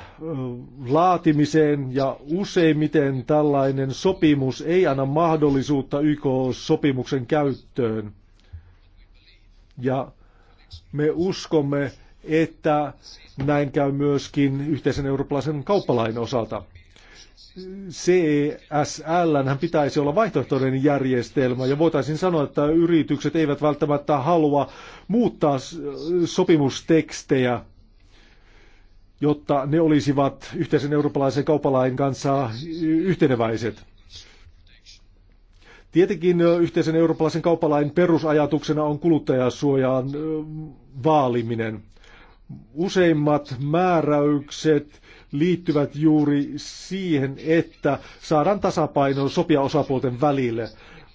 laatimiseen ja useimmiten tällainen sopimus ei anna mahdollisuutta YK-sopimuksen käyttöön. Ja me uskomme, että näin käy myöskin yhteisen eurooppalaisen kauppalain osalta. CESL pitäisi olla vaihtoehtoinen järjestelmä ja voitaisiin sanoa, että yritykset eivät välttämättä halua muuttaa sopimustekstejä, jotta ne olisivat yhteisen eurooppalaisen kauppalain kanssa yhteneväiset. Tietenkin yhteisen eurooppalaisen kauppalain perusajatuksena on kuluttajasuojan vaaliminen – useimmat määräykset liittyvät juuri siihen, että saadaan tasapaino sopia osapuolten välille.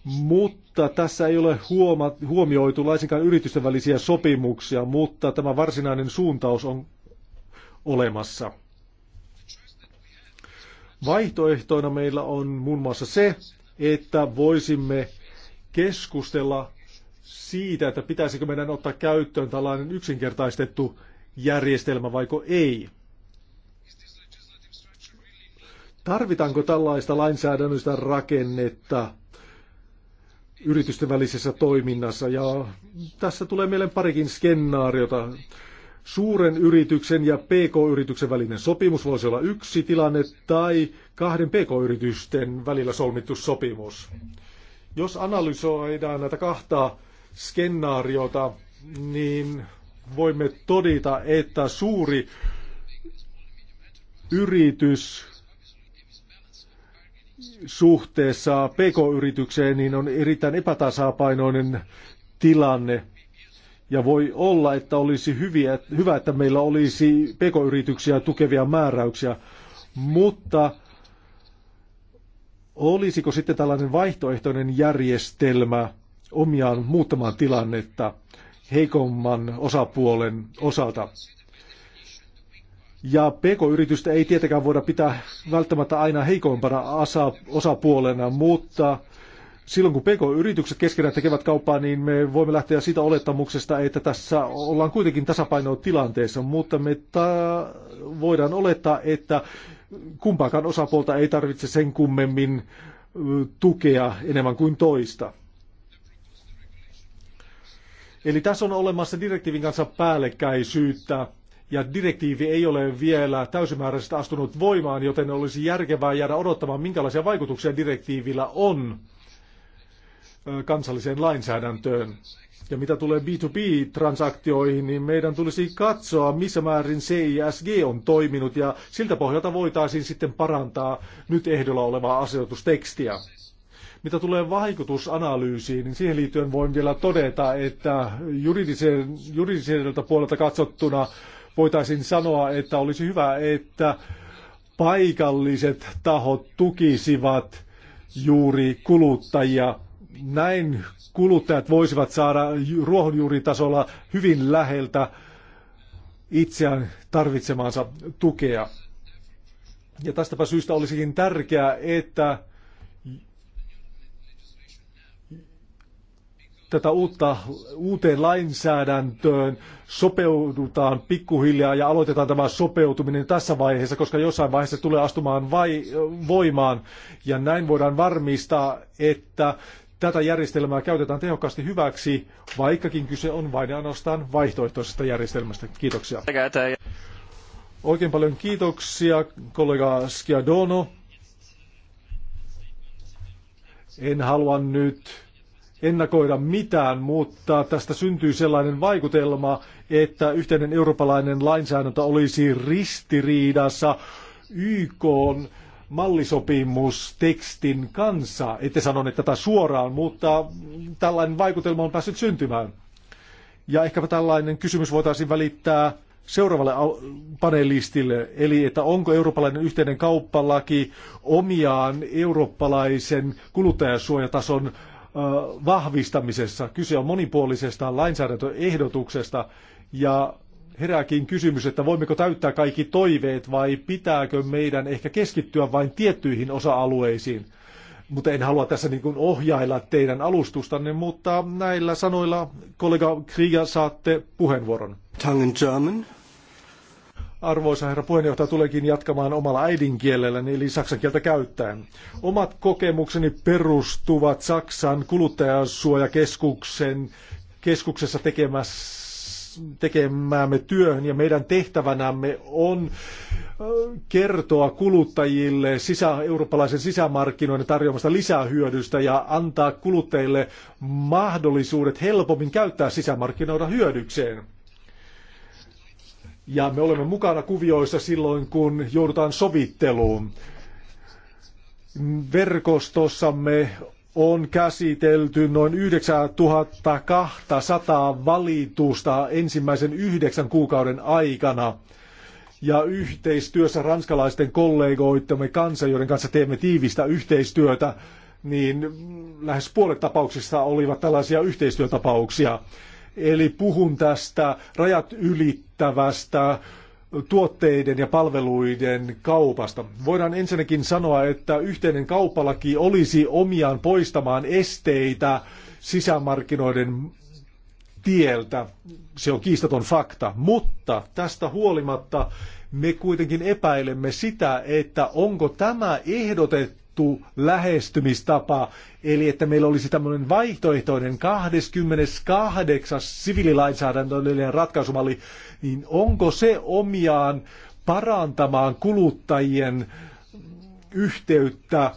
Mutta tässä ei ole huoma- huomioitu laisinkaan yritysten välisiä sopimuksia, mutta tämä varsinainen suuntaus on olemassa. Vaihtoehtoina meillä on muun muassa se, että voisimme keskustella siitä, että pitäisikö meidän ottaa käyttöön tällainen yksinkertaistettu järjestelmä vaiko ei. Tarvitaanko tällaista lainsäädännöstä rakennetta yritysten välisessä toiminnassa? Ja tässä tulee meille parikin skenaariota. Suuren yrityksen ja PK-yrityksen välinen sopimus voisi olla yksi tilanne tai kahden PK-yritysten välillä solmittu sopimus. Jos analysoidaan näitä kahta skenaariota, niin voimme todita, että suuri yritys suhteessa pk-yritykseen niin on erittäin epätasapainoinen tilanne. Ja voi olla, että olisi hyviä, hyvä, että meillä olisi pk-yrityksiä tukevia määräyksiä, mutta olisiko sitten tällainen vaihtoehtoinen järjestelmä omiaan muuttamaan tilannetta? heikomman osapuolen osalta. Ja PK-yritystä ei tietenkään voida pitää välttämättä aina heikompana osapuolena, mutta silloin kun PK-yritykset keskenään tekevät kauppaa, niin me voimme lähteä siitä olettamuksesta, että tässä ollaan kuitenkin tilanteessa, mutta me ta- voidaan olettaa, että kumpaakaan osapuolta ei tarvitse sen kummemmin tukea enemmän kuin toista. Eli tässä on olemassa direktiivin kanssa päällekkäisyyttä, ja direktiivi ei ole vielä täysimääräisesti astunut voimaan, joten olisi järkevää jäädä odottamaan, minkälaisia vaikutuksia direktiivillä on kansalliseen lainsäädäntöön. Ja mitä tulee B2B-transaktioihin, niin meidän tulisi katsoa, missä määrin CISG on toiminut, ja siltä pohjalta voitaisiin sitten parantaa nyt ehdolla olevaa asetustekstiä. Mitä tulee vaikutusanalyysiin, niin siihen liittyen voin vielä todeta, että juridisen, juridiselta puolelta katsottuna voitaisiin sanoa, että olisi hyvä, että paikalliset tahot tukisivat juuri kuluttajia. Näin kuluttajat voisivat saada ruohonjuuritasolla hyvin läheltä itseään tarvitsemaansa tukea. Ja tästäpä syystä olisikin tärkeää, että tätä uutta, uuteen lainsäädäntöön sopeudutaan pikkuhiljaa ja aloitetaan tämä sopeutuminen tässä vaiheessa, koska jossain vaiheessa tulee astumaan vai, voimaan. Ja näin voidaan varmistaa, että tätä järjestelmää käytetään tehokkaasti hyväksi, vaikkakin kyse on vain ja ainoastaan vaihtoehtoisesta järjestelmästä. Kiitoksia. Oikein paljon kiitoksia, kollega Skiadono. En halua nyt ennakoida mitään, mutta tästä syntyy sellainen vaikutelma, että yhteinen eurooppalainen lainsäädäntö olisi ristiriidassa YK mallisopimustekstin kanssa. Ette sanon että tätä suoraan, mutta tällainen vaikutelma on päässyt syntymään. Ja ehkäpä tällainen kysymys voitaisiin välittää seuraavalle panelistille, eli että onko eurooppalainen yhteinen kauppalaki omiaan eurooppalaisen kuluttajasuojatason vahvistamisessa. Kyse on monipuolisesta lainsäädäntöehdotuksesta ja herääkin kysymys, että voimmeko täyttää kaikki toiveet vai pitääkö meidän ehkä keskittyä vain tiettyihin osa-alueisiin. Mutta en halua tässä niin ohjailla teidän alustustanne, mutta näillä sanoilla kollega Kriga saatte puheenvuoron. Tongue in German arvoisa herra puheenjohtaja, tuleekin jatkamaan omalla äidinkielelläni, eli saksan kieltä käyttäen. Omat kokemukseni perustuvat Saksan kuluttajasuojakeskuksen keskuksessa tekemässä tekemäämme työhön ja meidän tehtävänämme on kertoa kuluttajille sisä, eurooppalaisen sisämarkkinoiden tarjoamasta lisähyödystä ja antaa kuluttajille mahdollisuudet helpommin käyttää sisämarkkinoita hyödykseen. Ja me olemme mukana kuvioissa silloin, kun joudutaan sovitteluun. Verkostossamme on käsitelty noin 9200 valitusta ensimmäisen yhdeksän kuukauden aikana. Ja yhteistyössä ranskalaisten kollegoittamme kanssa, joiden kanssa teemme tiivistä yhteistyötä, niin lähes puolet tapauksista olivat tällaisia yhteistyötapauksia. Eli puhun tästä rajat ylittävästä tuotteiden ja palveluiden kaupasta. Voidaan ensinnäkin sanoa, että yhteinen kauppalaki olisi omiaan poistamaan esteitä sisämarkkinoiden tieltä. Se on kiistaton fakta, mutta tästä huolimatta me kuitenkin epäilemme sitä, että onko tämä ehdotettu muutettu lähestymistapa, eli että meillä olisi tämmöinen vaihtoehtoinen 28. sivililainsäädännöllinen ratkaisumalli, niin onko se omiaan parantamaan kuluttajien yhteyttä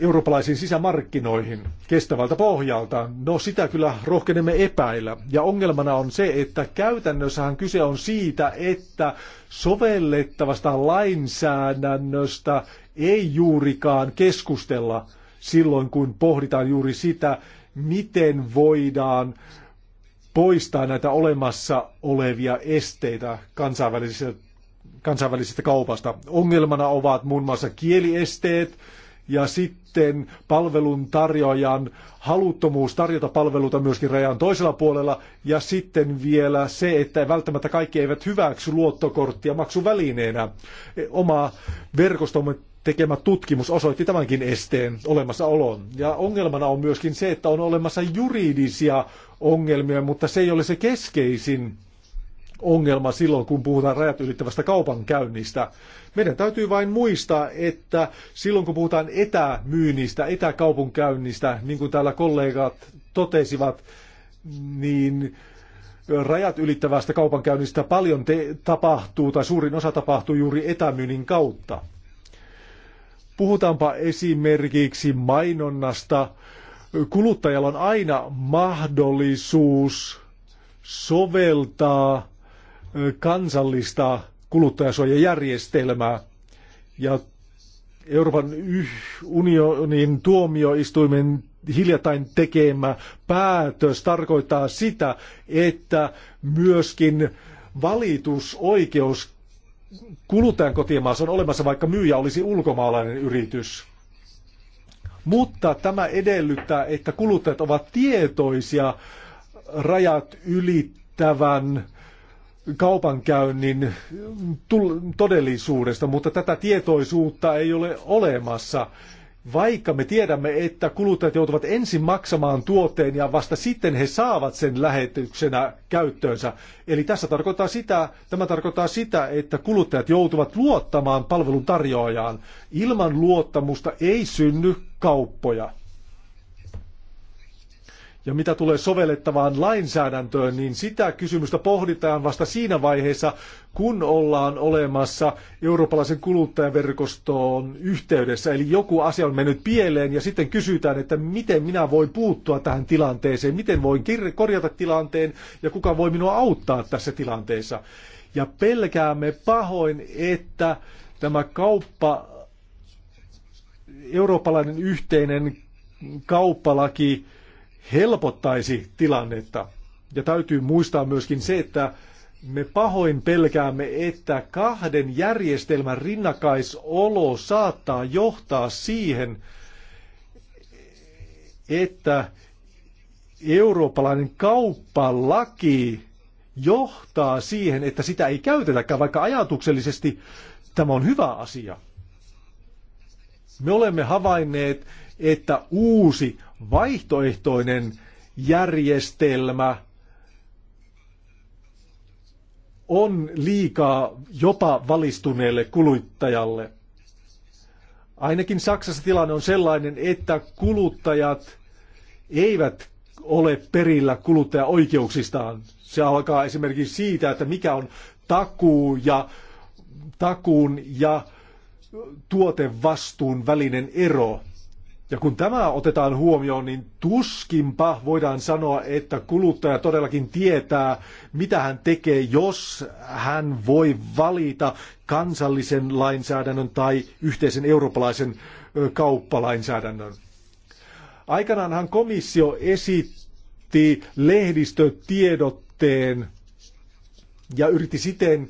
eurooppalaisiin sisämarkkinoihin kestävältä pohjalta? No sitä kyllä rohkenemme epäillä. Ja ongelmana on se, että käytännössähän kyse on siitä, että sovellettavasta lainsäädännöstä ei juurikaan keskustella silloin, kun pohditaan juuri sitä, miten voidaan poistaa näitä olemassa olevia esteitä kansainvälisestä, kansainvälisestä kaupasta. Ongelmana ovat muun muassa kieliesteet, ja sitten palvelun tarjoajan haluttomuus tarjota palveluita myöskin rajan toisella puolella ja sitten vielä se, että välttämättä kaikki eivät hyväksy luottokorttia maksuvälineenä. E, oma verkostomme tekemä tutkimus osoitti tämänkin esteen olemassaolon. Ja ongelmana on myöskin se, että on olemassa juridisia ongelmia, mutta se ei ole se keskeisin ongelma silloin, kun puhutaan rajat ylittävästä kaupankäynnistä. Meidän täytyy vain muistaa, että silloin kun puhutaan etämyynnistä, etäkaupunkäynnistä, niin kuin täällä kollegat totesivat, niin rajat ylittävästä kaupankäynnistä paljon te- tapahtuu tai suurin osa tapahtuu juuri etämyynnin kautta. Puhutaanpa esimerkiksi mainonnasta. Kuluttajalla on aina mahdollisuus soveltaa kansallista kuluttajasuojajärjestelmää. Ja Euroopan unionin tuomioistuimen hiljattain tekemä päätös tarkoittaa sitä, että myöskin valitusoikeus kuluttajan kotimaassa on olemassa, vaikka myyjä olisi ulkomaalainen yritys. Mutta tämä edellyttää, että kuluttajat ovat tietoisia rajat ylittävän kaupankäynnin todellisuudesta, mutta tätä tietoisuutta ei ole olemassa. Vaikka me tiedämme, että kuluttajat joutuvat ensin maksamaan tuotteen ja vasta sitten he saavat sen lähetyksenä käyttöönsä. Eli tässä tarkoittaa sitä, tämä tarkoittaa sitä, että kuluttajat joutuvat luottamaan palvelun tarjoajaan. Ilman luottamusta ei synny kauppoja. Ja mitä tulee sovellettavaan lainsäädäntöön, niin sitä kysymystä pohditaan vasta siinä vaiheessa, kun ollaan olemassa eurooppalaisen kuluttajaverkostoon yhteydessä. Eli joku asia on mennyt pieleen ja sitten kysytään, että miten minä voin puuttua tähän tilanteeseen, miten voin korjata tilanteen ja kuka voi minua auttaa tässä tilanteessa. Ja pelkäämme pahoin, että tämä kauppa, eurooppalainen yhteinen kauppalaki, helpottaisi tilannetta. Ja täytyy muistaa myöskin se, että me pahoin pelkäämme, että kahden järjestelmän rinnakaisolo saattaa johtaa siihen, että eurooppalainen kauppalaki johtaa siihen, että sitä ei käytetäkään, vaikka ajatuksellisesti tämä on hyvä asia. Me olemme havainneet, että uusi vaihtoehtoinen järjestelmä on liikaa jopa valistuneelle kuluttajalle. Ainakin Saksassa tilanne on sellainen, että kuluttajat eivät ole perillä kuluttajaoikeuksistaan. Se alkaa esimerkiksi siitä, että mikä on takuu ja, takuun ja tuotevastuun välinen ero. Ja kun tämä otetaan huomioon, niin tuskinpa voidaan sanoa, että kuluttaja todellakin tietää, mitä hän tekee, jos hän voi valita kansallisen lainsäädännön tai yhteisen eurooppalaisen kauppalainsäädännön. Aikanaanhan komissio esitti lehdistötiedotteen ja yritti siten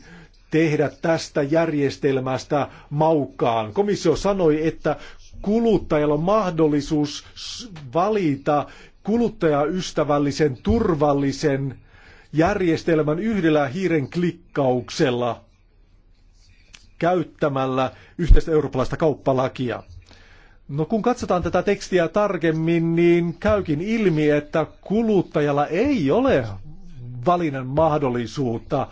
tehdä tästä järjestelmästä maukkaan. Komissio sanoi, että kuluttajalla on mahdollisuus valita kuluttajaystävällisen, turvallisen järjestelmän yhdellä hiiren klikkauksella käyttämällä yhteistä eurooppalaista kauppalakia. No kun katsotaan tätä tekstiä tarkemmin, niin käykin ilmi, että kuluttajalla ei ole valinnan mahdollisuutta,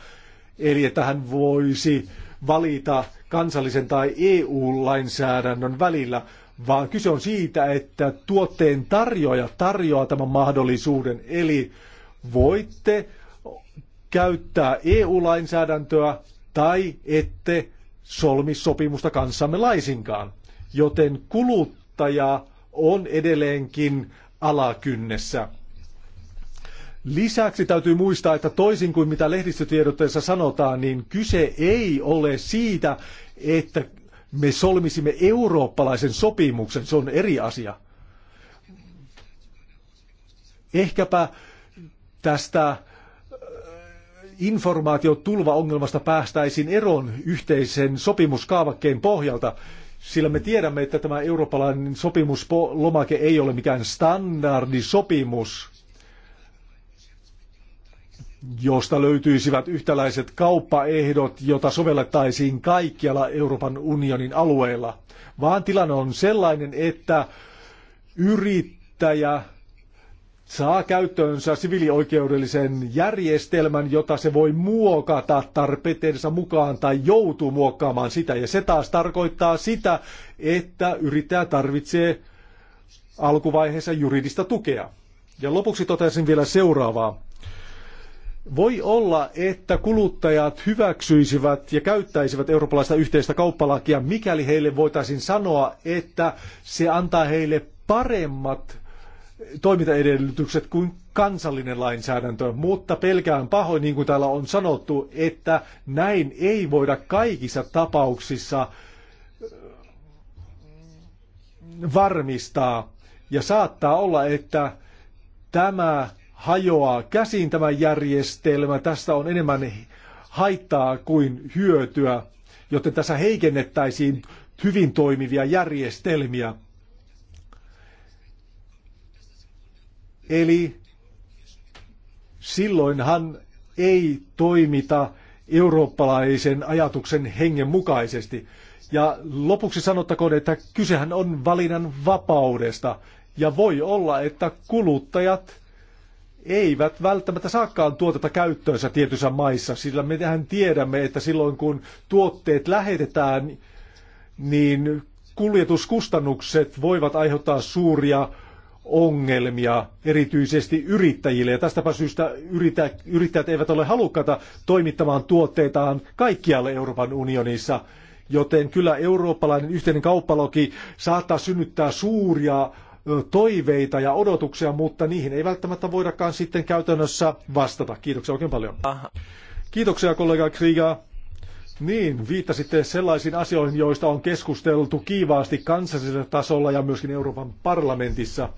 eli että hän voisi äh, valita kansallisen tai EU-lainsäädännön välillä, vaan kyse on siitä, että tuotteen tarjoaja tarjoaa tämän mahdollisuuden. Eli voitte käyttää EU-lainsäädäntöä tai ette solmi sopimusta kanssamme laisinkaan. Joten kuluttaja on edelleenkin alakynnessä. Lisäksi täytyy muistaa, että toisin kuin mitä lehdistötiedotteessa sanotaan, niin kyse ei ole siitä, että me solmisimme eurooppalaisen sopimuksen. Se on eri asia. Ehkäpä tästä äh, informaatiotulvaongelmasta päästäisiin eroon yhteisen sopimuskaavakkeen pohjalta, sillä me tiedämme, että tämä eurooppalainen sopimuslomake ei ole mikään standardisopimus, josta löytyisivät yhtäläiset kauppaehdot, jota sovellettaisiin kaikkialla Euroopan unionin alueella, vaan tilanne on sellainen, että yrittäjä saa käyttöönsä sivilioikeudellisen järjestelmän, jota se voi muokata tarpeidensa mukaan tai joutuu muokkaamaan sitä. Ja se taas tarkoittaa sitä, että yrittäjä tarvitsee alkuvaiheessa juridista tukea. Ja lopuksi totesin vielä seuraavaa. Voi olla, että kuluttajat hyväksyisivät ja käyttäisivät eurooppalaista yhteistä kauppalakia, mikäli heille voitaisiin sanoa, että se antaa heille paremmat toimintaedellytykset kuin kansallinen lainsäädäntö, mutta pelkään pahoin, niin kuin täällä on sanottu, että näin ei voida kaikissa tapauksissa äh, varmistaa. Ja saattaa olla, että tämä hajoaa käsiin tämä järjestelmä. Tästä on enemmän haittaa kuin hyötyä, joten tässä heikennettäisiin hyvin toimivia järjestelmiä. Eli silloinhan ei toimita eurooppalaisen ajatuksen hengen mukaisesti. Ja lopuksi sanottakoon, että kysehän on valinnan vapaudesta. Ja voi olla, että kuluttajat eivät välttämättä saakaan tuotetta käyttöönsä tietyissä maissa, sillä mehän tiedämme, että silloin kun tuotteet lähetetään, niin kuljetuskustannukset voivat aiheuttaa suuria ongelmia erityisesti yrittäjille. Ja tästäpä syystä yrittäjät eivät ole halukkaita toimittamaan tuotteitaan kaikkialle Euroopan unionissa. Joten kyllä eurooppalainen yhteinen kauppalogi saattaa synnyttää suuria toiveita ja odotuksia, mutta niihin ei välttämättä voidakaan sitten käytännössä vastata. Kiitoksia oikein paljon. Kiitoksia kollega Kriga. Niin, viittasitte sellaisiin asioihin, joista on keskusteltu kiivaasti kansallisella tasolla ja myöskin Euroopan parlamentissa.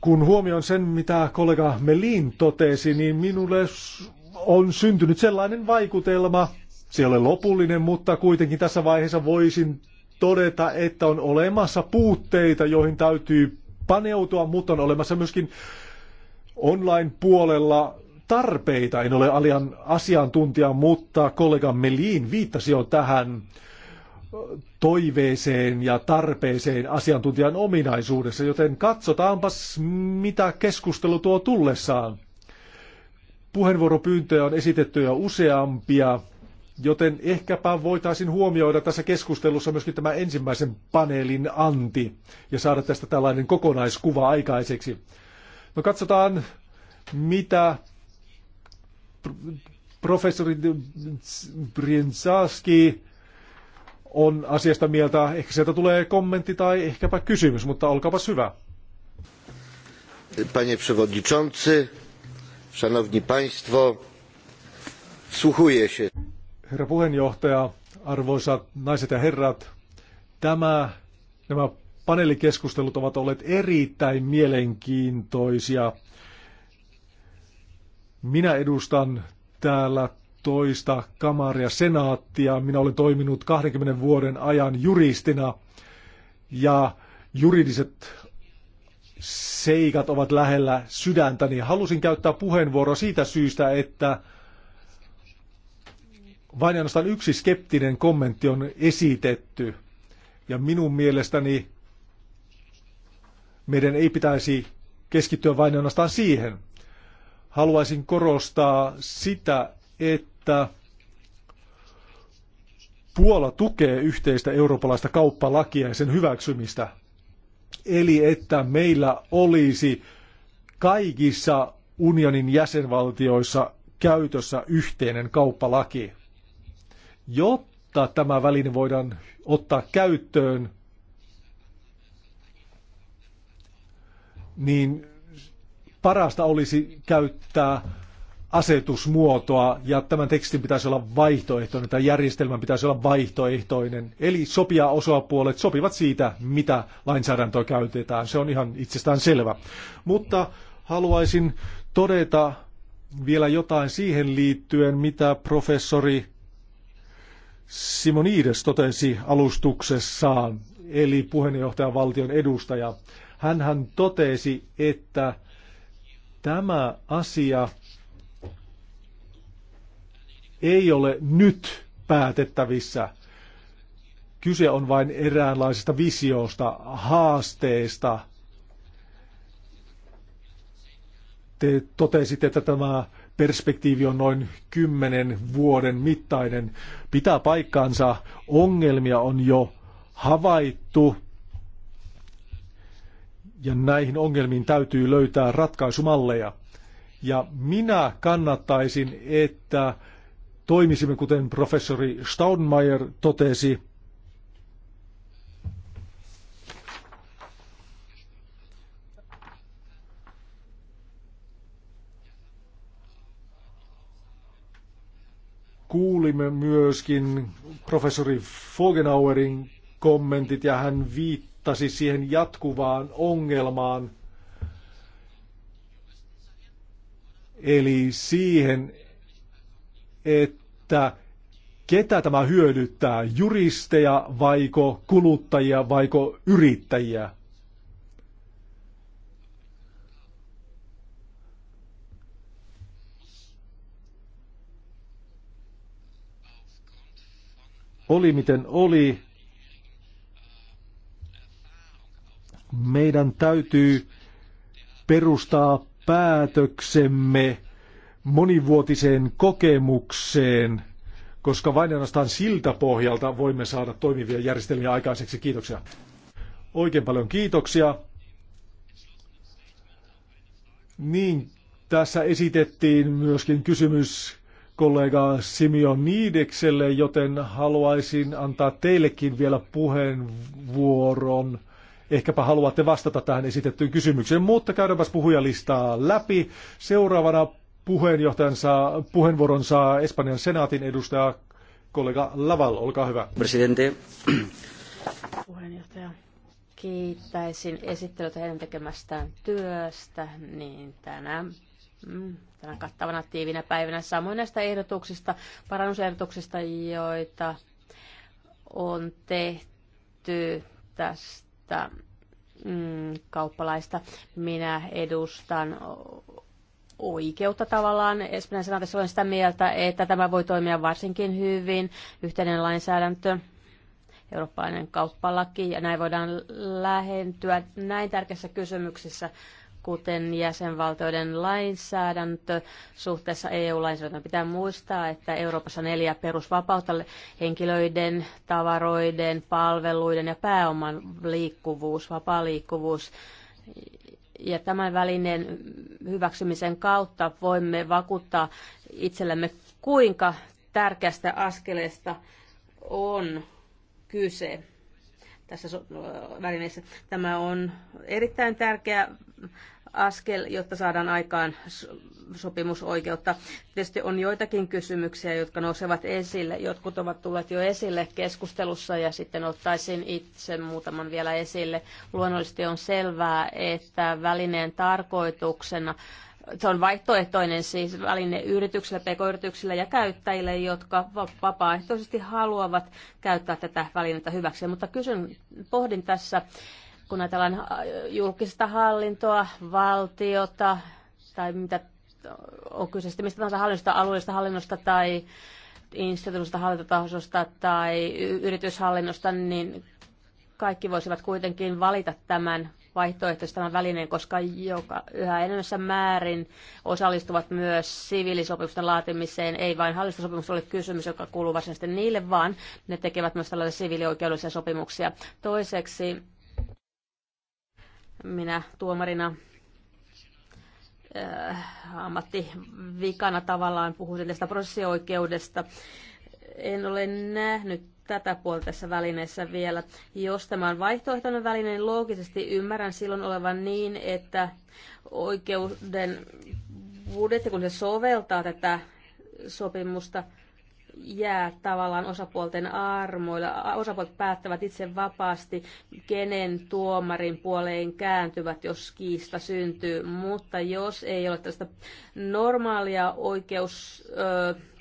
Kun huomioon sen, mitä kollega Melin totesi, niin minulle on syntynyt sellainen vaikutelma, se ei ole lopullinen, mutta kuitenkin tässä vaiheessa voisin todeta, että on olemassa puutteita, joihin täytyy paneutua, mutta on olemassa myöskin online-puolella tarpeita. En ole alian asiantuntija, mutta kollega Melin viittasi jo tähän toiveeseen ja tarpeeseen asiantuntijan ominaisuudessa, joten katsotaanpas, mitä keskustelu tuo tullessaan. Puheenvuoropyyntöjä on esitetty jo useampia. Joten ehkäpä voitaisiin huomioida tässä keskustelussa myöskin tämä ensimmäisen paneelin anti ja saada tästä tällainen kokonaiskuva aikaiseksi. No katsotaan, mitä professori Brinsaski on asiasta mieltä. Ehkä sieltä tulee kommentti tai ehkäpä kysymys, mutta olkaapa hyvä. Panie przewodniczący, szanowni państwo, słuchuję się. Herra puheenjohtaja, arvoisat naiset ja herrat, tämä, nämä paneelikeskustelut ovat olleet erittäin mielenkiintoisia. Minä edustan täällä toista kamaria senaattia. Minä olen toiminut 20 vuoden ajan juristina ja juridiset seikat ovat lähellä sydäntäni. Halusin käyttää puheenvuoroa siitä syystä, että vain ainoastaan yksi skeptinen kommentti on esitetty. Ja minun mielestäni meidän ei pitäisi keskittyä vain ainoastaan siihen. Haluaisin korostaa sitä, että Puola tukee yhteistä eurooppalaista kauppalakia ja sen hyväksymistä. Eli että meillä olisi kaikissa unionin jäsenvaltioissa käytössä yhteinen kauppalaki. Jotta tämä väline voidaan ottaa käyttöön, niin parasta olisi käyttää asetusmuotoa ja tämän tekstin pitäisi olla vaihtoehtoinen tai järjestelmän pitäisi olla vaihtoehtoinen. Eli sopia osapuolet sopivat siitä, mitä lainsäädäntöä käytetään. Se on ihan itsestään selvä. Mutta haluaisin todeta vielä jotain siihen liittyen, mitä professori Simonides totesi alustuksessaan, eli puheenjohtajan valtion edustaja. hän totesi, että tämä asia ei ole nyt päätettävissä. Kyse on vain eräänlaisesta visiosta, haasteesta. Te totesitte, että tämä perspektiivi on noin kymmenen vuoden mittainen. Pitää paikkaansa, ongelmia on jo havaittu ja näihin ongelmiin täytyy löytää ratkaisumalleja. Ja minä kannattaisin, että toimisimme kuten professori Staudenmayer totesi, kuulimme myöskin professori Fogenauerin kommentit ja hän viittasi siihen jatkuvaan ongelmaan, eli siihen, että ketä tämä hyödyttää, juristeja vaiko kuluttajia vaiko yrittäjiä. Oli miten oli, meidän täytyy perustaa päätöksemme monivuotiseen kokemukseen, koska vain ainoastaan siltä pohjalta voimme saada toimivia järjestelmiä aikaiseksi. Kiitoksia. Oikein paljon kiitoksia. Niin, tässä esitettiin myöskin kysymys kollega Simio Niidekselle, joten haluaisin antaa teillekin vielä puheenvuoron. Ehkäpä haluatte vastata tähän esitettyyn kysymykseen, mutta käydäänpäs puhujalistaa läpi. Seuraavana puheenjohtajansa, puheenvuoron saa Espanjan senaatin edustaja kollega Laval, olkaa hyvä. Presidente. Puheenjohtaja, kiittäisin esittelytä heidän tekemästään työstä niin tänään Mm, tänä kattavana tiivinä päivänä. Samoin näistä ehdotuksista, parannusehdotuksista, joita on tehty tästä mm, kauppalaista. Minä edustan oikeutta tavallaan. Espanjan senaatissa olen sitä mieltä, että tämä voi toimia varsinkin hyvin. Yhteinen lainsäädäntö, eurooppalainen kauppalaki ja näin voidaan lähentyä näin tärkeissä kysymyksissä kuten jäsenvaltioiden lainsäädäntö suhteessa EU-lainsäädäntöön. Pitää muistaa, että Euroopassa neljä perusvapautta henkilöiden, tavaroiden, palveluiden ja pääoman liikkuvuus, vapaa liikkuvuus. Ja tämän välineen hyväksymisen kautta voimme vakuuttaa itsellemme, kuinka tärkeästä askeleesta on kyse tässä välineessä. Tämä on erittäin tärkeä askel, jotta saadaan aikaan sopimusoikeutta. Tietysti on joitakin kysymyksiä, jotka nousevat esille. Jotkut ovat tulleet jo esille keskustelussa ja sitten ottaisin itse muutaman vielä esille. Luonnollisesti on selvää, että välineen tarkoituksena se on vaihtoehtoinen siis väline yrityksille, pk-yrityksille ja käyttäjille, jotka vapaaehtoisesti haluavat käyttää tätä välinettä hyväksi. Mutta kysyn, pohdin tässä, kun ajatellaan äh, julkista hallintoa, valtiota tai mitä on kyse sitten mistä tahansa hallinnosta, alueellisesta hallinnosta tai instituutista hallintotasosta tai yrityshallinnosta, niin kaikki voisivat kuitenkin valita tämän vaihtoehtoisesti tämän välineen, koska joka, yhä enemmässä määrin osallistuvat myös siviilisopimusten laatimiseen. Ei vain hallistosopimus ole kysymys, joka kuuluu varsinaisesti niille, vaan ne tekevät myös tällaisia siviilioikeudellisia sopimuksia. Toiseksi minä tuomarina äh, ammattivikana tavallaan puhuisin tästä prosessioikeudesta. En ole nähnyt tätä puolta tässä välineessä vielä. Jos tämä on vaihtoehtoinen väline, niin loogisesti ymmärrän silloin olevan niin, että oikeuden budjetti, kun se soveltaa tätä sopimusta, jää tavallaan osapuolten armoilla. Osapuolet päättävät itse vapaasti, kenen tuomarin puoleen kääntyvät, jos kiista syntyy. Mutta jos ei ole tästä normaalia oikeus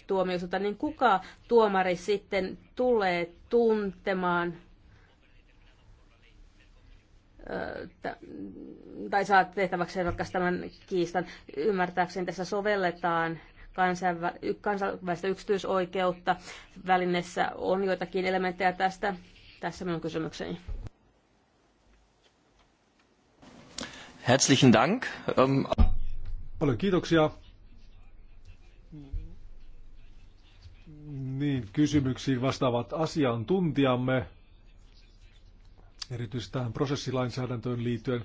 tuomioistuinta, niin kuka tuomari sitten tulee tuntemaan tai saa tehtäväksi ratkaista tämän kiistan. Ymmärtääkseni tässä sovelletaan kansainvälistä yksityisoikeutta. Välineessä on joitakin elementtejä tästä. Tässä minun kysymykseni. Herzlichen Dank. Ähm, Paljon kiitoksia. Niin, kysymyksiin vastaavat asiantuntijamme, erityisesti tähän prosessilainsäädäntöön liittyen.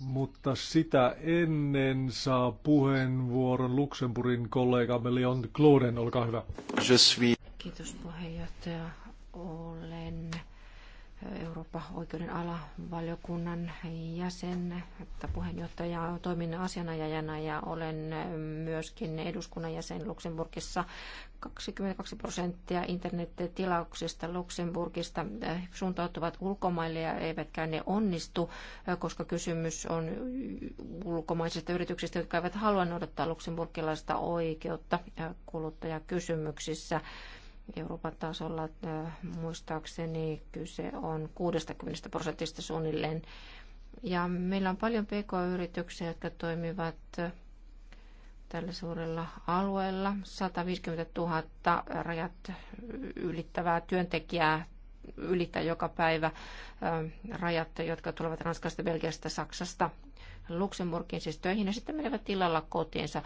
Mutta sitä ennen saa puheenvuoron Luxemburgin kollegamme Leon Kloden, olkaa hyvä. Kiitos puheenjohtaja. Olen eh, Euroopan oikeuden alavaliokunnan jäsen, että puheenjohtaja toimin asianajajana ja olen eh, myöskin eduskunnan jäsen Luxemburgissa 22 prosenttia internettilauksista Luxemburgista eh, suuntautuvat ulkomaille ja eivätkään ne onnistu, eh, koska kysymys on ulkomaisista yrityksistä, jotka eivät halua noudattaa luksemburgilaista oikeutta eh, kuluttajakysymyksissä. Euroopan tasolla muistaakseni kyse on 60 prosentista suunnilleen. Ja meillä on paljon pk-yrityksiä, jotka toimivat tällä suurella alueella. 150 000 rajat ylittävää työntekijää ylittää joka päivä rajat, jotka tulevat Ranskasta, Belgiasta, Saksasta, Luxemburgin siis töihin ja sitten menevät tilalla kotiinsa.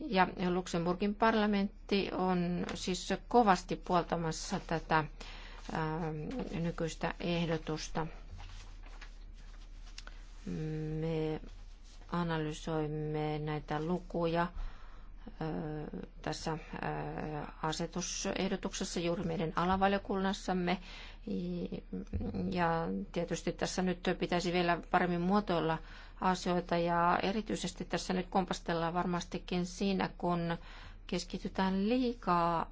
Ja Luxemburgin parlamentti on siis kovasti puoltamassa tätä ää, nykyistä ehdotusta. Me analysoimme näitä lukuja tässä asetusehdotuksessa juuri meidän alavaliokunnassamme. Ja tietysti tässä nyt pitäisi vielä paremmin muotoilla asioita ja erityisesti tässä nyt kompastellaan varmastikin siinä, kun keskitytään liikaa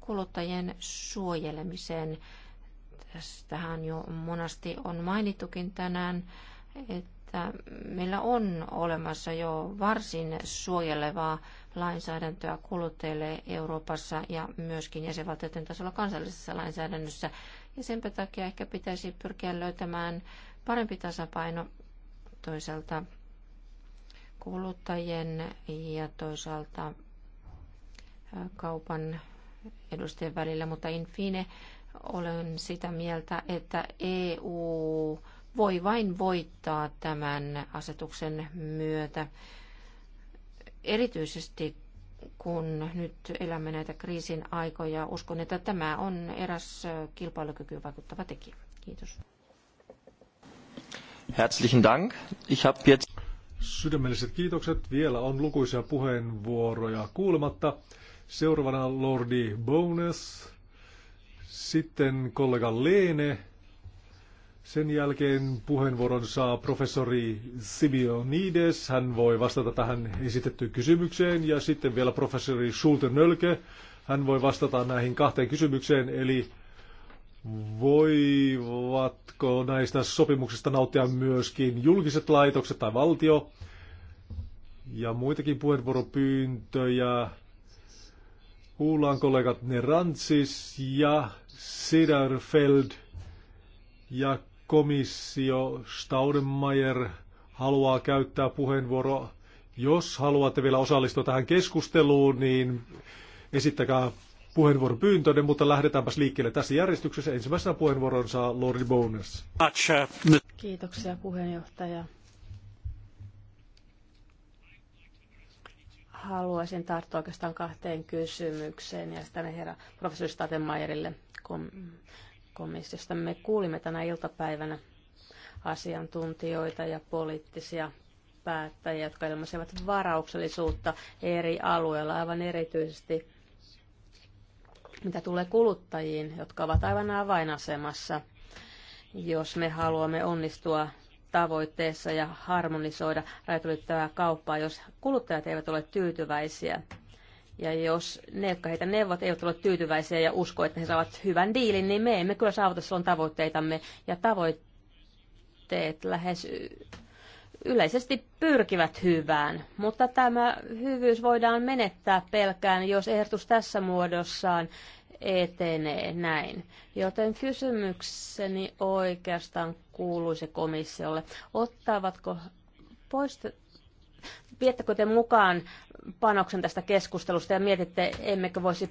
kuluttajien suojelemiseen. Tähän jo monasti on mainittukin tänään, että että meillä on olemassa jo varsin suojelevaa lainsäädäntöä kuluttajille Euroopassa ja myöskin jäsenvaltioiden tasolla kansallisessa lainsäädännössä. Ja sen takia ehkä pitäisi pyrkiä löytämään parempi tasapaino toisaalta kuluttajien ja toisaalta kaupan edustajien välillä, mutta in fine olen sitä mieltä, että EU voi vain voittaa tämän asetuksen myötä. Erityisesti kun nyt elämme näitä kriisin aikoja, uskon, että tämä on eräs kilpailukykyyn vaikuttava tekijä. Kiitos. Herzlichen Dank. Ich habe jetzt... Sydämelliset kiitokset. Vielä on lukuisia puheenvuoroja kuulematta. Seuraavana Lordi Bonus, sitten kollega Leene sen jälkeen puheenvuoron saa professori Nides, Hän voi vastata tähän esitettyyn kysymykseen. Ja sitten vielä professori Schulte-Nölke. Hän voi vastata näihin kahteen kysymykseen. Eli voivatko näistä sopimuksista nauttia myöskin julkiset laitokset tai valtio? Ja muitakin puheenvuoropyyntöjä kuullaan kollegat Nerantsis ja Siderfeld ja komissio Staudenmayer haluaa käyttää puheenvuoro. Jos haluatte vielä osallistua tähän keskusteluun, niin esittäkää puheenvuoropyyntönne, mutta lähdetäänpäs liikkeelle tässä järjestyksessä. Ensimmäisenä puheenvuoron saa Lori Bonus. Kiitoksia puheenjohtaja. Haluaisin tarttua oikeastaan kahteen kysymykseen ja sitten herra professori Statenmaierille komissiosta. Me kuulimme tänä iltapäivänä asiantuntijoita ja poliittisia päättäjiä, jotka ilmaisivat varauksellisuutta eri alueilla, aivan erityisesti mitä tulee kuluttajiin, jotka ovat aivan avainasemassa, jos me haluamme onnistua tavoitteessa ja harmonisoida rajat kauppaa, jos kuluttajat eivät ole tyytyväisiä ja jos ne, jotka heitä neuvot, eivät ole tyytyväisiä ja usko, että he saavat hyvän diilin, niin me emme kyllä saavuta silloin tavoitteitamme. Ja tavoitteet lähes yleisesti pyrkivät hyvään, mutta tämä hyvyys voidaan menettää pelkään, jos ehdotus tässä muodossaan etenee näin. Joten kysymykseni oikeastaan kuuluisi komissiolle. Ottavatko poist- viettäkö te mukaan panoksen tästä keskustelusta ja mietitte, emmekö voisi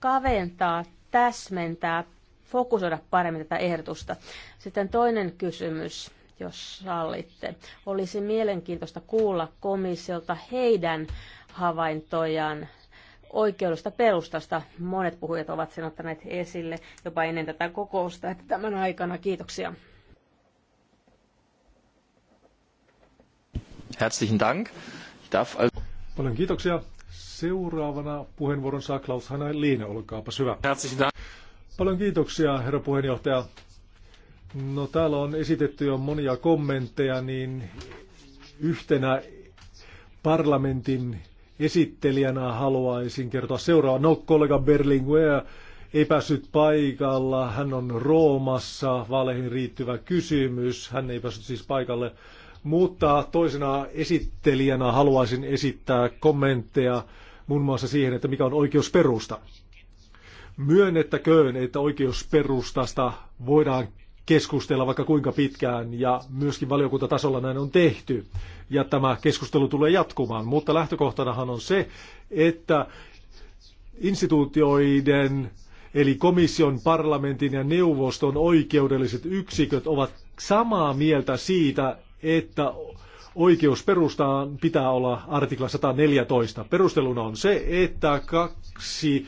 kaventaa, täsmentää, fokusoida paremmin tätä ehdotusta. Sitten toinen kysymys, jos sallitte. Olisi mielenkiintoista kuulla komissiolta heidän havaintojaan oikeudesta perustasta. Monet puhujat ovat sen ottaneet esille jopa ennen tätä kokousta, että tämän aikana. Kiitoksia. Herzlichen Dank. Ich darf also... Paljon kiitoksia. Seuraavana puheenvuoron saa Klaus Hanna Liine, olkaapas hyvä. Herzlichen Dank. Paljon kiitoksia, herra puheenjohtaja. No täällä on esitetty jo monia kommentteja, niin yhtenä parlamentin esittelijänä haluaisin kertoa seuraavaa. No, kollega Berlinguer ei päässyt paikalla. Hän on Roomassa. Vaaleihin riittyvä kysymys. Hän ei päässyt siis paikalle mutta toisena esittelijänä haluaisin esittää kommentteja muun muassa siihen, että mikä on oikeusperusta. Myönnettäköön, että oikeusperustasta voidaan keskustella vaikka kuinka pitkään ja myöskin valiokuntatasolla näin on tehty ja tämä keskustelu tulee jatkumaan, mutta lähtökohtanahan on se, että instituutioiden eli komission, parlamentin ja neuvoston oikeudelliset yksiköt ovat samaa mieltä siitä, että oikeus perustaan pitää olla artikla 114. Perusteluna on se, että kaksi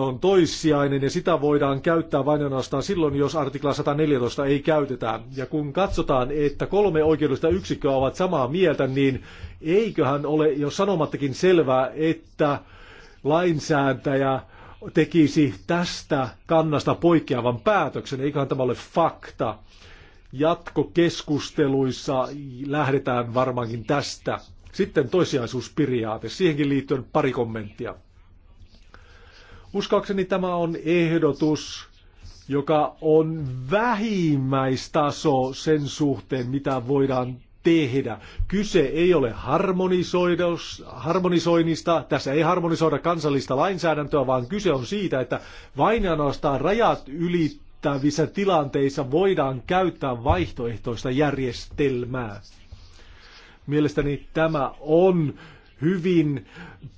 on toissijainen ja sitä voidaan käyttää vain ainoastaan silloin, jos artikla 114 ei käytetä. Ja kun katsotaan, että kolme oikeudellista yksikköä ovat samaa mieltä, niin eiköhän ole jo sanomattakin selvää, että lainsääntäjä tekisi tästä kannasta poikkeavan päätöksen. Eiköhän tämä ole fakta jatkokeskusteluissa lähdetään varmaankin tästä. Sitten toisiaisuusperiaate. Siihenkin liittyen pari kommenttia. Uskaakseni tämä on ehdotus, joka on vähimmäistaso sen suhteen, mitä voidaan tehdä. Kyse ei ole harmonisoinnista, tässä ei harmonisoida kansallista lainsäädäntöä, vaan kyse on siitä, että vain ainoastaan rajat ylittävät yllättävissä tilanteissa voidaan käyttää vaihtoehtoista järjestelmää. Mielestäni tämä on hyvin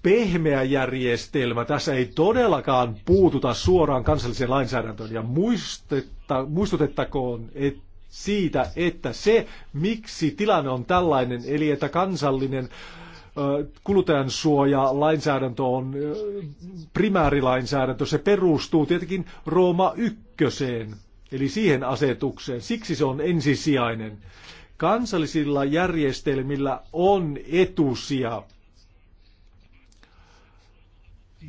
pehmeä järjestelmä. Tässä ei todellakaan puututa suoraan kansalliseen lainsäädäntöön. Ja muistetta, muistutettakoon et, siitä, että se, miksi tilanne on tällainen, eli että kansallinen äh, kuluttajan suoja lainsäädäntö on primäärilainsäädäntö. Se perustuu tietenkin Rooma ykköseen, eli siihen asetukseen. Siksi se on ensisijainen. Kansallisilla järjestelmillä on etusia.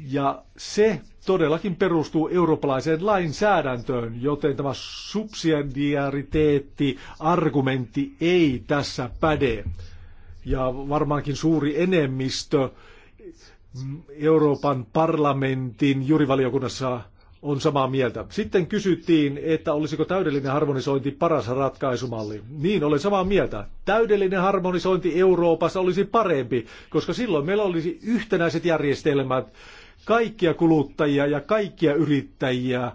Ja se todellakin perustuu eurooppalaiseen lainsäädäntöön, joten tämä subsidiariteetti-argumentti ei tässä päde ja varmaankin suuri enemmistö Euroopan parlamentin jurivaliokunnassa on samaa mieltä. Sitten kysyttiin, että olisiko täydellinen harmonisointi paras ratkaisumalli. Niin, olen samaa mieltä. Täydellinen harmonisointi Euroopassa olisi parempi, koska silloin meillä olisi yhtenäiset järjestelmät, kaikkia kuluttajia ja kaikkia yrittäjiä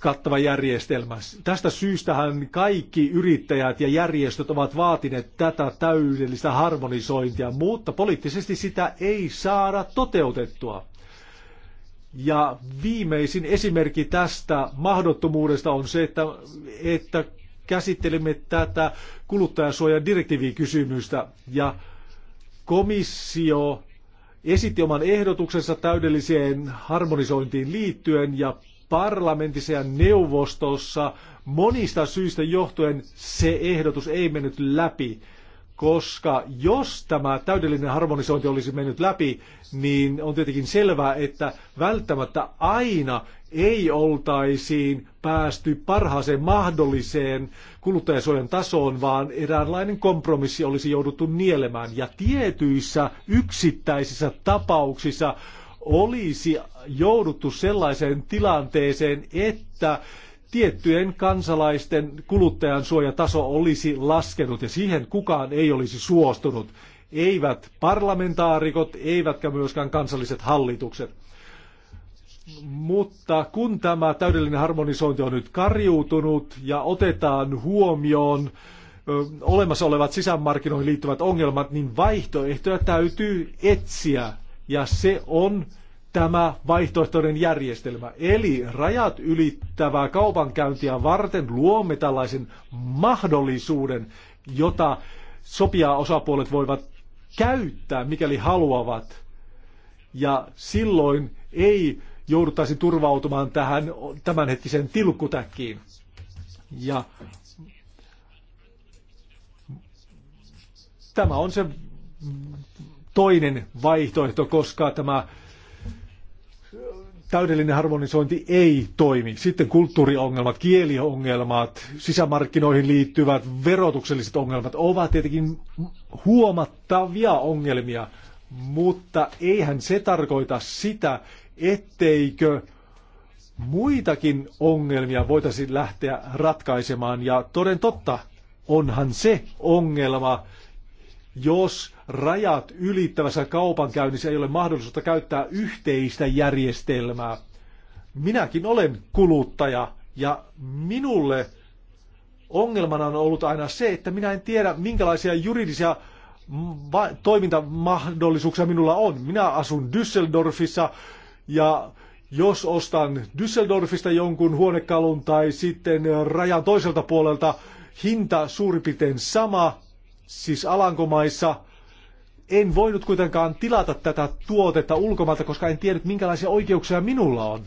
kattava järjestelmä. Tästä syystähän kaikki yrittäjät ja järjestöt ovat vaatineet tätä täydellistä harmonisointia, mutta poliittisesti sitä ei saada toteutettua. Ja viimeisin esimerkki tästä mahdottomuudesta on se, että, että käsittelimme tätä kysymystä ja komissio esitti oman ehdotuksensa täydelliseen harmonisointiin liittyen ja parlamentissa ja neuvostossa monista syistä johtuen se ehdotus ei mennyt läpi. Koska jos tämä täydellinen harmonisointi olisi mennyt läpi, niin on tietenkin selvää, että välttämättä aina ei oltaisiin päästy parhaaseen mahdolliseen kuluttajasuojan tasoon, vaan eräänlainen kompromissi olisi jouduttu nielemään. Ja tietyissä yksittäisissä tapauksissa olisi jouduttu sellaiseen tilanteeseen, että tiettyjen kansalaisten kuluttajan suojataso olisi laskenut ja siihen kukaan ei olisi suostunut. Eivät parlamentaarikot, eivätkä myöskään kansalliset hallitukset. Mutta kun tämä täydellinen harmonisointi on nyt karjuutunut ja otetaan huomioon olemassa olevat sisämarkkinoihin liittyvät ongelmat, niin vaihtoehtoja täytyy etsiä ja se on tämä vaihtoehtoinen järjestelmä. Eli rajat ylittävää kaupankäyntiä varten luomme tällaisen mahdollisuuden, jota sopia osapuolet voivat käyttää, mikäli haluavat. Ja silloin ei jouduttaisi turvautumaan tähän tämänhetkiseen tilkkutäkkiin. Ja tämä on se toinen vaihtoehto, koska tämä täydellinen harmonisointi ei toimi. Sitten kulttuuriongelmat, kieliongelmat, sisämarkkinoihin liittyvät verotukselliset ongelmat ovat tietenkin huomattavia ongelmia, mutta eihän se tarkoita sitä, etteikö muitakin ongelmia voitaisiin lähteä ratkaisemaan. Ja toden totta, onhan se ongelma, jos rajat ylittävässä kaupankäynnissä ei ole mahdollisuutta käyttää yhteistä järjestelmää. Minäkin olen kuluttaja ja minulle ongelmana on ollut aina se, että minä en tiedä minkälaisia juridisia toimintamahdollisuuksia minulla on. Minä asun Düsseldorfissa ja jos ostan Düsseldorfista jonkun huonekalun tai sitten rajan toiselta puolelta hinta suurin piirtein sama, siis Alankomaissa, en voinut kuitenkaan tilata tätä tuotetta ulkomailta, koska en tiedä minkälaisia oikeuksia minulla on.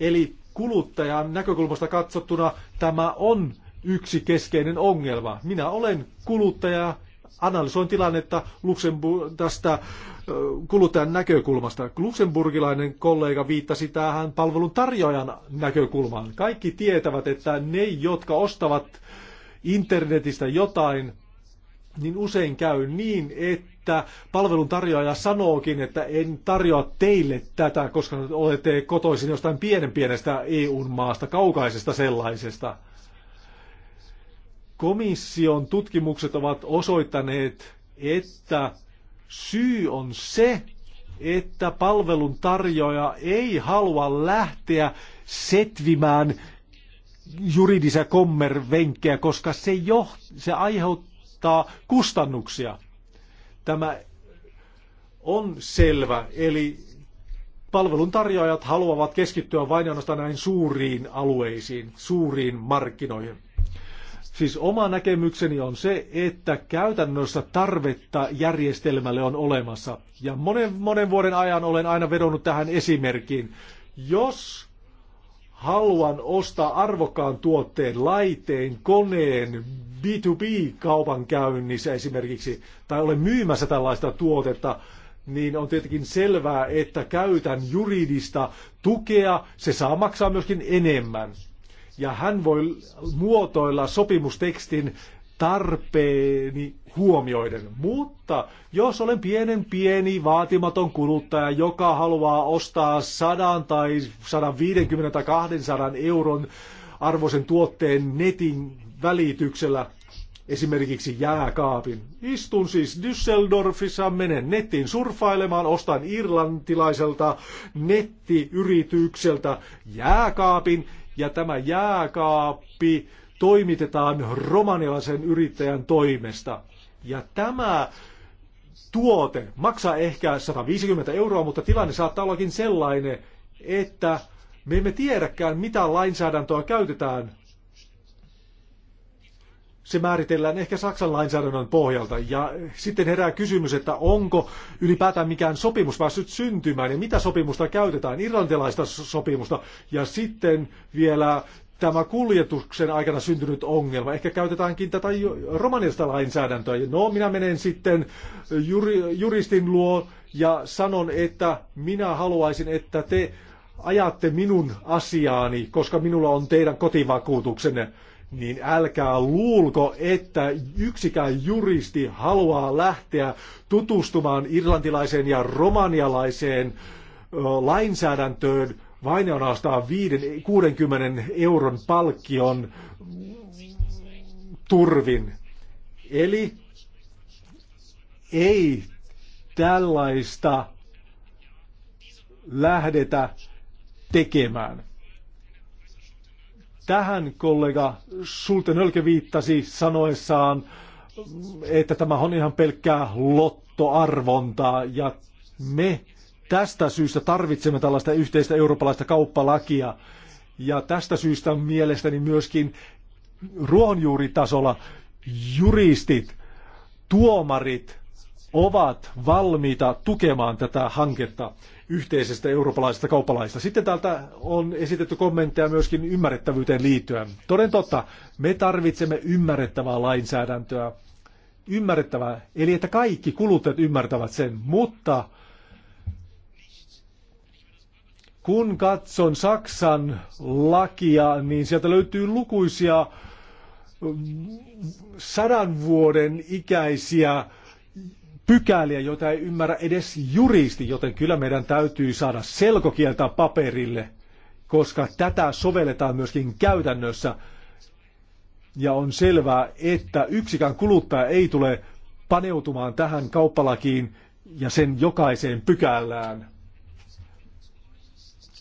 Eli kuluttajan näkökulmasta katsottuna tämä on yksi keskeinen ongelma. Minä olen kuluttaja, analysoin tilannetta Luxemburg, tästä kuluttajan näkökulmasta. Luxemburgilainen kollega viittasi tähän palvelun tarjoajan näkökulmaan. Kaikki tietävät, että ne, jotka ostavat internetistä jotain, niin usein käy niin, että palveluntarjoaja sanookin, että en tarjoa teille tätä, koska olette kotoisin jostain pienen pienestä EU-maasta, kaukaisesta sellaisesta. Komission tutkimukset ovat osoittaneet, että syy on se, että palveluntarjoaja ei halua lähteä setvimään juridisia kommervenkkejä, koska se, jo, se aiheuttaa nostaa kustannuksia. Tämä on selvä, eli palveluntarjoajat haluavat keskittyä vain ainoastaan näin suuriin alueisiin, suuriin markkinoihin. Siis oma näkemykseni on se, että käytännössä tarvetta järjestelmälle on olemassa. Ja monen, monen vuoden ajan olen aina vedonnut tähän esimerkkiin. Jos haluan ostaa arvokkaan tuotteen, laiteen, koneen, B2B-kaupankäynnissä esimerkiksi, tai olen myymässä tällaista tuotetta, niin on tietenkin selvää, että käytän juridista tukea, se saa maksaa myöskin enemmän. Ja hän voi muotoilla sopimustekstin tarpeeni huomioiden. Mutta jos olen pienen pieni vaatimaton kuluttaja, joka haluaa ostaa 100 tai 150 tai 200 euron arvoisen tuotteen netin välityksellä, esimerkiksi jääkaapin. Istun siis Düsseldorfissa, menen nettiin surfailemaan, ostan irlantilaiselta nettiyritykseltä jääkaapin, ja tämä jääkaappi toimitetaan romanilaisen yrittäjän toimesta. Ja tämä tuote maksaa ehkä 150 euroa, mutta tilanne saattaa ollakin sellainen, että me emme tiedäkään, mitä lainsäädäntöä käytetään. Se määritellään ehkä Saksan lainsäädännön pohjalta. Ja sitten herää kysymys, että onko ylipäätään mikään sopimus päässyt syntymään ja mitä sopimusta käytetään, irlantilaista sopimusta. Ja sitten vielä tämä kuljetuksen aikana syntynyt ongelma. Ehkä käytetäänkin tätä romanista lainsäädäntöä. No, minä menen sitten juri, juristin luo ja sanon, että minä haluaisin, että te ajatte minun asiaani, koska minulla on teidän kotivakuutuksenne niin älkää luulko, että yksikään juristi haluaa lähteä tutustumaan irlantilaiseen ja romanialaiseen lainsäädäntöön vain ja ostaa 60 euron palkkion turvin. Eli ei tällaista lähdetä tekemään. Tähän kollega Sulten Ölke viittasi sanoessaan, että tämä on ihan pelkkää lottoarvontaa ja me Tästä syystä tarvitsemme tällaista yhteistä eurooppalaista kauppalakia. Ja tästä syystä mielestäni myöskin ruohonjuuritasolla juristit, tuomarit ovat valmiita tukemaan tätä hanketta yhteisestä eurooppalaisesta kauppalaista. Sitten täältä on esitetty kommentteja myöskin ymmärrettävyyteen liittyen. Toden totta, me tarvitsemme ymmärrettävää lainsäädäntöä. Ymmärrettävää, eli että kaikki kuluttajat ymmärtävät sen, mutta kun katson Saksan lakia, niin sieltä löytyy lukuisia mm, sadan vuoden ikäisiä pykäliä, joita ei ymmärrä edes juristi, joten kyllä meidän täytyy saada selkokieltä paperille, koska tätä sovelletaan myöskin käytännössä. Ja on selvää, että yksikään kuluttaja ei tule paneutumaan tähän kauppalakiin ja sen jokaiseen pykälään.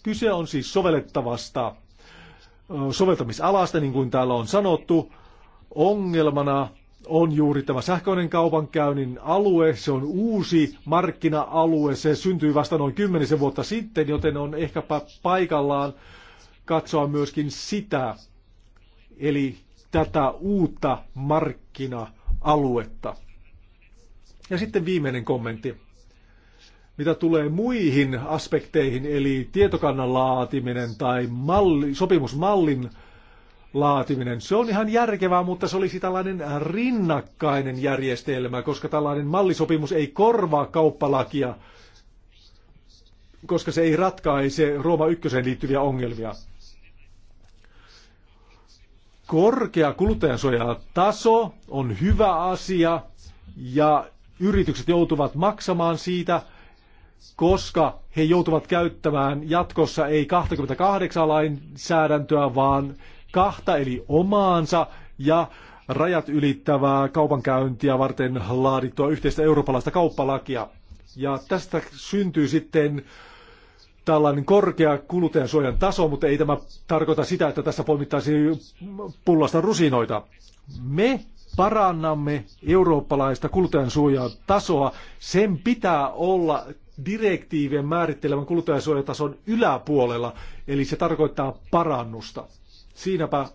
Kyse on siis sovellettavasta soveltamisalasta, niin kuin täällä on sanottu. Ongelmana on juuri tämä sähköinen kaupankäynnin alue. Se on uusi markkina-alue. Se syntyi vasta noin kymmenisen vuotta sitten, joten on ehkäpä paikallaan katsoa myöskin sitä, eli tätä uutta markkina-aluetta. Ja sitten viimeinen kommentti. Mitä tulee muihin aspekteihin, eli tietokannan laatiminen tai malli, sopimusmallin laatiminen, se on ihan järkevää, mutta se olisi tällainen rinnakkainen järjestelmä, koska tällainen mallisopimus ei korvaa kauppalakia, koska se ei ratkaise Rooma ykköseen liittyviä ongelmia korkea taso on hyvä asia ja yritykset joutuvat maksamaan siitä, koska he joutuvat käyttämään jatkossa ei 28 lainsäädäntöä, vaan kahta eli omaansa ja rajat ylittävää kaupankäyntiä varten laadittua yhteistä eurooppalaista kauppalakia. Ja tästä syntyy sitten tällainen korkea kuluttajansuojan taso, mutta ei tämä tarkoita sitä, että tässä poimittaisiin pullasta rusinoita. Me parannamme eurooppalaista kuluttajansuojan tasoa. Sen pitää olla direktiivien määrittelevän kuluttajasuojatason yläpuolella, eli se tarkoittaa parannusta. Siinäpä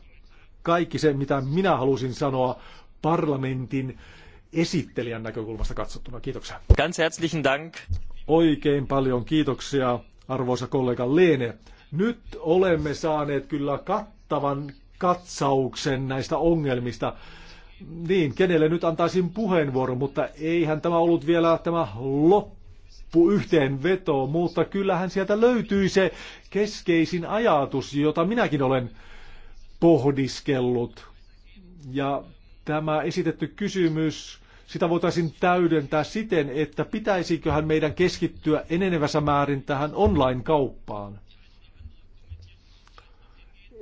kaikki se, mitä minä halusin sanoa parlamentin esittelijän näkökulmasta katsottuna. Kiitoksia. Ganz herzlichen Dank. Oikein paljon kiitoksia, arvoisa kollega Leene. Nyt olemme saaneet kyllä kattavan katsauksen näistä ongelmista. Niin, kenelle nyt antaisin puheenvuoron, mutta eihän tämä ollut vielä tämä loppu yhteen vetoon, mutta kyllähän sieltä löytyi se keskeisin ajatus, jota minäkin olen pohdiskellut. Ja tämä esitetty kysymys, sitä voitaisiin täydentää siten, että pitäisiköhän meidän keskittyä enenevässä määrin tähän online-kauppaan.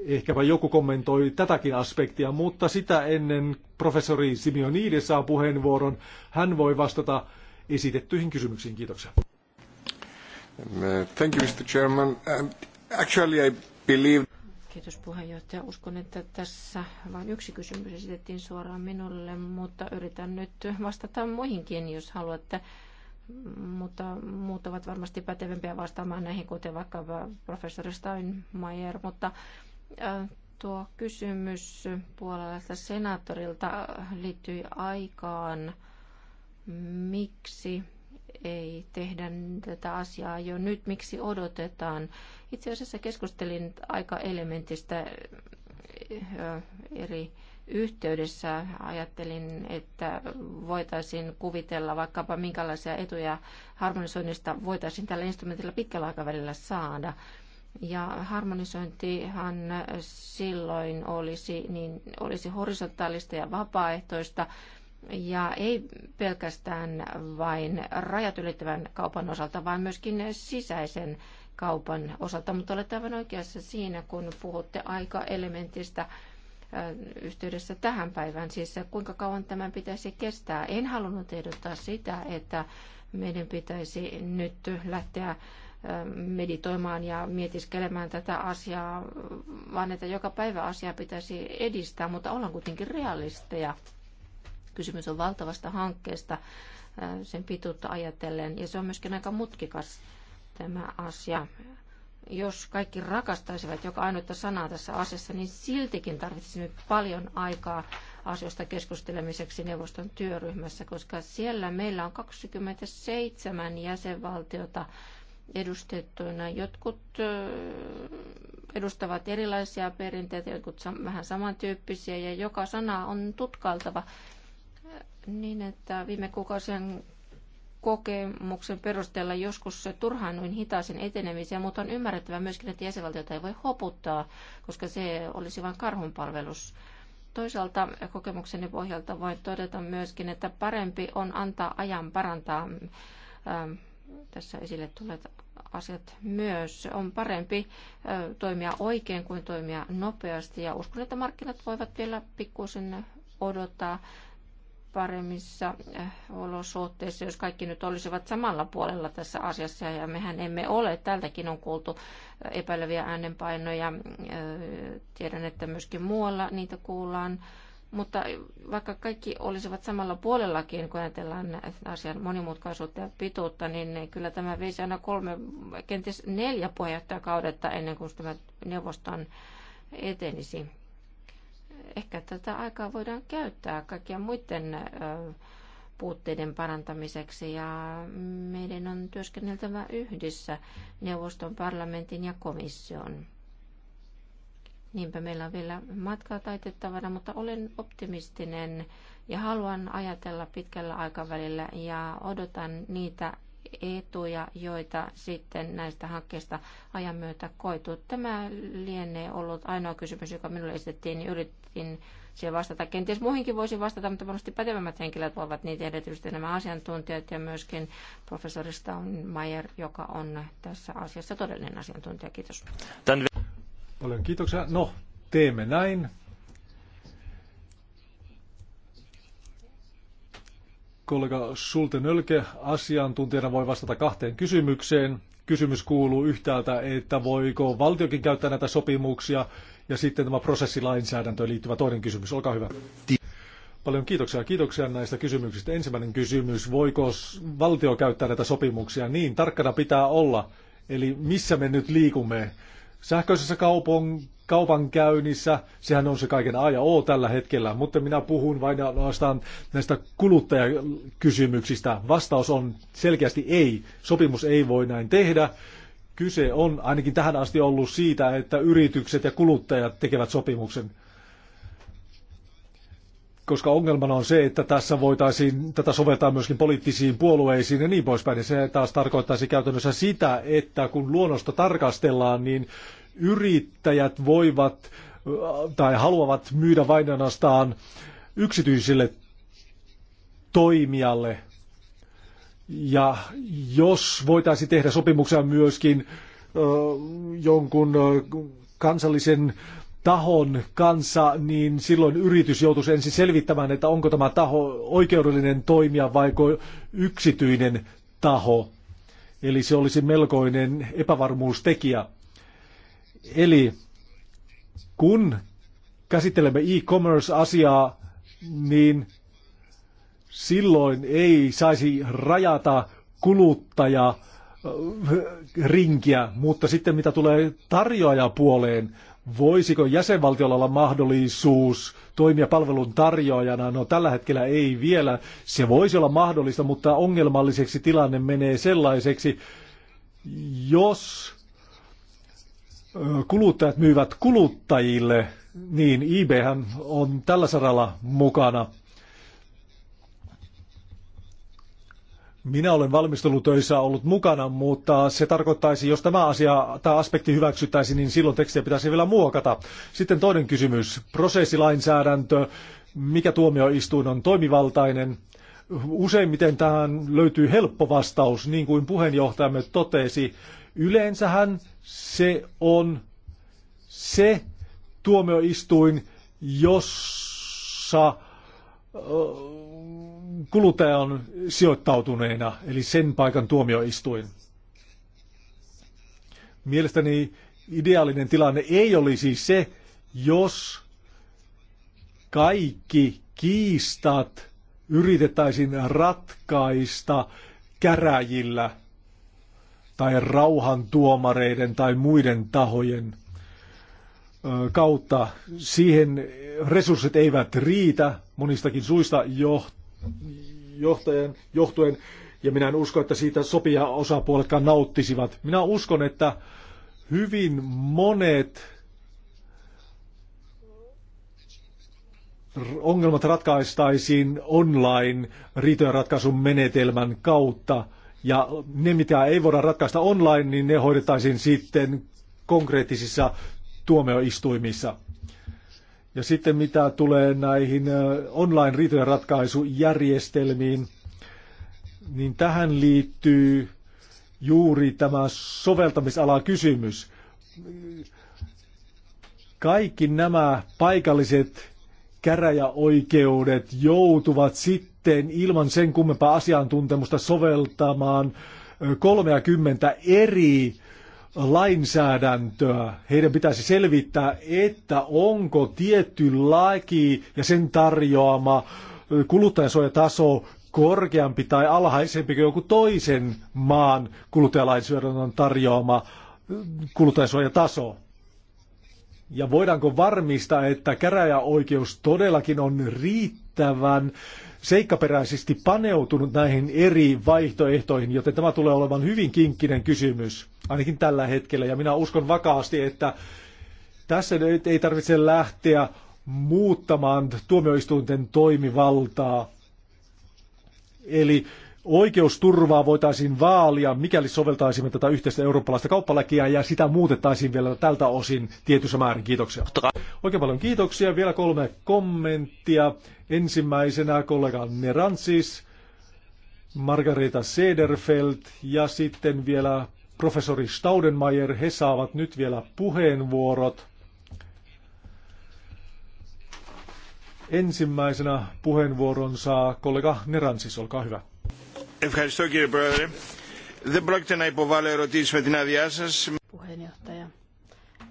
Ehkäpä joku kommentoi tätäkin aspektia, mutta sitä ennen professori Simeonides saa puheenvuoron. Hän voi vastata esitettyihin kysymyksiin. Kiitoksia. Thank you, Mr. Chairman. Actually, I believe... Kiitos puheenjohtaja. Uskon, että tässä vain yksi kysymys esitettiin suoraan minulle, mutta yritän nyt vastata muihinkin, jos haluatte mutta muut ovat varmasti pätevämpiä vastaamaan näihin, kuten vaikka professori Steinmeier, mutta äh, tuo kysymys puolalaista senaattorilta liittyi aikaan miksi ei tehdä tätä asiaa jo nyt, miksi odotetaan. Itse asiassa keskustelin aika elementistä eh, eri yhteydessä. Ajattelin, että voitaisiin kuvitella vaikkapa minkälaisia etuja harmonisoinnista voitaisiin tällä instrumentilla pitkällä aikavälillä saada. Ja harmonisointihan silloin olisi, niin olisi horisontaalista ja vapaaehtoista, ja ei pelkästään vain rajat ylittävän kaupan osalta, vaan myöskin sisäisen kaupan osalta. Mutta olette aivan oikeassa siinä, kun puhutte aikaelementistä yhteydessä tähän päivään, siis kuinka kauan tämän pitäisi kestää. En halunnut ehdottaa sitä, että meidän pitäisi nyt lähteä meditoimaan ja mietiskelemään tätä asiaa, vaan että joka päivä asiaa pitäisi edistää, mutta ollaan kuitenkin realisteja Kysymys on valtavasta hankkeesta äh, sen pituutta ajatellen, ja se on myöskin aika mutkikas tämä asia. Jos kaikki rakastaisivat joka ainoita sanaa tässä asiassa, niin siltikin tarvitsisi nyt paljon aikaa asioista keskustelemiseksi neuvoston työryhmässä, koska siellä meillä on 27 jäsenvaltiota edustettuina. Jotkut edustavat erilaisia perinteitä, jotkut vähän samantyyppisiä ja joka sana on tutkaltava niin, että viime kuukausien kokemuksen perusteella joskus turhaan noin hitaisen etenemisen, mutta on ymmärrettävä myöskin, että jäsenvaltiota ei voi hoputtaa, koska se olisi vain karhunpalvelus. Toisaalta kokemukseni pohjalta voin todeta myöskin, että parempi on antaa ajan parantaa ähm, tässä esille tulleet asiat myös. On parempi äh, toimia oikein kuin toimia nopeasti ja uskon, että markkinat voivat vielä pikkuisen odottaa paremmissa äh, olosuhteissa, jos kaikki nyt olisivat samalla puolella tässä asiassa, ja mehän emme ole. Tältäkin on kuultu äh, epäileviä äänenpainoja. Äh, tiedän, että myöskin muualla niitä kuullaan. Mutta vaikka kaikki olisivat samalla puolellakin, kun ajatellaan asian monimutkaisuutta ja pituutta, niin kyllä tämä veisi aina kolme, kenties neljä puheenjohtajakaudetta ennen kuin tämä neuvoston etenisi ehkä tätä aikaa voidaan käyttää kaikkien muiden puutteiden parantamiseksi ja meidän on työskenneltävä yhdessä neuvoston, parlamentin ja komission. Niinpä meillä on vielä matkaa taitettavana, mutta olen optimistinen ja haluan ajatella pitkällä aikavälillä ja odotan niitä etuja, joita sitten näistä hankkeista ajan myötä koituu. Tämä lienee ollut ainoa kysymys, joka minulle esitettiin, niin myöskin siihen vastata. Kenties muihinkin voisi vastata, mutta varmasti pätevämmät henkilöt voivat niitä erityisesti nämä asiantuntijat ja myöskin professori Steinmeier, joka on tässä asiassa todellinen asiantuntija. Kiitos. Olen Paljon kiitoksia. No, teemme näin. Kollega Sulte Nölke asiantuntijana voi vastata kahteen kysymykseen. Kysymys kuuluu yhtäältä, että voiko valtiokin käyttää näitä sopimuksia ja sitten tämä prosessilainsäädäntöön liittyvä toinen kysymys. Olkaa hyvä. Paljon kiitoksia. Kiitoksia näistä kysymyksistä. Ensimmäinen kysymys. Voiko valtio käyttää näitä sopimuksia? Niin, tarkkana pitää olla. Eli missä me nyt liikumme? Sähköisessä kaupan, kaupankäynnissä, sehän on se kaiken A ja O tällä hetkellä, mutta minä puhun vain ainoastaan näistä kuluttajakysymyksistä. Vastaus on selkeästi ei. Sopimus ei voi näin tehdä. Kyse on ainakin tähän asti ollut siitä, että yritykset ja kuluttajat tekevät sopimuksen. Koska ongelmana on se, että tässä voitaisiin tätä soveltaa myöskin poliittisiin puolueisiin ja niin poispäin. Ja se taas tarkoittaisi käytännössä sitä, että kun luonnosta tarkastellaan, niin yrittäjät voivat äh, tai haluavat myydä vain ainoastaan yksityisille toimijalle – ja jos voitaisiin tehdä sopimuksia myöskin ö, jonkun ö, kansallisen tahon kanssa, niin silloin yritys joutuisi ensin selvittämään, että onko tämä taho oikeudellinen toimija vai yksityinen taho. Eli se olisi melkoinen epävarmuustekijä. Eli kun käsittelemme e-commerce-asiaa, niin silloin ei saisi rajata kuluttaja rinkiä, mutta sitten mitä tulee tarjoajapuoleen, voisiko jäsenvaltiolla olla mahdollisuus toimia palvelun tarjoajana? No tällä hetkellä ei vielä. Se voisi olla mahdollista, mutta ongelmalliseksi tilanne menee sellaiseksi, jos kuluttajat myyvät kuluttajille, niin IBhän on tällä saralla mukana – Minä olen valmistelutöissä ollut mukana, mutta se tarkoittaisi, jos tämä asia, tämä aspekti hyväksyttäisiin, niin silloin tekstiä pitäisi vielä muokata. Sitten toinen kysymys, prosessilainsäädäntö, mikä tuomioistuin on toimivaltainen. Useimmiten tähän löytyy helppo vastaus, niin kuin puheenjohtajamme totesi. Yleensähän se on se tuomioistuin, jossa kuluttaja on sijoittautuneena, eli sen paikan tuomioistuin. Mielestäni ideaalinen tilanne ei olisi se, jos kaikki kiistat yritettäisiin ratkaista käräjillä tai rauhantuomareiden tai muiden tahojen kautta. Siihen resurssit eivät riitä monistakin suista johtuen johtajan johtuen, ja minä en usko, että siitä sopia osapuoletkaan nauttisivat. Minä uskon, että hyvin monet ongelmat ratkaistaisiin online ratkaisun menetelmän kautta. Ja ne, mitä ei voida ratkaista online, niin ne hoidettaisiin sitten konkreettisissa tuomioistuimissa. Ja sitten mitä tulee näihin online riitojen ratkaisujärjestelmiin, niin tähän liittyy juuri tämä soveltamisala kysymys. Kaikki nämä paikalliset käräjäoikeudet joutuvat sitten ilman sen kummempaa asiantuntemusta soveltamaan 30 eri lainsäädäntöä. Heidän pitäisi selvittää, että onko tietty laki ja sen tarjoama kuluttajansuojataso korkeampi tai alhaisempi kuin joku toisen maan kuluttajalainsäädännön tarjoama kuluttajansuojataso. Ja voidaanko varmistaa, että käräjäoikeus todellakin on riittävän seikkaperäisesti paneutunut näihin eri vaihtoehtoihin, joten tämä tulee olemaan hyvin kinkkinen kysymys ainakin tällä hetkellä. Ja minä uskon vakaasti, että tässä nyt ei tarvitse lähteä muuttamaan tuomioistuinten toimivaltaa. Eli oikeusturvaa voitaisiin vaalia, mikäli soveltaisimme tätä yhteistä eurooppalaista kauppalakia ja sitä muutettaisiin vielä tältä osin tietyssä määrin. Kiitoksia. Oikein paljon kiitoksia. Vielä kolme kommenttia. Ensimmäisenä kollega Neransis, Margareta Sederfeld ja sitten vielä professori Staudenmayer, he saavat nyt vielä puheenvuorot. Ensimmäisenä puheenvuoron saa kollega Neransis, olkaa hyvä. Ευχαριστώ κύριε Πρόεδρε. Δεν πρόκειται να υποβάλω ερωτήσεις με την άδειά Puheenjohtaja,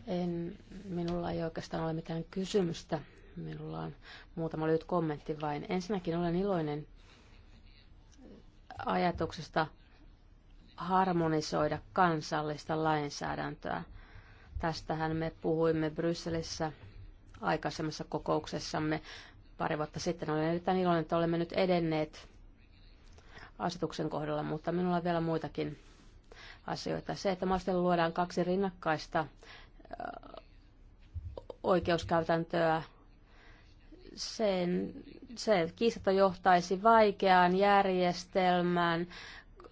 en, minulla ei oikeastaan ole mitään kysymystä. Minulla on muutama lyhyt kommentti vain. Ensinnäkin olen iloinen ajatuksesta harmonisoida kansallista lainsäädäntöä. Tästähän me puhuimme Brysselissä aikaisemmassa kokouksessamme pari vuotta sitten. Olen erittäin iloinen, että olemme nyt edenneet asetuksen kohdalla, mutta minulla on vielä muitakin asioita. Se, että maastelle luodaan kaksi rinnakkaista oikeuskäytäntöä, sen, se kiistatta johtaisi vaikeaan järjestelmään,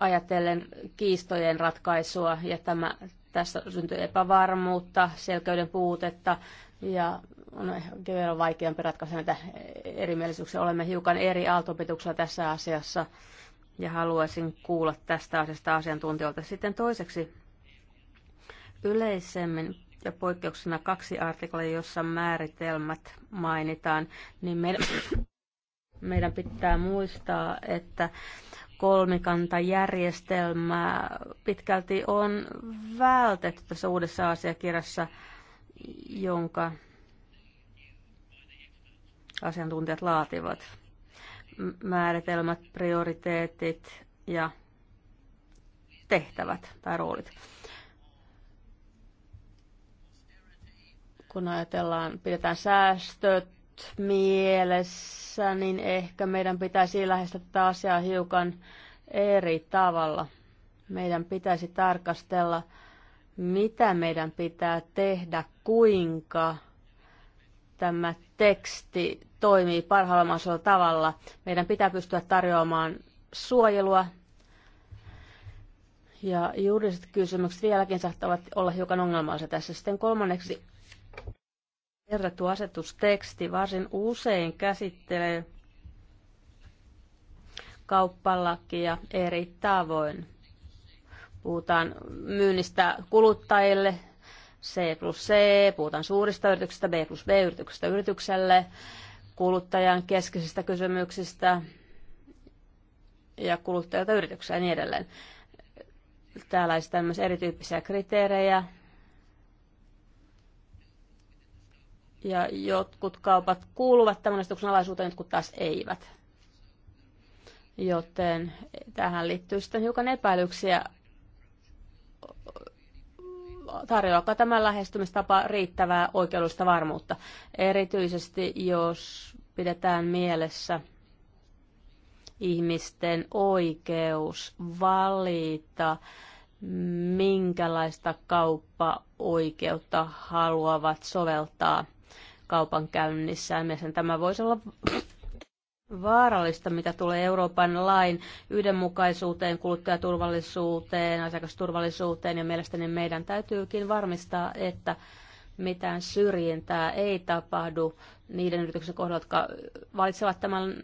ajatellen kiistojen ratkaisua ja tämä, tässä syntyy epävarmuutta, selkeyden puutetta ja on vielä vaikeampi ratkaista näitä erimielisyyksiä. Olemme hiukan eri aaltopituksella tässä asiassa ja haluaisin kuulla tästä asiasta asiantuntijoilta. Sitten toiseksi yleisemmin ja poikkeuksena kaksi artikkelia, jossa määritelmät mainitaan, niin meidän, meidän pitää muistaa, että kolmikantajärjestelmää pitkälti on vältetty tässä uudessa asiakirjassa, jonka asiantuntijat laativat. Määritelmät, prioriteetit ja tehtävät tai roolit. Kun ajatellaan, pidetään säästöt, mielessä, niin ehkä meidän pitäisi lähestyä tätä asiaa hiukan eri tavalla. Meidän pitäisi tarkastella, mitä meidän pitää tehdä, kuinka tämä teksti toimii parhaalla mahdollisella tavalla. Meidän pitää pystyä tarjoamaan suojelua. Ja juridiset kysymykset vieläkin saattavat olla hiukan ongelmallisia tässä. Sitten kolmanneksi kerrattu asetusteksti varsin usein käsittelee kauppalakia eri tavoin. Puhutaan myynnistä kuluttajille, C plus C, puhutaan suurista yrityksistä, B plus b yrityksistä yritykselle, kuluttajan keskeisistä kysymyksistä ja kuluttajilta yritykseen ja niin edelleen. Täällä olisi tämmöisiä erityyppisiä kriteerejä, Ja jotkut kaupat kuuluvat tämän asetuksen alaisuuteen, jotkut taas eivät. Joten tähän liittyy sitten hiukan epäilyksiä. Tarjoako tämä lähestymistapa riittävää oikeudellista varmuutta? Erityisesti jos pidetään mielessä ihmisten oikeus valita, minkälaista kauppa-oikeutta haluavat soveltaa – kaupankäynnissään. Mielestäni tämä voisi olla vaarallista, mitä tulee Euroopan lain yhdenmukaisuuteen, kuluttajaturvallisuuteen, asiakasturvallisuuteen ja mielestäni meidän täytyykin varmistaa, että mitään syrjintää ei tapahdu niiden yrityksen kohdalla, jotka valitsevat tämän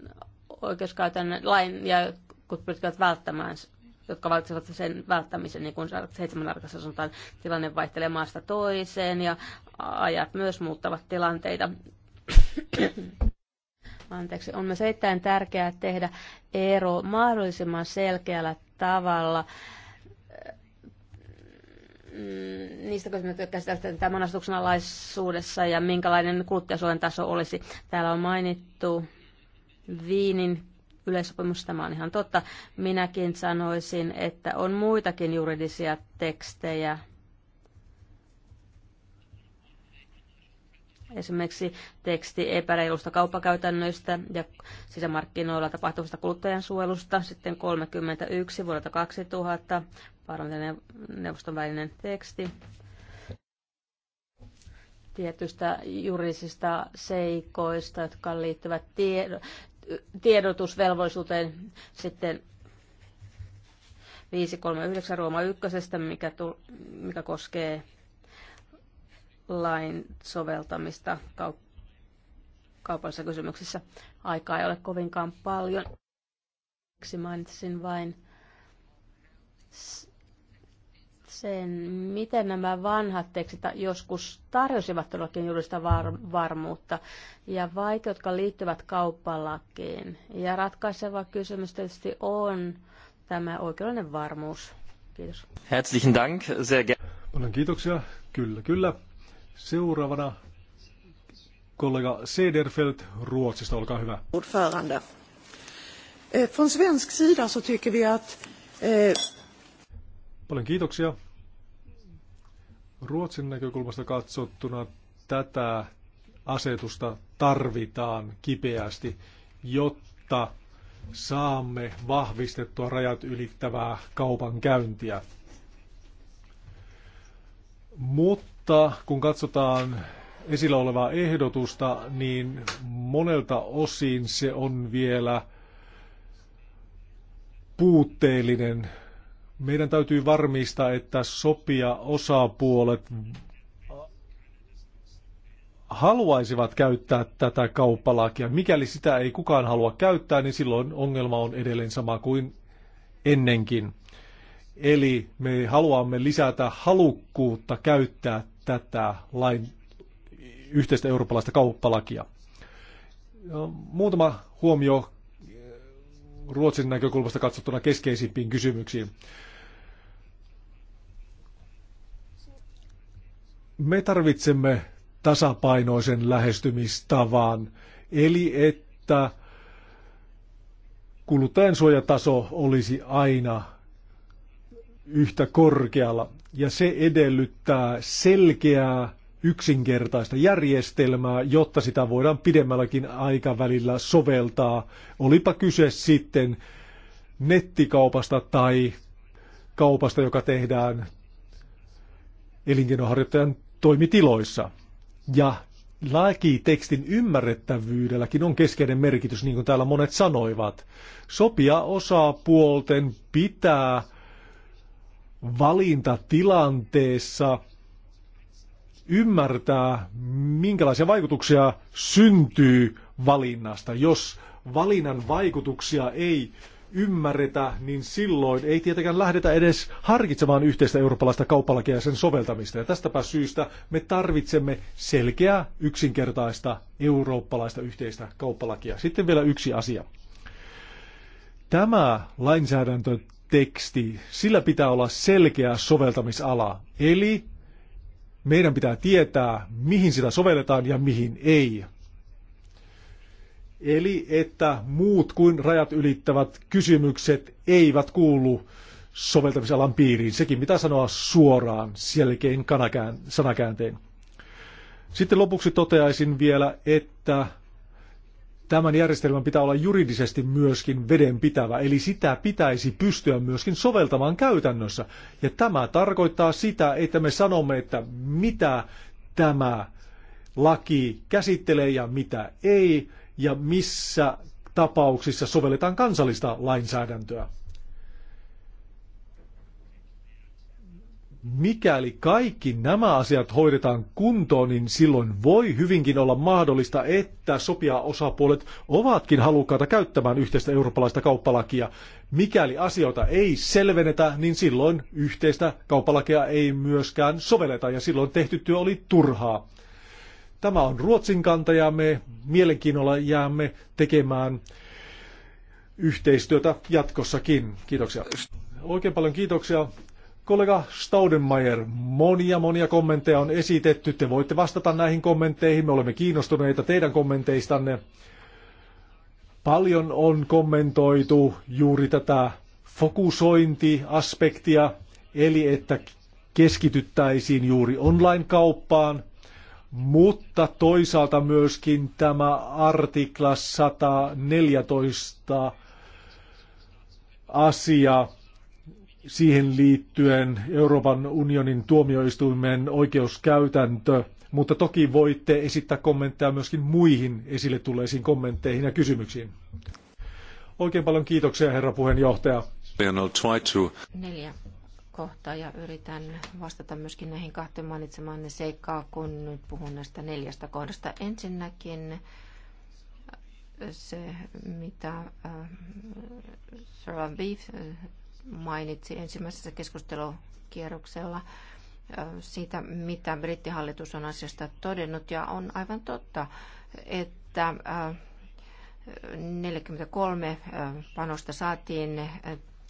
oikeuskäytön lain ja pyrkivät välttämään jotka valitsevat sen välttämisen, niin kuin seitsemän arkassa sanotaan, tilanne vaihtelee maasta toiseen ja ajat myös muuttavat tilanteita. Anteeksi, on myös erittäin tärkeää tehdä ero mahdollisimman selkeällä tavalla mm, niistä kysymyksistä käsitellään tämän asetuksen alaisuudessa ja minkälainen kuluttajasuojan taso olisi. Täällä on mainittu Viinin yleissopimus, tämä on ihan totta. Minäkin sanoisin, että on muitakin juridisia tekstejä, Esimerkiksi teksti epäreilusta kauppakäytännöistä ja sisämarkkinoilla tapahtuvasta suojelusta Sitten 31 vuodelta 2000 parlamentin neuvoston välinen teksti tietystä juridisista seikoista, jotka liittyvät tiedotusvelvollisuuteen sitten 539 Rooma 1, mikä, tu, mikä koskee lain soveltamista kaup- kaupallisissa kysymyksissä. Aikaa ei ole kovinkaan paljon. Siksi mainitsin vain sen, miten nämä vanhat tekstit joskus tarjosivat todellakin juridista var- varmuutta ja vait, jotka liittyvät kauppalakiin. Ja ratkaiseva kysymys tietysti on tämä oikeudellinen varmuus. Kiitos. Herzlichen Dank, sehr gerne. Paljon kiitoksia. Kyllä, kyllä. Seuraavana kollega Sederfeldt Ruotsista, olkaa hyvä. Ordförande. Eh, från svensk sida så tycker vi att... Eh, Paljon kiitoksia. Ruotsin näkökulmasta katsottuna tätä asetusta tarvitaan kipeästi, jotta saamme vahvistettua rajat ylittävää kaupan käyntiä. Mutta mutta kun katsotaan esillä olevaa ehdotusta, niin monelta osin se on vielä puutteellinen. Meidän täytyy varmistaa, että sopia osapuolet haluaisivat käyttää tätä kauppalakia. Mikäli sitä ei kukaan halua käyttää, niin silloin ongelma on edelleen sama kuin ennenkin. Eli me haluamme lisätä halukkuutta käyttää tätä lain yhteistä eurooppalaista kauppalakia. Muutama huomio eh, Ruotsin näkökulmasta katsottuna keskeisimpiin kysymyksiin. Me tarvitsemme tasapainoisen lähestymistavan, eli että kuluttajansuojataso olisi aina yhtä korkealla. Ja se edellyttää selkeää yksinkertaista järjestelmää, jotta sitä voidaan pidemmälläkin aikavälillä soveltaa. Olipa kyse sitten nettikaupasta tai kaupasta, joka tehdään elinkeinoharjoittajan toimitiloissa. Ja lakitekstin ymmärrettävyydelläkin on keskeinen merkitys, niin kuin täällä monet sanoivat. Sopia osapuolten pitää valintatilanteessa ymmärtää, minkälaisia vaikutuksia syntyy valinnasta. Jos valinnan vaikutuksia ei ymmärretä, niin silloin ei tietenkään lähdetä edes harkitsemaan yhteistä eurooppalaista kauppalakia ja sen soveltamista. Ja tästäpä syystä me tarvitsemme selkeää, yksinkertaista eurooppalaista yhteistä kauppalakia. Sitten vielä yksi asia. Tämä lainsäädäntö teksti, sillä pitää olla selkeä soveltamisala. Eli meidän pitää tietää, mihin sitä sovelletaan ja mihin ei. Eli että muut kuin rajat ylittävät kysymykset eivät kuulu soveltamisalan piiriin. Sekin mitä sanoa suoraan selkein sanakääntein. Sitten lopuksi toteaisin vielä, että tämän järjestelmän pitää olla juridisesti myöskin vedenpitävä, eli sitä pitäisi pystyä myöskin soveltamaan käytännössä. Ja tämä tarkoittaa sitä, että me sanomme, että mitä tämä laki käsittelee ja mitä ei, ja missä tapauksissa sovelletaan kansallista lainsäädäntöä. mikäli kaikki nämä asiat hoidetaan kuntoon, niin silloin voi hyvinkin olla mahdollista, että osapuolet ovatkin halukkaita käyttämään yhteistä eurooppalaista kauppalakia. Mikäli asioita ei selvennetä, niin silloin yhteistä kauppalakia ei myöskään sovelleta ja silloin tehty työ oli turhaa. Tämä on Ruotsin kanta ja me mielenkiinnolla jäämme tekemään yhteistyötä jatkossakin. Kiitoksia. Oikein paljon kiitoksia. Kollega Staudenmayer, monia monia kommentteja on esitetty. Te voitte vastata näihin kommentteihin. Me olemme kiinnostuneita teidän kommenteistanne. Paljon on kommentoitu juuri tätä fokusointiaspektia, eli että keskityttäisiin juuri online-kauppaan, mutta toisaalta myöskin tämä artikla 114 asia, siihen liittyen Euroopan unionin tuomioistuimen oikeuskäytäntö, mutta toki voitte esittää kommentteja myöskin muihin esille tulleisiin kommentteihin ja kysymyksiin. Oikein paljon kiitoksia, herra puheenjohtaja. Neljä kohtaa ja yritän vastata myöskin näihin kahteen ne seikkaa, kun nyt puhun näistä neljästä kohdasta. Ensinnäkin se, mitä äh, Sir Beef mainitsi ensimmäisessä keskustelukierroksella siitä, mitä brittihallitus on asiasta todennut. Ja on aivan totta, että 43 panosta saatiin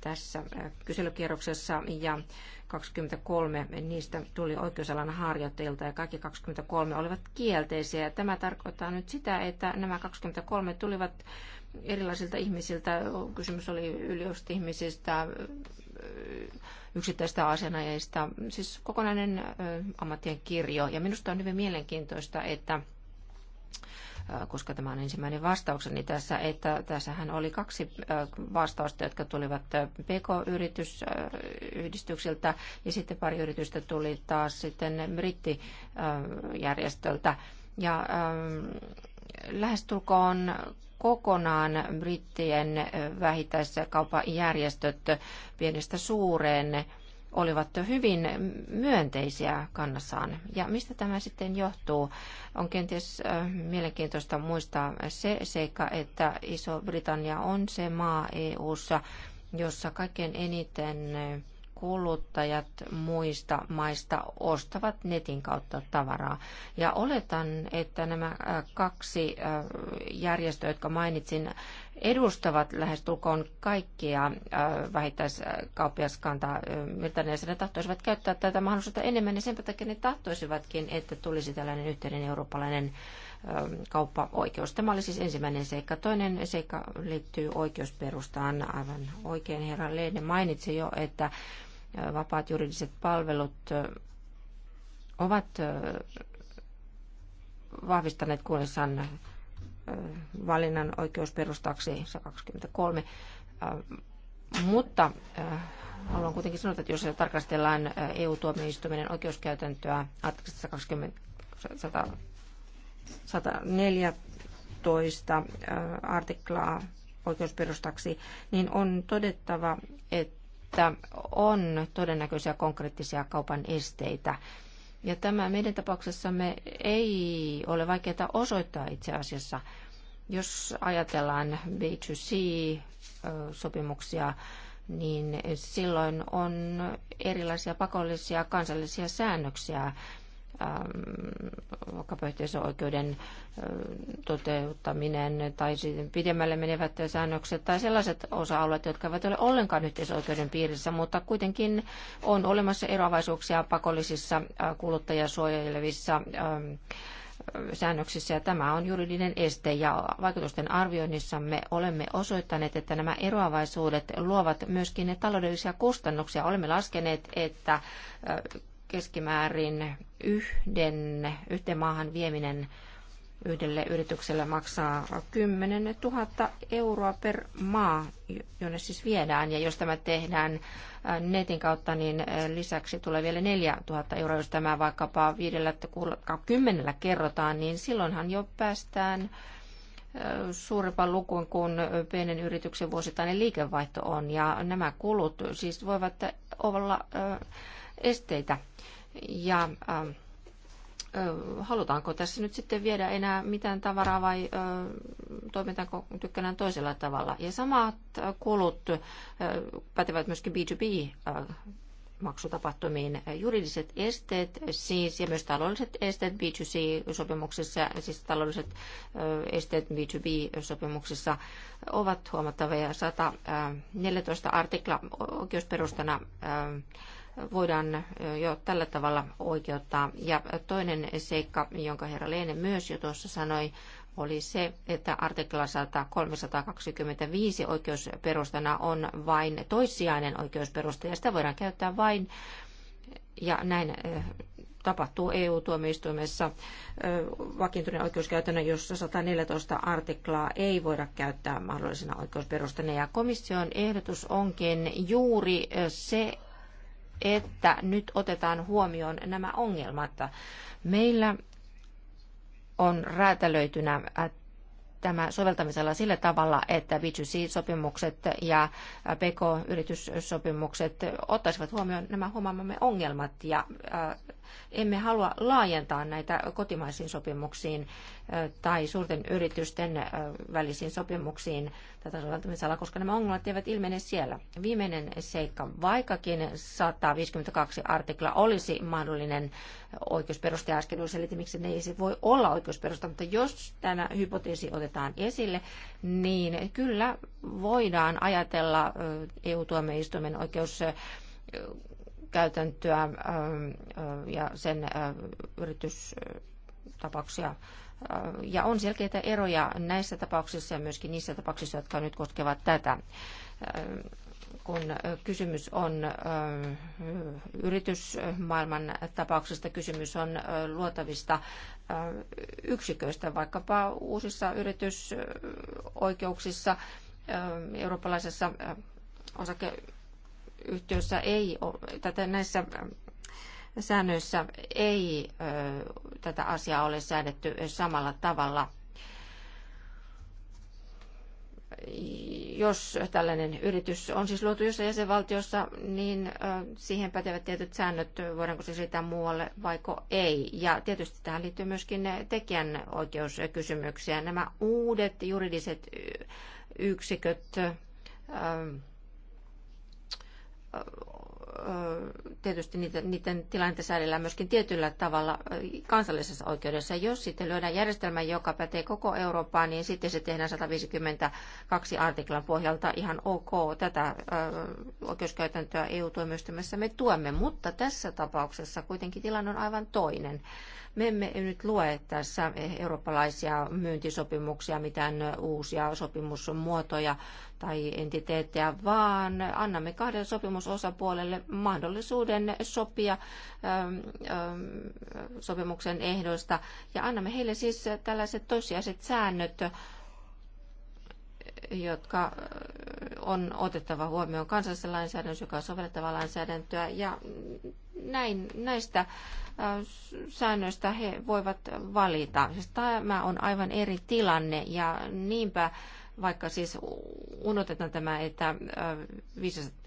tässä kyselykierroksessa ja 23 niistä tuli oikeusalan harjoittajilta ja kaikki 23 olivat kielteisiä. Tämä tarkoittaa nyt sitä, että nämä 23 tulivat erilaisilta ihmisiltä. Kysymys oli yliopistoihmisistä, yksittäistä asianajajista, siis kokonainen ammattien kirjo. Ja minusta on hyvin mielenkiintoista, että koska tämä on ensimmäinen vastaukseni tässä, että tässähän oli kaksi vastausta, jotka tulivat PK-yritysyhdistyksiltä ja sitten pari yritystä tuli taas sitten brittijärjestöltä. Ja ähm, lähestulkoon kokonaan brittien vähittäiskaupan järjestöt pienestä suureen olivat hyvin myönteisiä kannassaan. Ja mistä tämä sitten johtuu? On kenties mielenkiintoista muistaa se seikka, että Iso-Britannia on se maa EU:ssa, jossa kaikkein eniten kuluttajat muista maista ostavat netin kautta tavaraa. Ja oletan, että nämä äh, kaksi äh, järjestöä, jotka mainitsin, edustavat lähestulkoon kaikkia äh, vähittäiskauppiaskantaa sen tahtoisivat käyttää tätä mahdollisuutta enemmän, niin sen takia ne tahtoisivatkin, että tulisi tällainen yhteinen eurooppalainen ähm, kauppaoikeus. Tämä oli siis ensimmäinen seikka. Toinen seikka liittyy oikeusperustaan. Aivan oikein herra Leene mainitsi jo, että vapaat juridiset palvelut ovat vahvistaneet kunnissaan valinnan oikeusperustaksi 123. Mutta haluan kuitenkin sanoa, että jos tarkastellaan EU-tuomioistuimen oikeuskäytäntöä artiklassa 114 artiklaa oikeusperustaksi, niin on todettava, että että on todennäköisiä konkreettisia kaupan esteitä. Ja tämä meidän tapauksessamme ei ole vaikeaa osoittaa itse asiassa. Jos ajatellaan B2C-sopimuksia, niin silloin on erilaisia pakollisia kansallisia säännöksiä, vaikkapa oikeuden toteuttaminen tai sitten pidemmälle menevät säännökset tai sellaiset osa-alueet, jotka eivät ole ollenkaan yhteisöoikeuden piirissä, mutta kuitenkin on olemassa eroavaisuuksia pakollisissa kuluttajasuojelevissa säännöksissä ja tämä on juridinen este ja vaikutusten arvioinnissa me olemme osoittaneet, että nämä eroavaisuudet luovat myöskin ne taloudellisia kustannuksia. Olemme laskeneet, että keskimäärin yhden, yhteen maahan vieminen yhdelle yritykselle maksaa 10 000 euroa per maa, jonne siis viedään. Ja jos tämä tehdään netin kautta, niin lisäksi tulee vielä 4 000 euroa. Jos tämä vaikkapa viidellä kymmenellä kerrotaan, niin silloinhan jo päästään suurempaan lukuun kuin pienen yrityksen vuosittainen liikevaihto on. Ja nämä kulut siis voivat olla esteitä. Ja äh, halutaanko tässä nyt sitten viedä enää mitään tavaraa vai toimitaanko tykkänään toisella tavalla. Ja samat kulut pätevät myöskin B2B maksutapahtumiin. Juridiset esteet siis ja myös taloudelliset esteet B2C-sopimuksissa, siis taloudelliset esteet B2B-sopimuksissa ovat huomattavia. 114 artikla oikeusperustana voidaan jo tällä tavalla oikeuttaa. Ja toinen seikka, jonka herra Leene myös jo tuossa sanoi, oli se, että artikla 325 oikeusperustana on vain toissijainen oikeusperusta, ja sitä voidaan käyttää vain, ja näin tapahtuu EU-tuomioistuimessa vakiintuneen oikeuskäytännön, jossa 114 artiklaa ei voida käyttää mahdollisena oikeusperustana. Ja komission ehdotus onkin juuri se että nyt otetaan huomioon nämä ongelmat. Meillä on räätälöitynä tämä soveltamisella sillä tavalla, että B2C-sopimukset ja PK-yrityssopimukset ottaisivat huomioon nämä huomaamamme ongelmat ja emme halua laajentaa näitä kotimaisiin sopimuksiin tai suurten yritysten välisiin sopimuksiin tätä soveltamisalaa, koska nämä ongelmat eivät ilmene siellä. Viimeinen seikka, vaikkakin 152 artikla olisi mahdollinen oikeusperuste äsken miksi ne ei se voi olla oikeusperusta, mutta jos tämä hypoteesi otetaan esille, niin kyllä voidaan ajatella EU-tuomioistuimen oikeus käytäntöä ähm, äh, ja sen äh, yritystapauksia. Äh, ja on selkeitä eroja näissä tapauksissa ja myöskin niissä tapauksissa, jotka nyt koskevat tätä kun kysymys on yritysmaailman tapauksesta, kysymys on luotavista yksiköistä, vaikkapa uusissa yritysoikeuksissa, eurooppalaisessa osake yhtiössä ei, tätä näissä äh, säännöissä ei tätä asiaa ole säädetty samalla tavalla. Jos tällainen yritys on siis luotu jossain jäsenvaltiossa, niin siihen pätevät tietyt säännöt, voidaanko se siirtää muualle vaiko ei. Ja tietysti tähän liittyy myöskin tekijänoikeuskysymyksiä. Nämä uudet juridiset yksiköt tietysti niiden, niiden tilannetta säädellään myöskin tietyllä tavalla kansallisessa oikeudessa. Jos sitten lyödään järjestelmä, joka pätee koko Eurooppaan, niin sitten se tehdään 152 artiklan pohjalta ihan ok. Tätä oikeuskäytäntöä EU-tuomioistuimessa me tuemme, mutta tässä tapauksessa kuitenkin tilanne on aivan toinen. Me emme nyt lue tässä eurooppalaisia myyntisopimuksia, mitään uusia sopimusmuotoja tai entiteettejä, vaan annamme kahden sopimusosapuolelle mahdollisuuden sopia ähm, ähm, sopimuksen ehdoista ja annamme heille siis tällaiset tosiasiat säännöt jotka äh, on otettava huomioon kansallisessa lainsäädännössä, joka on sovellettavaa lainsäädäntöä. Ja näin, näistä äh, säännöistä he voivat valita. Siis tämä on aivan eri tilanne ja niinpä vaikka siis unohdetaan tämä, että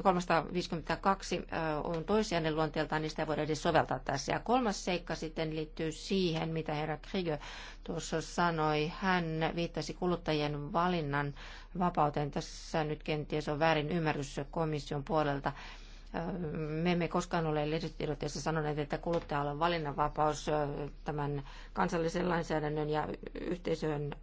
352 äh, äh, on toisiainen luonteeltaan, niin sitä voidaan edes soveltaa tässä. Ja kolmas seikka sitten liittyy siihen, mitä herra Krigö tuossa sanoi. Hän viittasi kuluttajien valinnan vapauteen. Tässä nyt kenties on väärin ymmärrys komission puolelta. Äh, me emme koskaan ole lehdistötiedotteessa sanoneet, että kuluttajalla on valinnanvapaus tämän kansallisen lainsäädännön ja yhteisön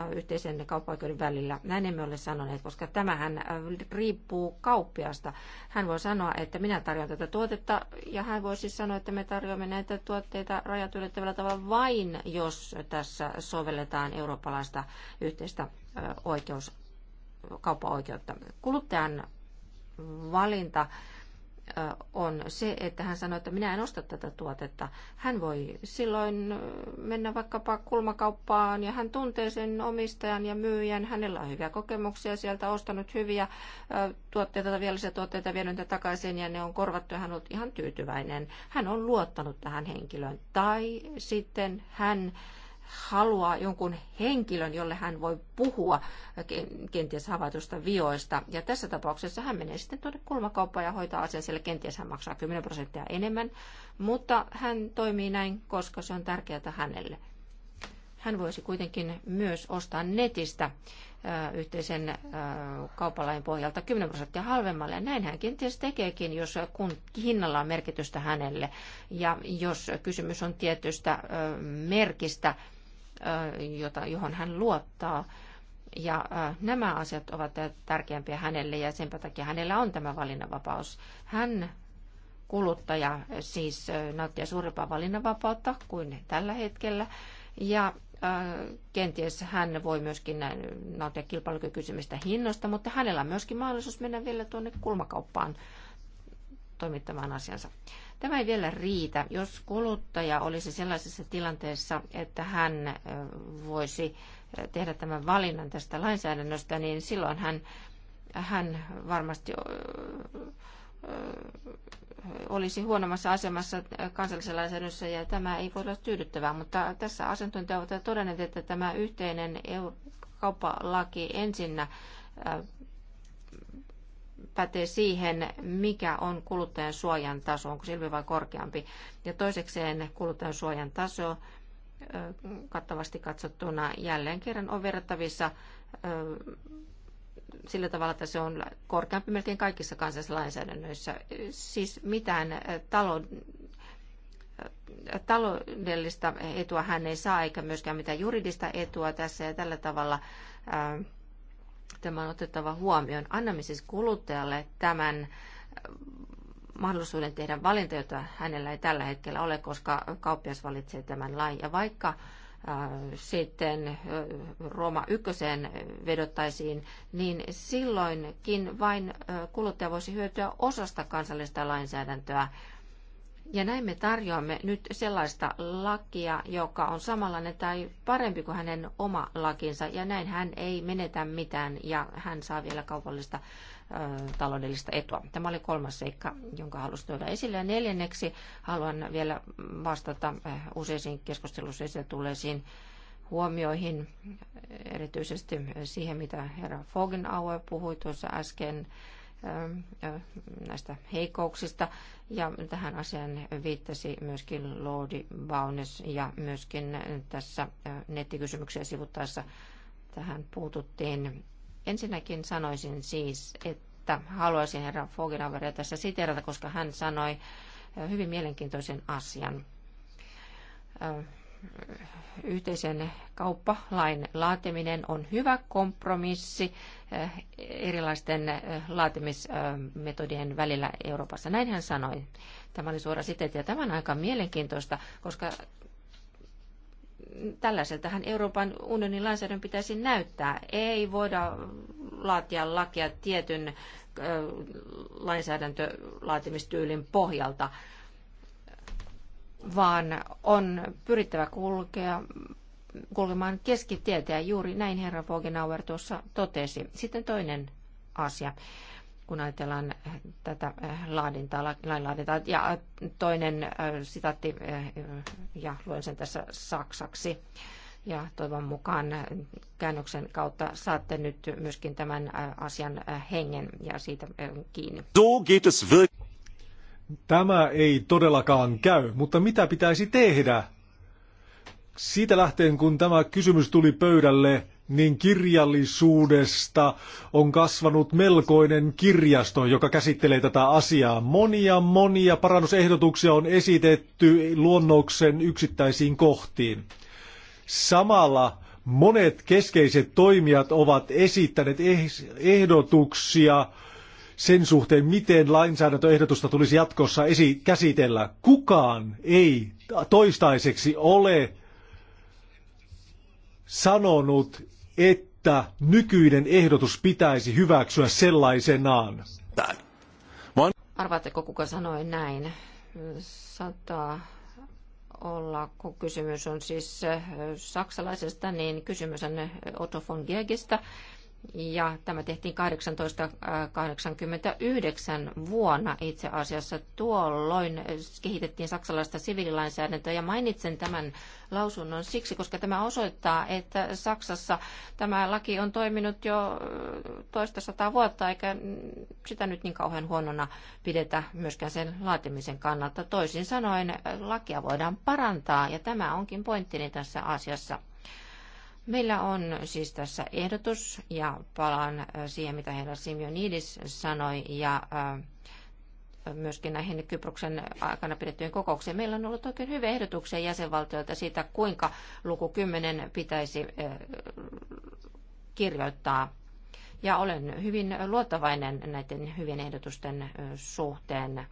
Äh, yhteisen kauppaoikeuden välillä. Näin emme ole sanoneet, koska tämähän äh, riippuu kauppiasta. Hän voi sanoa, että minä tarjoan tätä tuotetta ja hän voi siis sanoa, että me tarjoamme näitä tuotteita rajat ylittävällä tavalla vain, jos tässä sovelletaan eurooppalaista yhteistä äh, oikeus, kauppaoikeutta. Kuluttajan valinta on se, että hän sanoi, että minä en osta tätä tuotetta. Hän voi silloin mennä vaikkapa kulmakauppaan ja hän tuntee sen omistajan ja myyjän. Hänellä on hyviä kokemuksia sieltä, ostanut hyviä tuotteita, tai vielä tuotteita, vienyt takaisin ja ne on korvattu ja hän on ollut ihan tyytyväinen. Hän on luottanut tähän henkilöön. Tai sitten hän haluaa jonkun henkilön, jolle hän voi puhua kenties havaitusta vioista. Ja tässä tapauksessa hän menee sitten tuonne kulmakauppaan ja hoitaa asian siellä. Kenties hän maksaa 10 prosenttia enemmän, mutta hän toimii näin, koska se on tärkeää hänelle. Hän voisi kuitenkin myös ostaa netistä äh, yhteisen äh, kaupalain pohjalta 10 prosenttia halvemmalle. Ja näin hän kenties tekeekin, jos kun hinnalla on merkitystä hänelle. Ja jos kysymys on tietystä äh, merkistä, jota, johon hän luottaa. Ja nämä asiat ovat tärkeämpiä hänelle ja sen takia hänellä on tämä valinnanvapaus. Hän kuluttaja siis nauttii suurempaa valinnanvapautta kuin tällä hetkellä. Ja kenties hän voi myöskin nauttia kilpailukykyisemmistä hinnoista, mutta hänellä on myöskin mahdollisuus mennä vielä tuonne kulmakauppaan toimittamaan asiansa. Tämä ei vielä riitä. Jos kuluttaja olisi sellaisessa tilanteessa, että hän voisi tehdä tämän valinnan tästä lainsäädännöstä, niin silloin hän, hän varmasti olisi huonommassa asemassa kansallisessa lainsäädännössä ja tämä ei voi olla tyydyttävää, mutta tässä asiantuntija ovat todenneet, että tämä yhteinen EU kauppalaki ensinnä pätee siihen, mikä on kuluttajan suojan taso, onko silmi vai korkeampi. Ja toisekseen kuluttajan suojan taso kattavasti katsottuna jälleen kerran on verrattavissa sillä tavalla, että se on korkeampi melkein kaikissa kansallisissa lainsäädännöissä. Siis mitään talon, taloudellista etua hän ei saa, eikä myöskään mitään juridista etua tässä ja tällä tavalla Tämä on otettava huomioon. Annamme siis kuluttajalle tämän äh, mahdollisuuden tehdä valinta, jota hänellä ei tällä hetkellä ole, koska kauppias valitsee tämän lain. Ja vaikka äh, sitten äh, Rooma ykköseen vedottaisiin, niin silloinkin vain kuluttaja voisi hyötyä osasta kansallista lainsäädäntöä ja näin me tarjoamme nyt sellaista lakia, joka on samanlainen tai parempi kuin hänen oma lakinsa. Ja näin hän ei menetä mitään ja hän saa vielä kaupallista ö, taloudellista etua. Tämä oli kolmas seikka, jonka halusin tuoda esille. Ja neljänneksi haluan vielä vastata useisiin keskustelussa esille tulleisiin huomioihin, erityisesti siihen, mitä herra Fogenauer puhui tuossa äsken Ähm, näistä heikouksista Ja tähän asiaan viittasi myöskin Lordi Baunes ja myöskin tässä äh, nettikysymyksiä sivuttaessa tähän puututtiin. Ensinnäkin sanoisin siis, että haluaisin herra Fogenaveria tässä siterata, koska hän sanoi äh, hyvin mielenkiintoisen asian äh, yhteisen kauppalain laatiminen on hyvä kompromissi eh, erilaisten eh, laatimismetodien välillä Euroopassa. Näin hän sanoi. Tämä oli suora siteetti ja tämä on aika mielenkiintoista, koska tällaiseltähän Euroopan unionin lainsäädännön pitäisi näyttää. Ei voida laatia lakia tietyn eh, lainsäädäntölaatimistyylin pohjalta vaan on pyrittävä kulkea kulkemaan keskitietä ja juuri näin herra Vogenauer tuossa totesi. Sitten toinen asia, kun ajatellaan tätä äh, laadintaa, lainlaadintaa. Ja äh, toinen äh, sitaatti, ja luen sen tässä saksaksi. Ja toivon mukaan käännöksen kautta saatte nyt myöskin tämän asian hengen ja siitä kiinni. So geht es wirklich. Tämä ei todellakaan käy, mutta mitä pitäisi tehdä? Siitä lähtien, kun tämä kysymys tuli pöydälle, niin kirjallisuudesta on kasvanut melkoinen kirjasto, joka käsittelee tätä asiaa. Monia, monia parannusehdotuksia on esitetty luonnoksen yksittäisiin kohtiin. Samalla monet keskeiset toimijat ovat esittäneet ehdotuksia sen suhteen, miten lainsäädäntöehdotusta tulisi jatkossa esi- käsitellä. Kukaan ei toistaiseksi ole sanonut, että nykyinen ehdotus pitäisi hyväksyä sellaisenaan. Arvaatteko, kuka sanoi näin? Sataa olla, kun kysymys on siis äh, saksalaisesta, niin kysymys on äh, Otto von Gergistä, ja tämä tehtiin 1889 vuonna itse asiassa. Tuolloin kehitettiin saksalaista siviililainsäädäntöä ja mainitsen tämän lausunnon siksi, koska tämä osoittaa, että Saksassa tämä laki on toiminut jo toista sataa vuotta, eikä sitä nyt niin kauhean huonona pidetä myöskään sen laatimisen kannalta. Toisin sanoen lakia voidaan parantaa ja tämä onkin pointtini tässä asiassa. Meillä on siis tässä ehdotus ja palaan äh, siihen, mitä herra Simeonidis sanoi ja äh, myöskin näihin Kyproksen aikana pidettyjen kokouksiin. Meillä on ollut oikein hyviä ehdotuksia jäsenvaltioilta siitä, kuinka luku 10 pitäisi äh, kirjoittaa. Ja olen hyvin luottavainen näiden hyvien ehdotusten suhteen.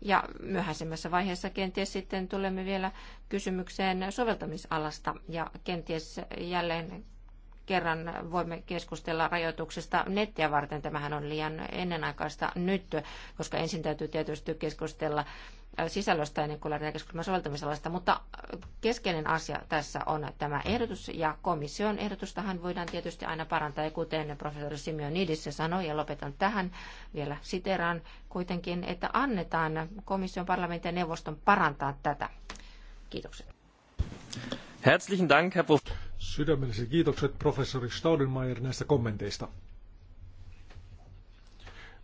Ja myöhäisemmässä vaiheessa kenties sitten tulemme vielä kysymykseen soveltamisalasta ja kenties jälleen kerran voimme keskustella rajoituksesta nettiä varten. Tämähän on liian ennenaikaista nyt, koska ensin täytyy tietysti keskustella äh, sisällöstä ennen kuin lähdetään keskustelemaan soveltamisalasta, mutta äh, keskeinen asia tässä on tämä ehdotus, ja komission ehdotustahan voidaan tietysti aina parantaa, ja kuten professori Nidissä sanoi, ja lopetan tähän, vielä siteraan kuitenkin, että annetaan komission, parlamentin ja neuvoston parantaa tätä. Kiitokset. Herzlichen Dank, Herr Prof. Sydämelliset kiitokset professori Staudenmayer näistä kommenteista.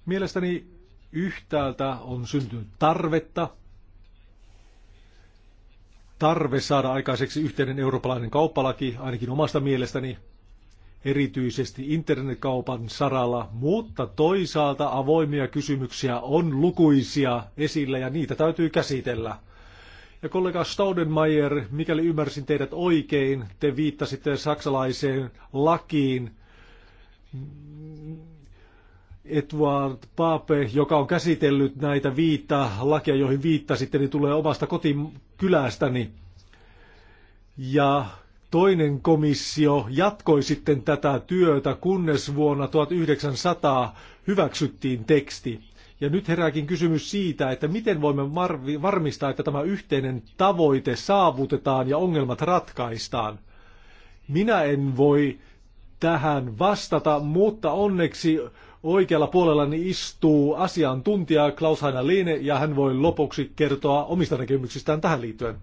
Mielestäni yhtäältä on syntynyt tarvetta, tarve saada aikaiseksi yhteinen eurooppalainen kauppalaki, ainakin omasta mielestäni, erityisesti internetkaupan saralla, mutta toisaalta avoimia kysymyksiä on lukuisia esillä ja niitä täytyy käsitellä – ja kollega Staudenmayer, mikäli ymmärsin teidät oikein, te viittasitte saksalaiseen lakiin, Edward Pape, joka on käsitellyt näitä viitta lakia, joihin viittasitte, niin tulee omasta kotikylästäni. Ja toinen komissio jatkoi sitten tätä työtä, kunnes vuonna 1900 hyväksyttiin teksti. Ja nyt herääkin kysymys siitä, että miten voimme varmistaa, että tämä yhteinen tavoite saavutetaan ja ongelmat ratkaistaan. Minä en voi tähän vastata, mutta onneksi oikealla puolellani istuu asiantuntija klaus Haina Liene ja hän voi lopuksi kertoa omista näkemyksistään tähän liittyen.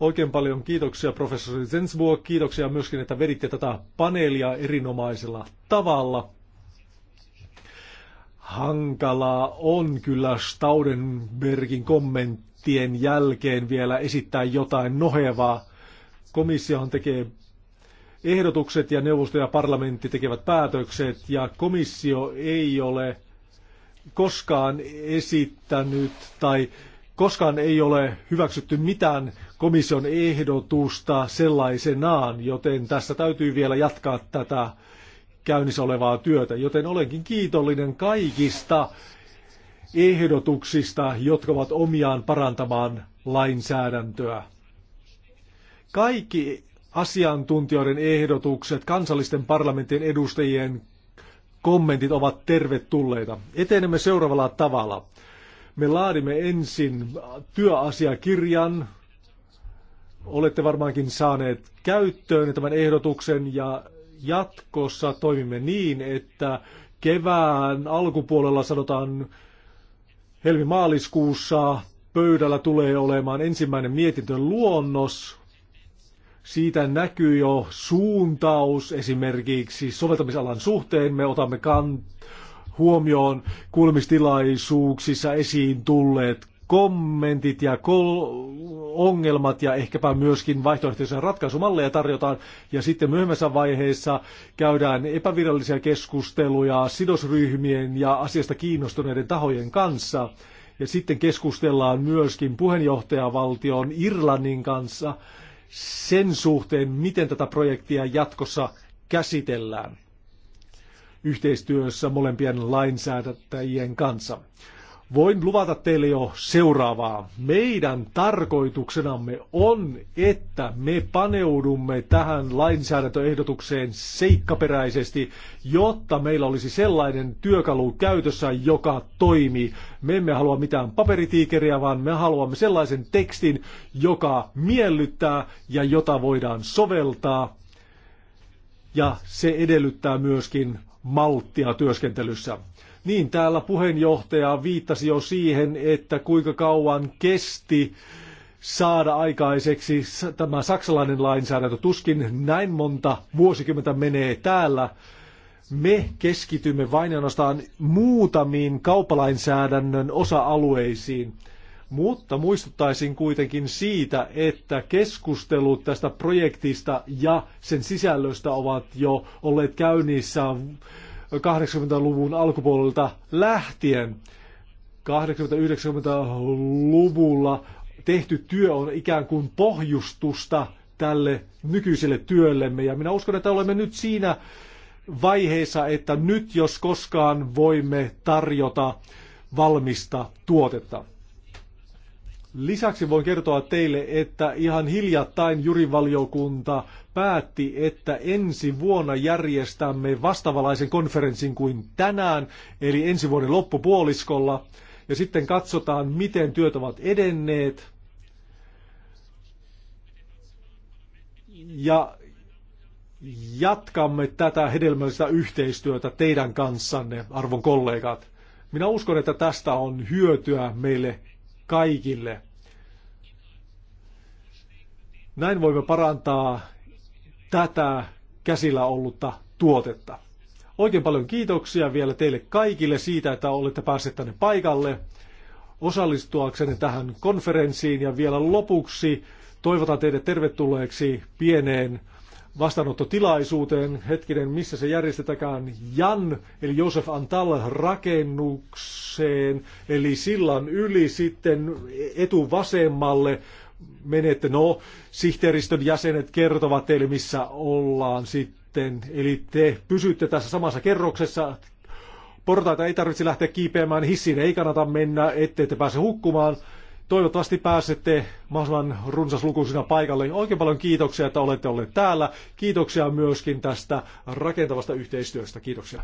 Oikein paljon kiitoksia professori Zensburg, kiitoksia myöskin, että veditte tätä paneelia erinomaisella tavalla hankalaa on kyllä Staudenbergin kommenttien jälkeen vielä esittää jotain nohevaa. Komissiohan tekee ehdotukset ja neuvosto ja parlamentti tekevät päätökset ja komissio ei ole koskaan esittänyt tai koskaan ei ole hyväksytty mitään komission ehdotusta sellaisenaan, joten tässä täytyy vielä jatkaa tätä käynnissä olevaa työtä, joten olenkin kiitollinen kaikista ehdotuksista, jotka ovat omiaan parantamaan lainsäädäntöä. Kaikki asiantuntijoiden ehdotukset, kansallisten parlamenttien edustajien kommentit ovat tervetulleita. Etenemme seuraavalla tavalla. Me laadimme ensin työasiakirjan. Olette varmaankin saaneet käyttöön tämän ehdotuksen ja jatkossa toimimme niin, että kevään alkupuolella sanotaan helmimaaliskuussa pöydällä tulee olemaan ensimmäinen mietintön luonnos. Siitä näkyy jo suuntaus esimerkiksi soveltamisalan suhteen. Me otamme kan- huomioon kuulemistilaisuuksissa esiin tulleet kommentit ja ongelmat ja ehkäpä myöskin vaihtoehtoisia ratkaisumalleja tarjotaan. Ja sitten myöhemmässä vaiheessa käydään epävirallisia keskusteluja sidosryhmien ja asiasta kiinnostuneiden tahojen kanssa. Ja sitten keskustellaan myöskin puheenjohtajavaltion Irlannin kanssa sen suhteen, miten tätä projektia jatkossa käsitellään yhteistyössä molempien lainsäädäntäjien kanssa. Voin luvata teille jo seuraavaa. Meidän tarkoituksenamme on, että me paneudumme tähän lainsäädäntöehdotukseen seikkaperäisesti, jotta meillä olisi sellainen työkalu käytössä, joka toimii. Me emme halua mitään paperitiikeriä, vaan me haluamme sellaisen tekstin, joka miellyttää ja jota voidaan soveltaa. Ja se edellyttää myöskin malttia työskentelyssä. Niin, täällä puheenjohtaja viittasi jo siihen, että kuinka kauan kesti saada aikaiseksi tämä saksalainen lainsäädäntö. Tuskin näin monta vuosikymmentä menee täällä. Me keskitymme vain ainoastaan muutamiin kaupalainsäädännön osa-alueisiin. Mutta muistuttaisin kuitenkin siitä, että keskustelut tästä projektista ja sen sisällöstä ovat jo olleet käynnissä 80-luvun alkupuolelta lähtien. 80-90-luvulla tehty työ on ikään kuin pohjustusta tälle nykyiselle työllemme. Ja minä uskon, että olemme nyt siinä vaiheessa, että nyt jos koskaan voimme tarjota valmista tuotetta. Lisäksi voin kertoa teille, että ihan hiljattain jurivaliokunta päätti, että ensi vuonna järjestämme vastavalaisen konferenssin kuin tänään, eli ensi vuoden loppupuoliskolla, ja sitten katsotaan, miten työt ovat edenneet. Ja jatkamme tätä hedelmällistä yhteistyötä teidän kanssanne, arvon kollegat. Minä uskon, että tästä on hyötyä meille kaikille. Näin voimme parantaa tätä käsillä ollutta tuotetta. Oikein paljon kiitoksia vielä teille kaikille siitä, että olette päässeet tänne paikalle osallistuaksenne tähän konferenssiin. Ja vielä lopuksi toivotan teidät tervetulleeksi pieneen vastaanottotilaisuuteen. Hetkinen, missä se järjestetäänkään? Jan, eli Josef Antal rakennukseen, eli sillan yli sitten etuvasemmalle menette. No, sihteeristön jäsenet kertovat teille, missä ollaan sitten. Eli te pysytte tässä samassa kerroksessa. Portaita ei tarvitse lähteä kiipeämään hissiin, ei kannata mennä, ettei te pääse hukkumaan. Toivottavasti pääsette mahdollisimman runsaslukuisina paikalle. Oikein paljon kiitoksia, että olette olleet täällä. Kiitoksia myöskin tästä rakentavasta yhteistyöstä. Kiitoksia.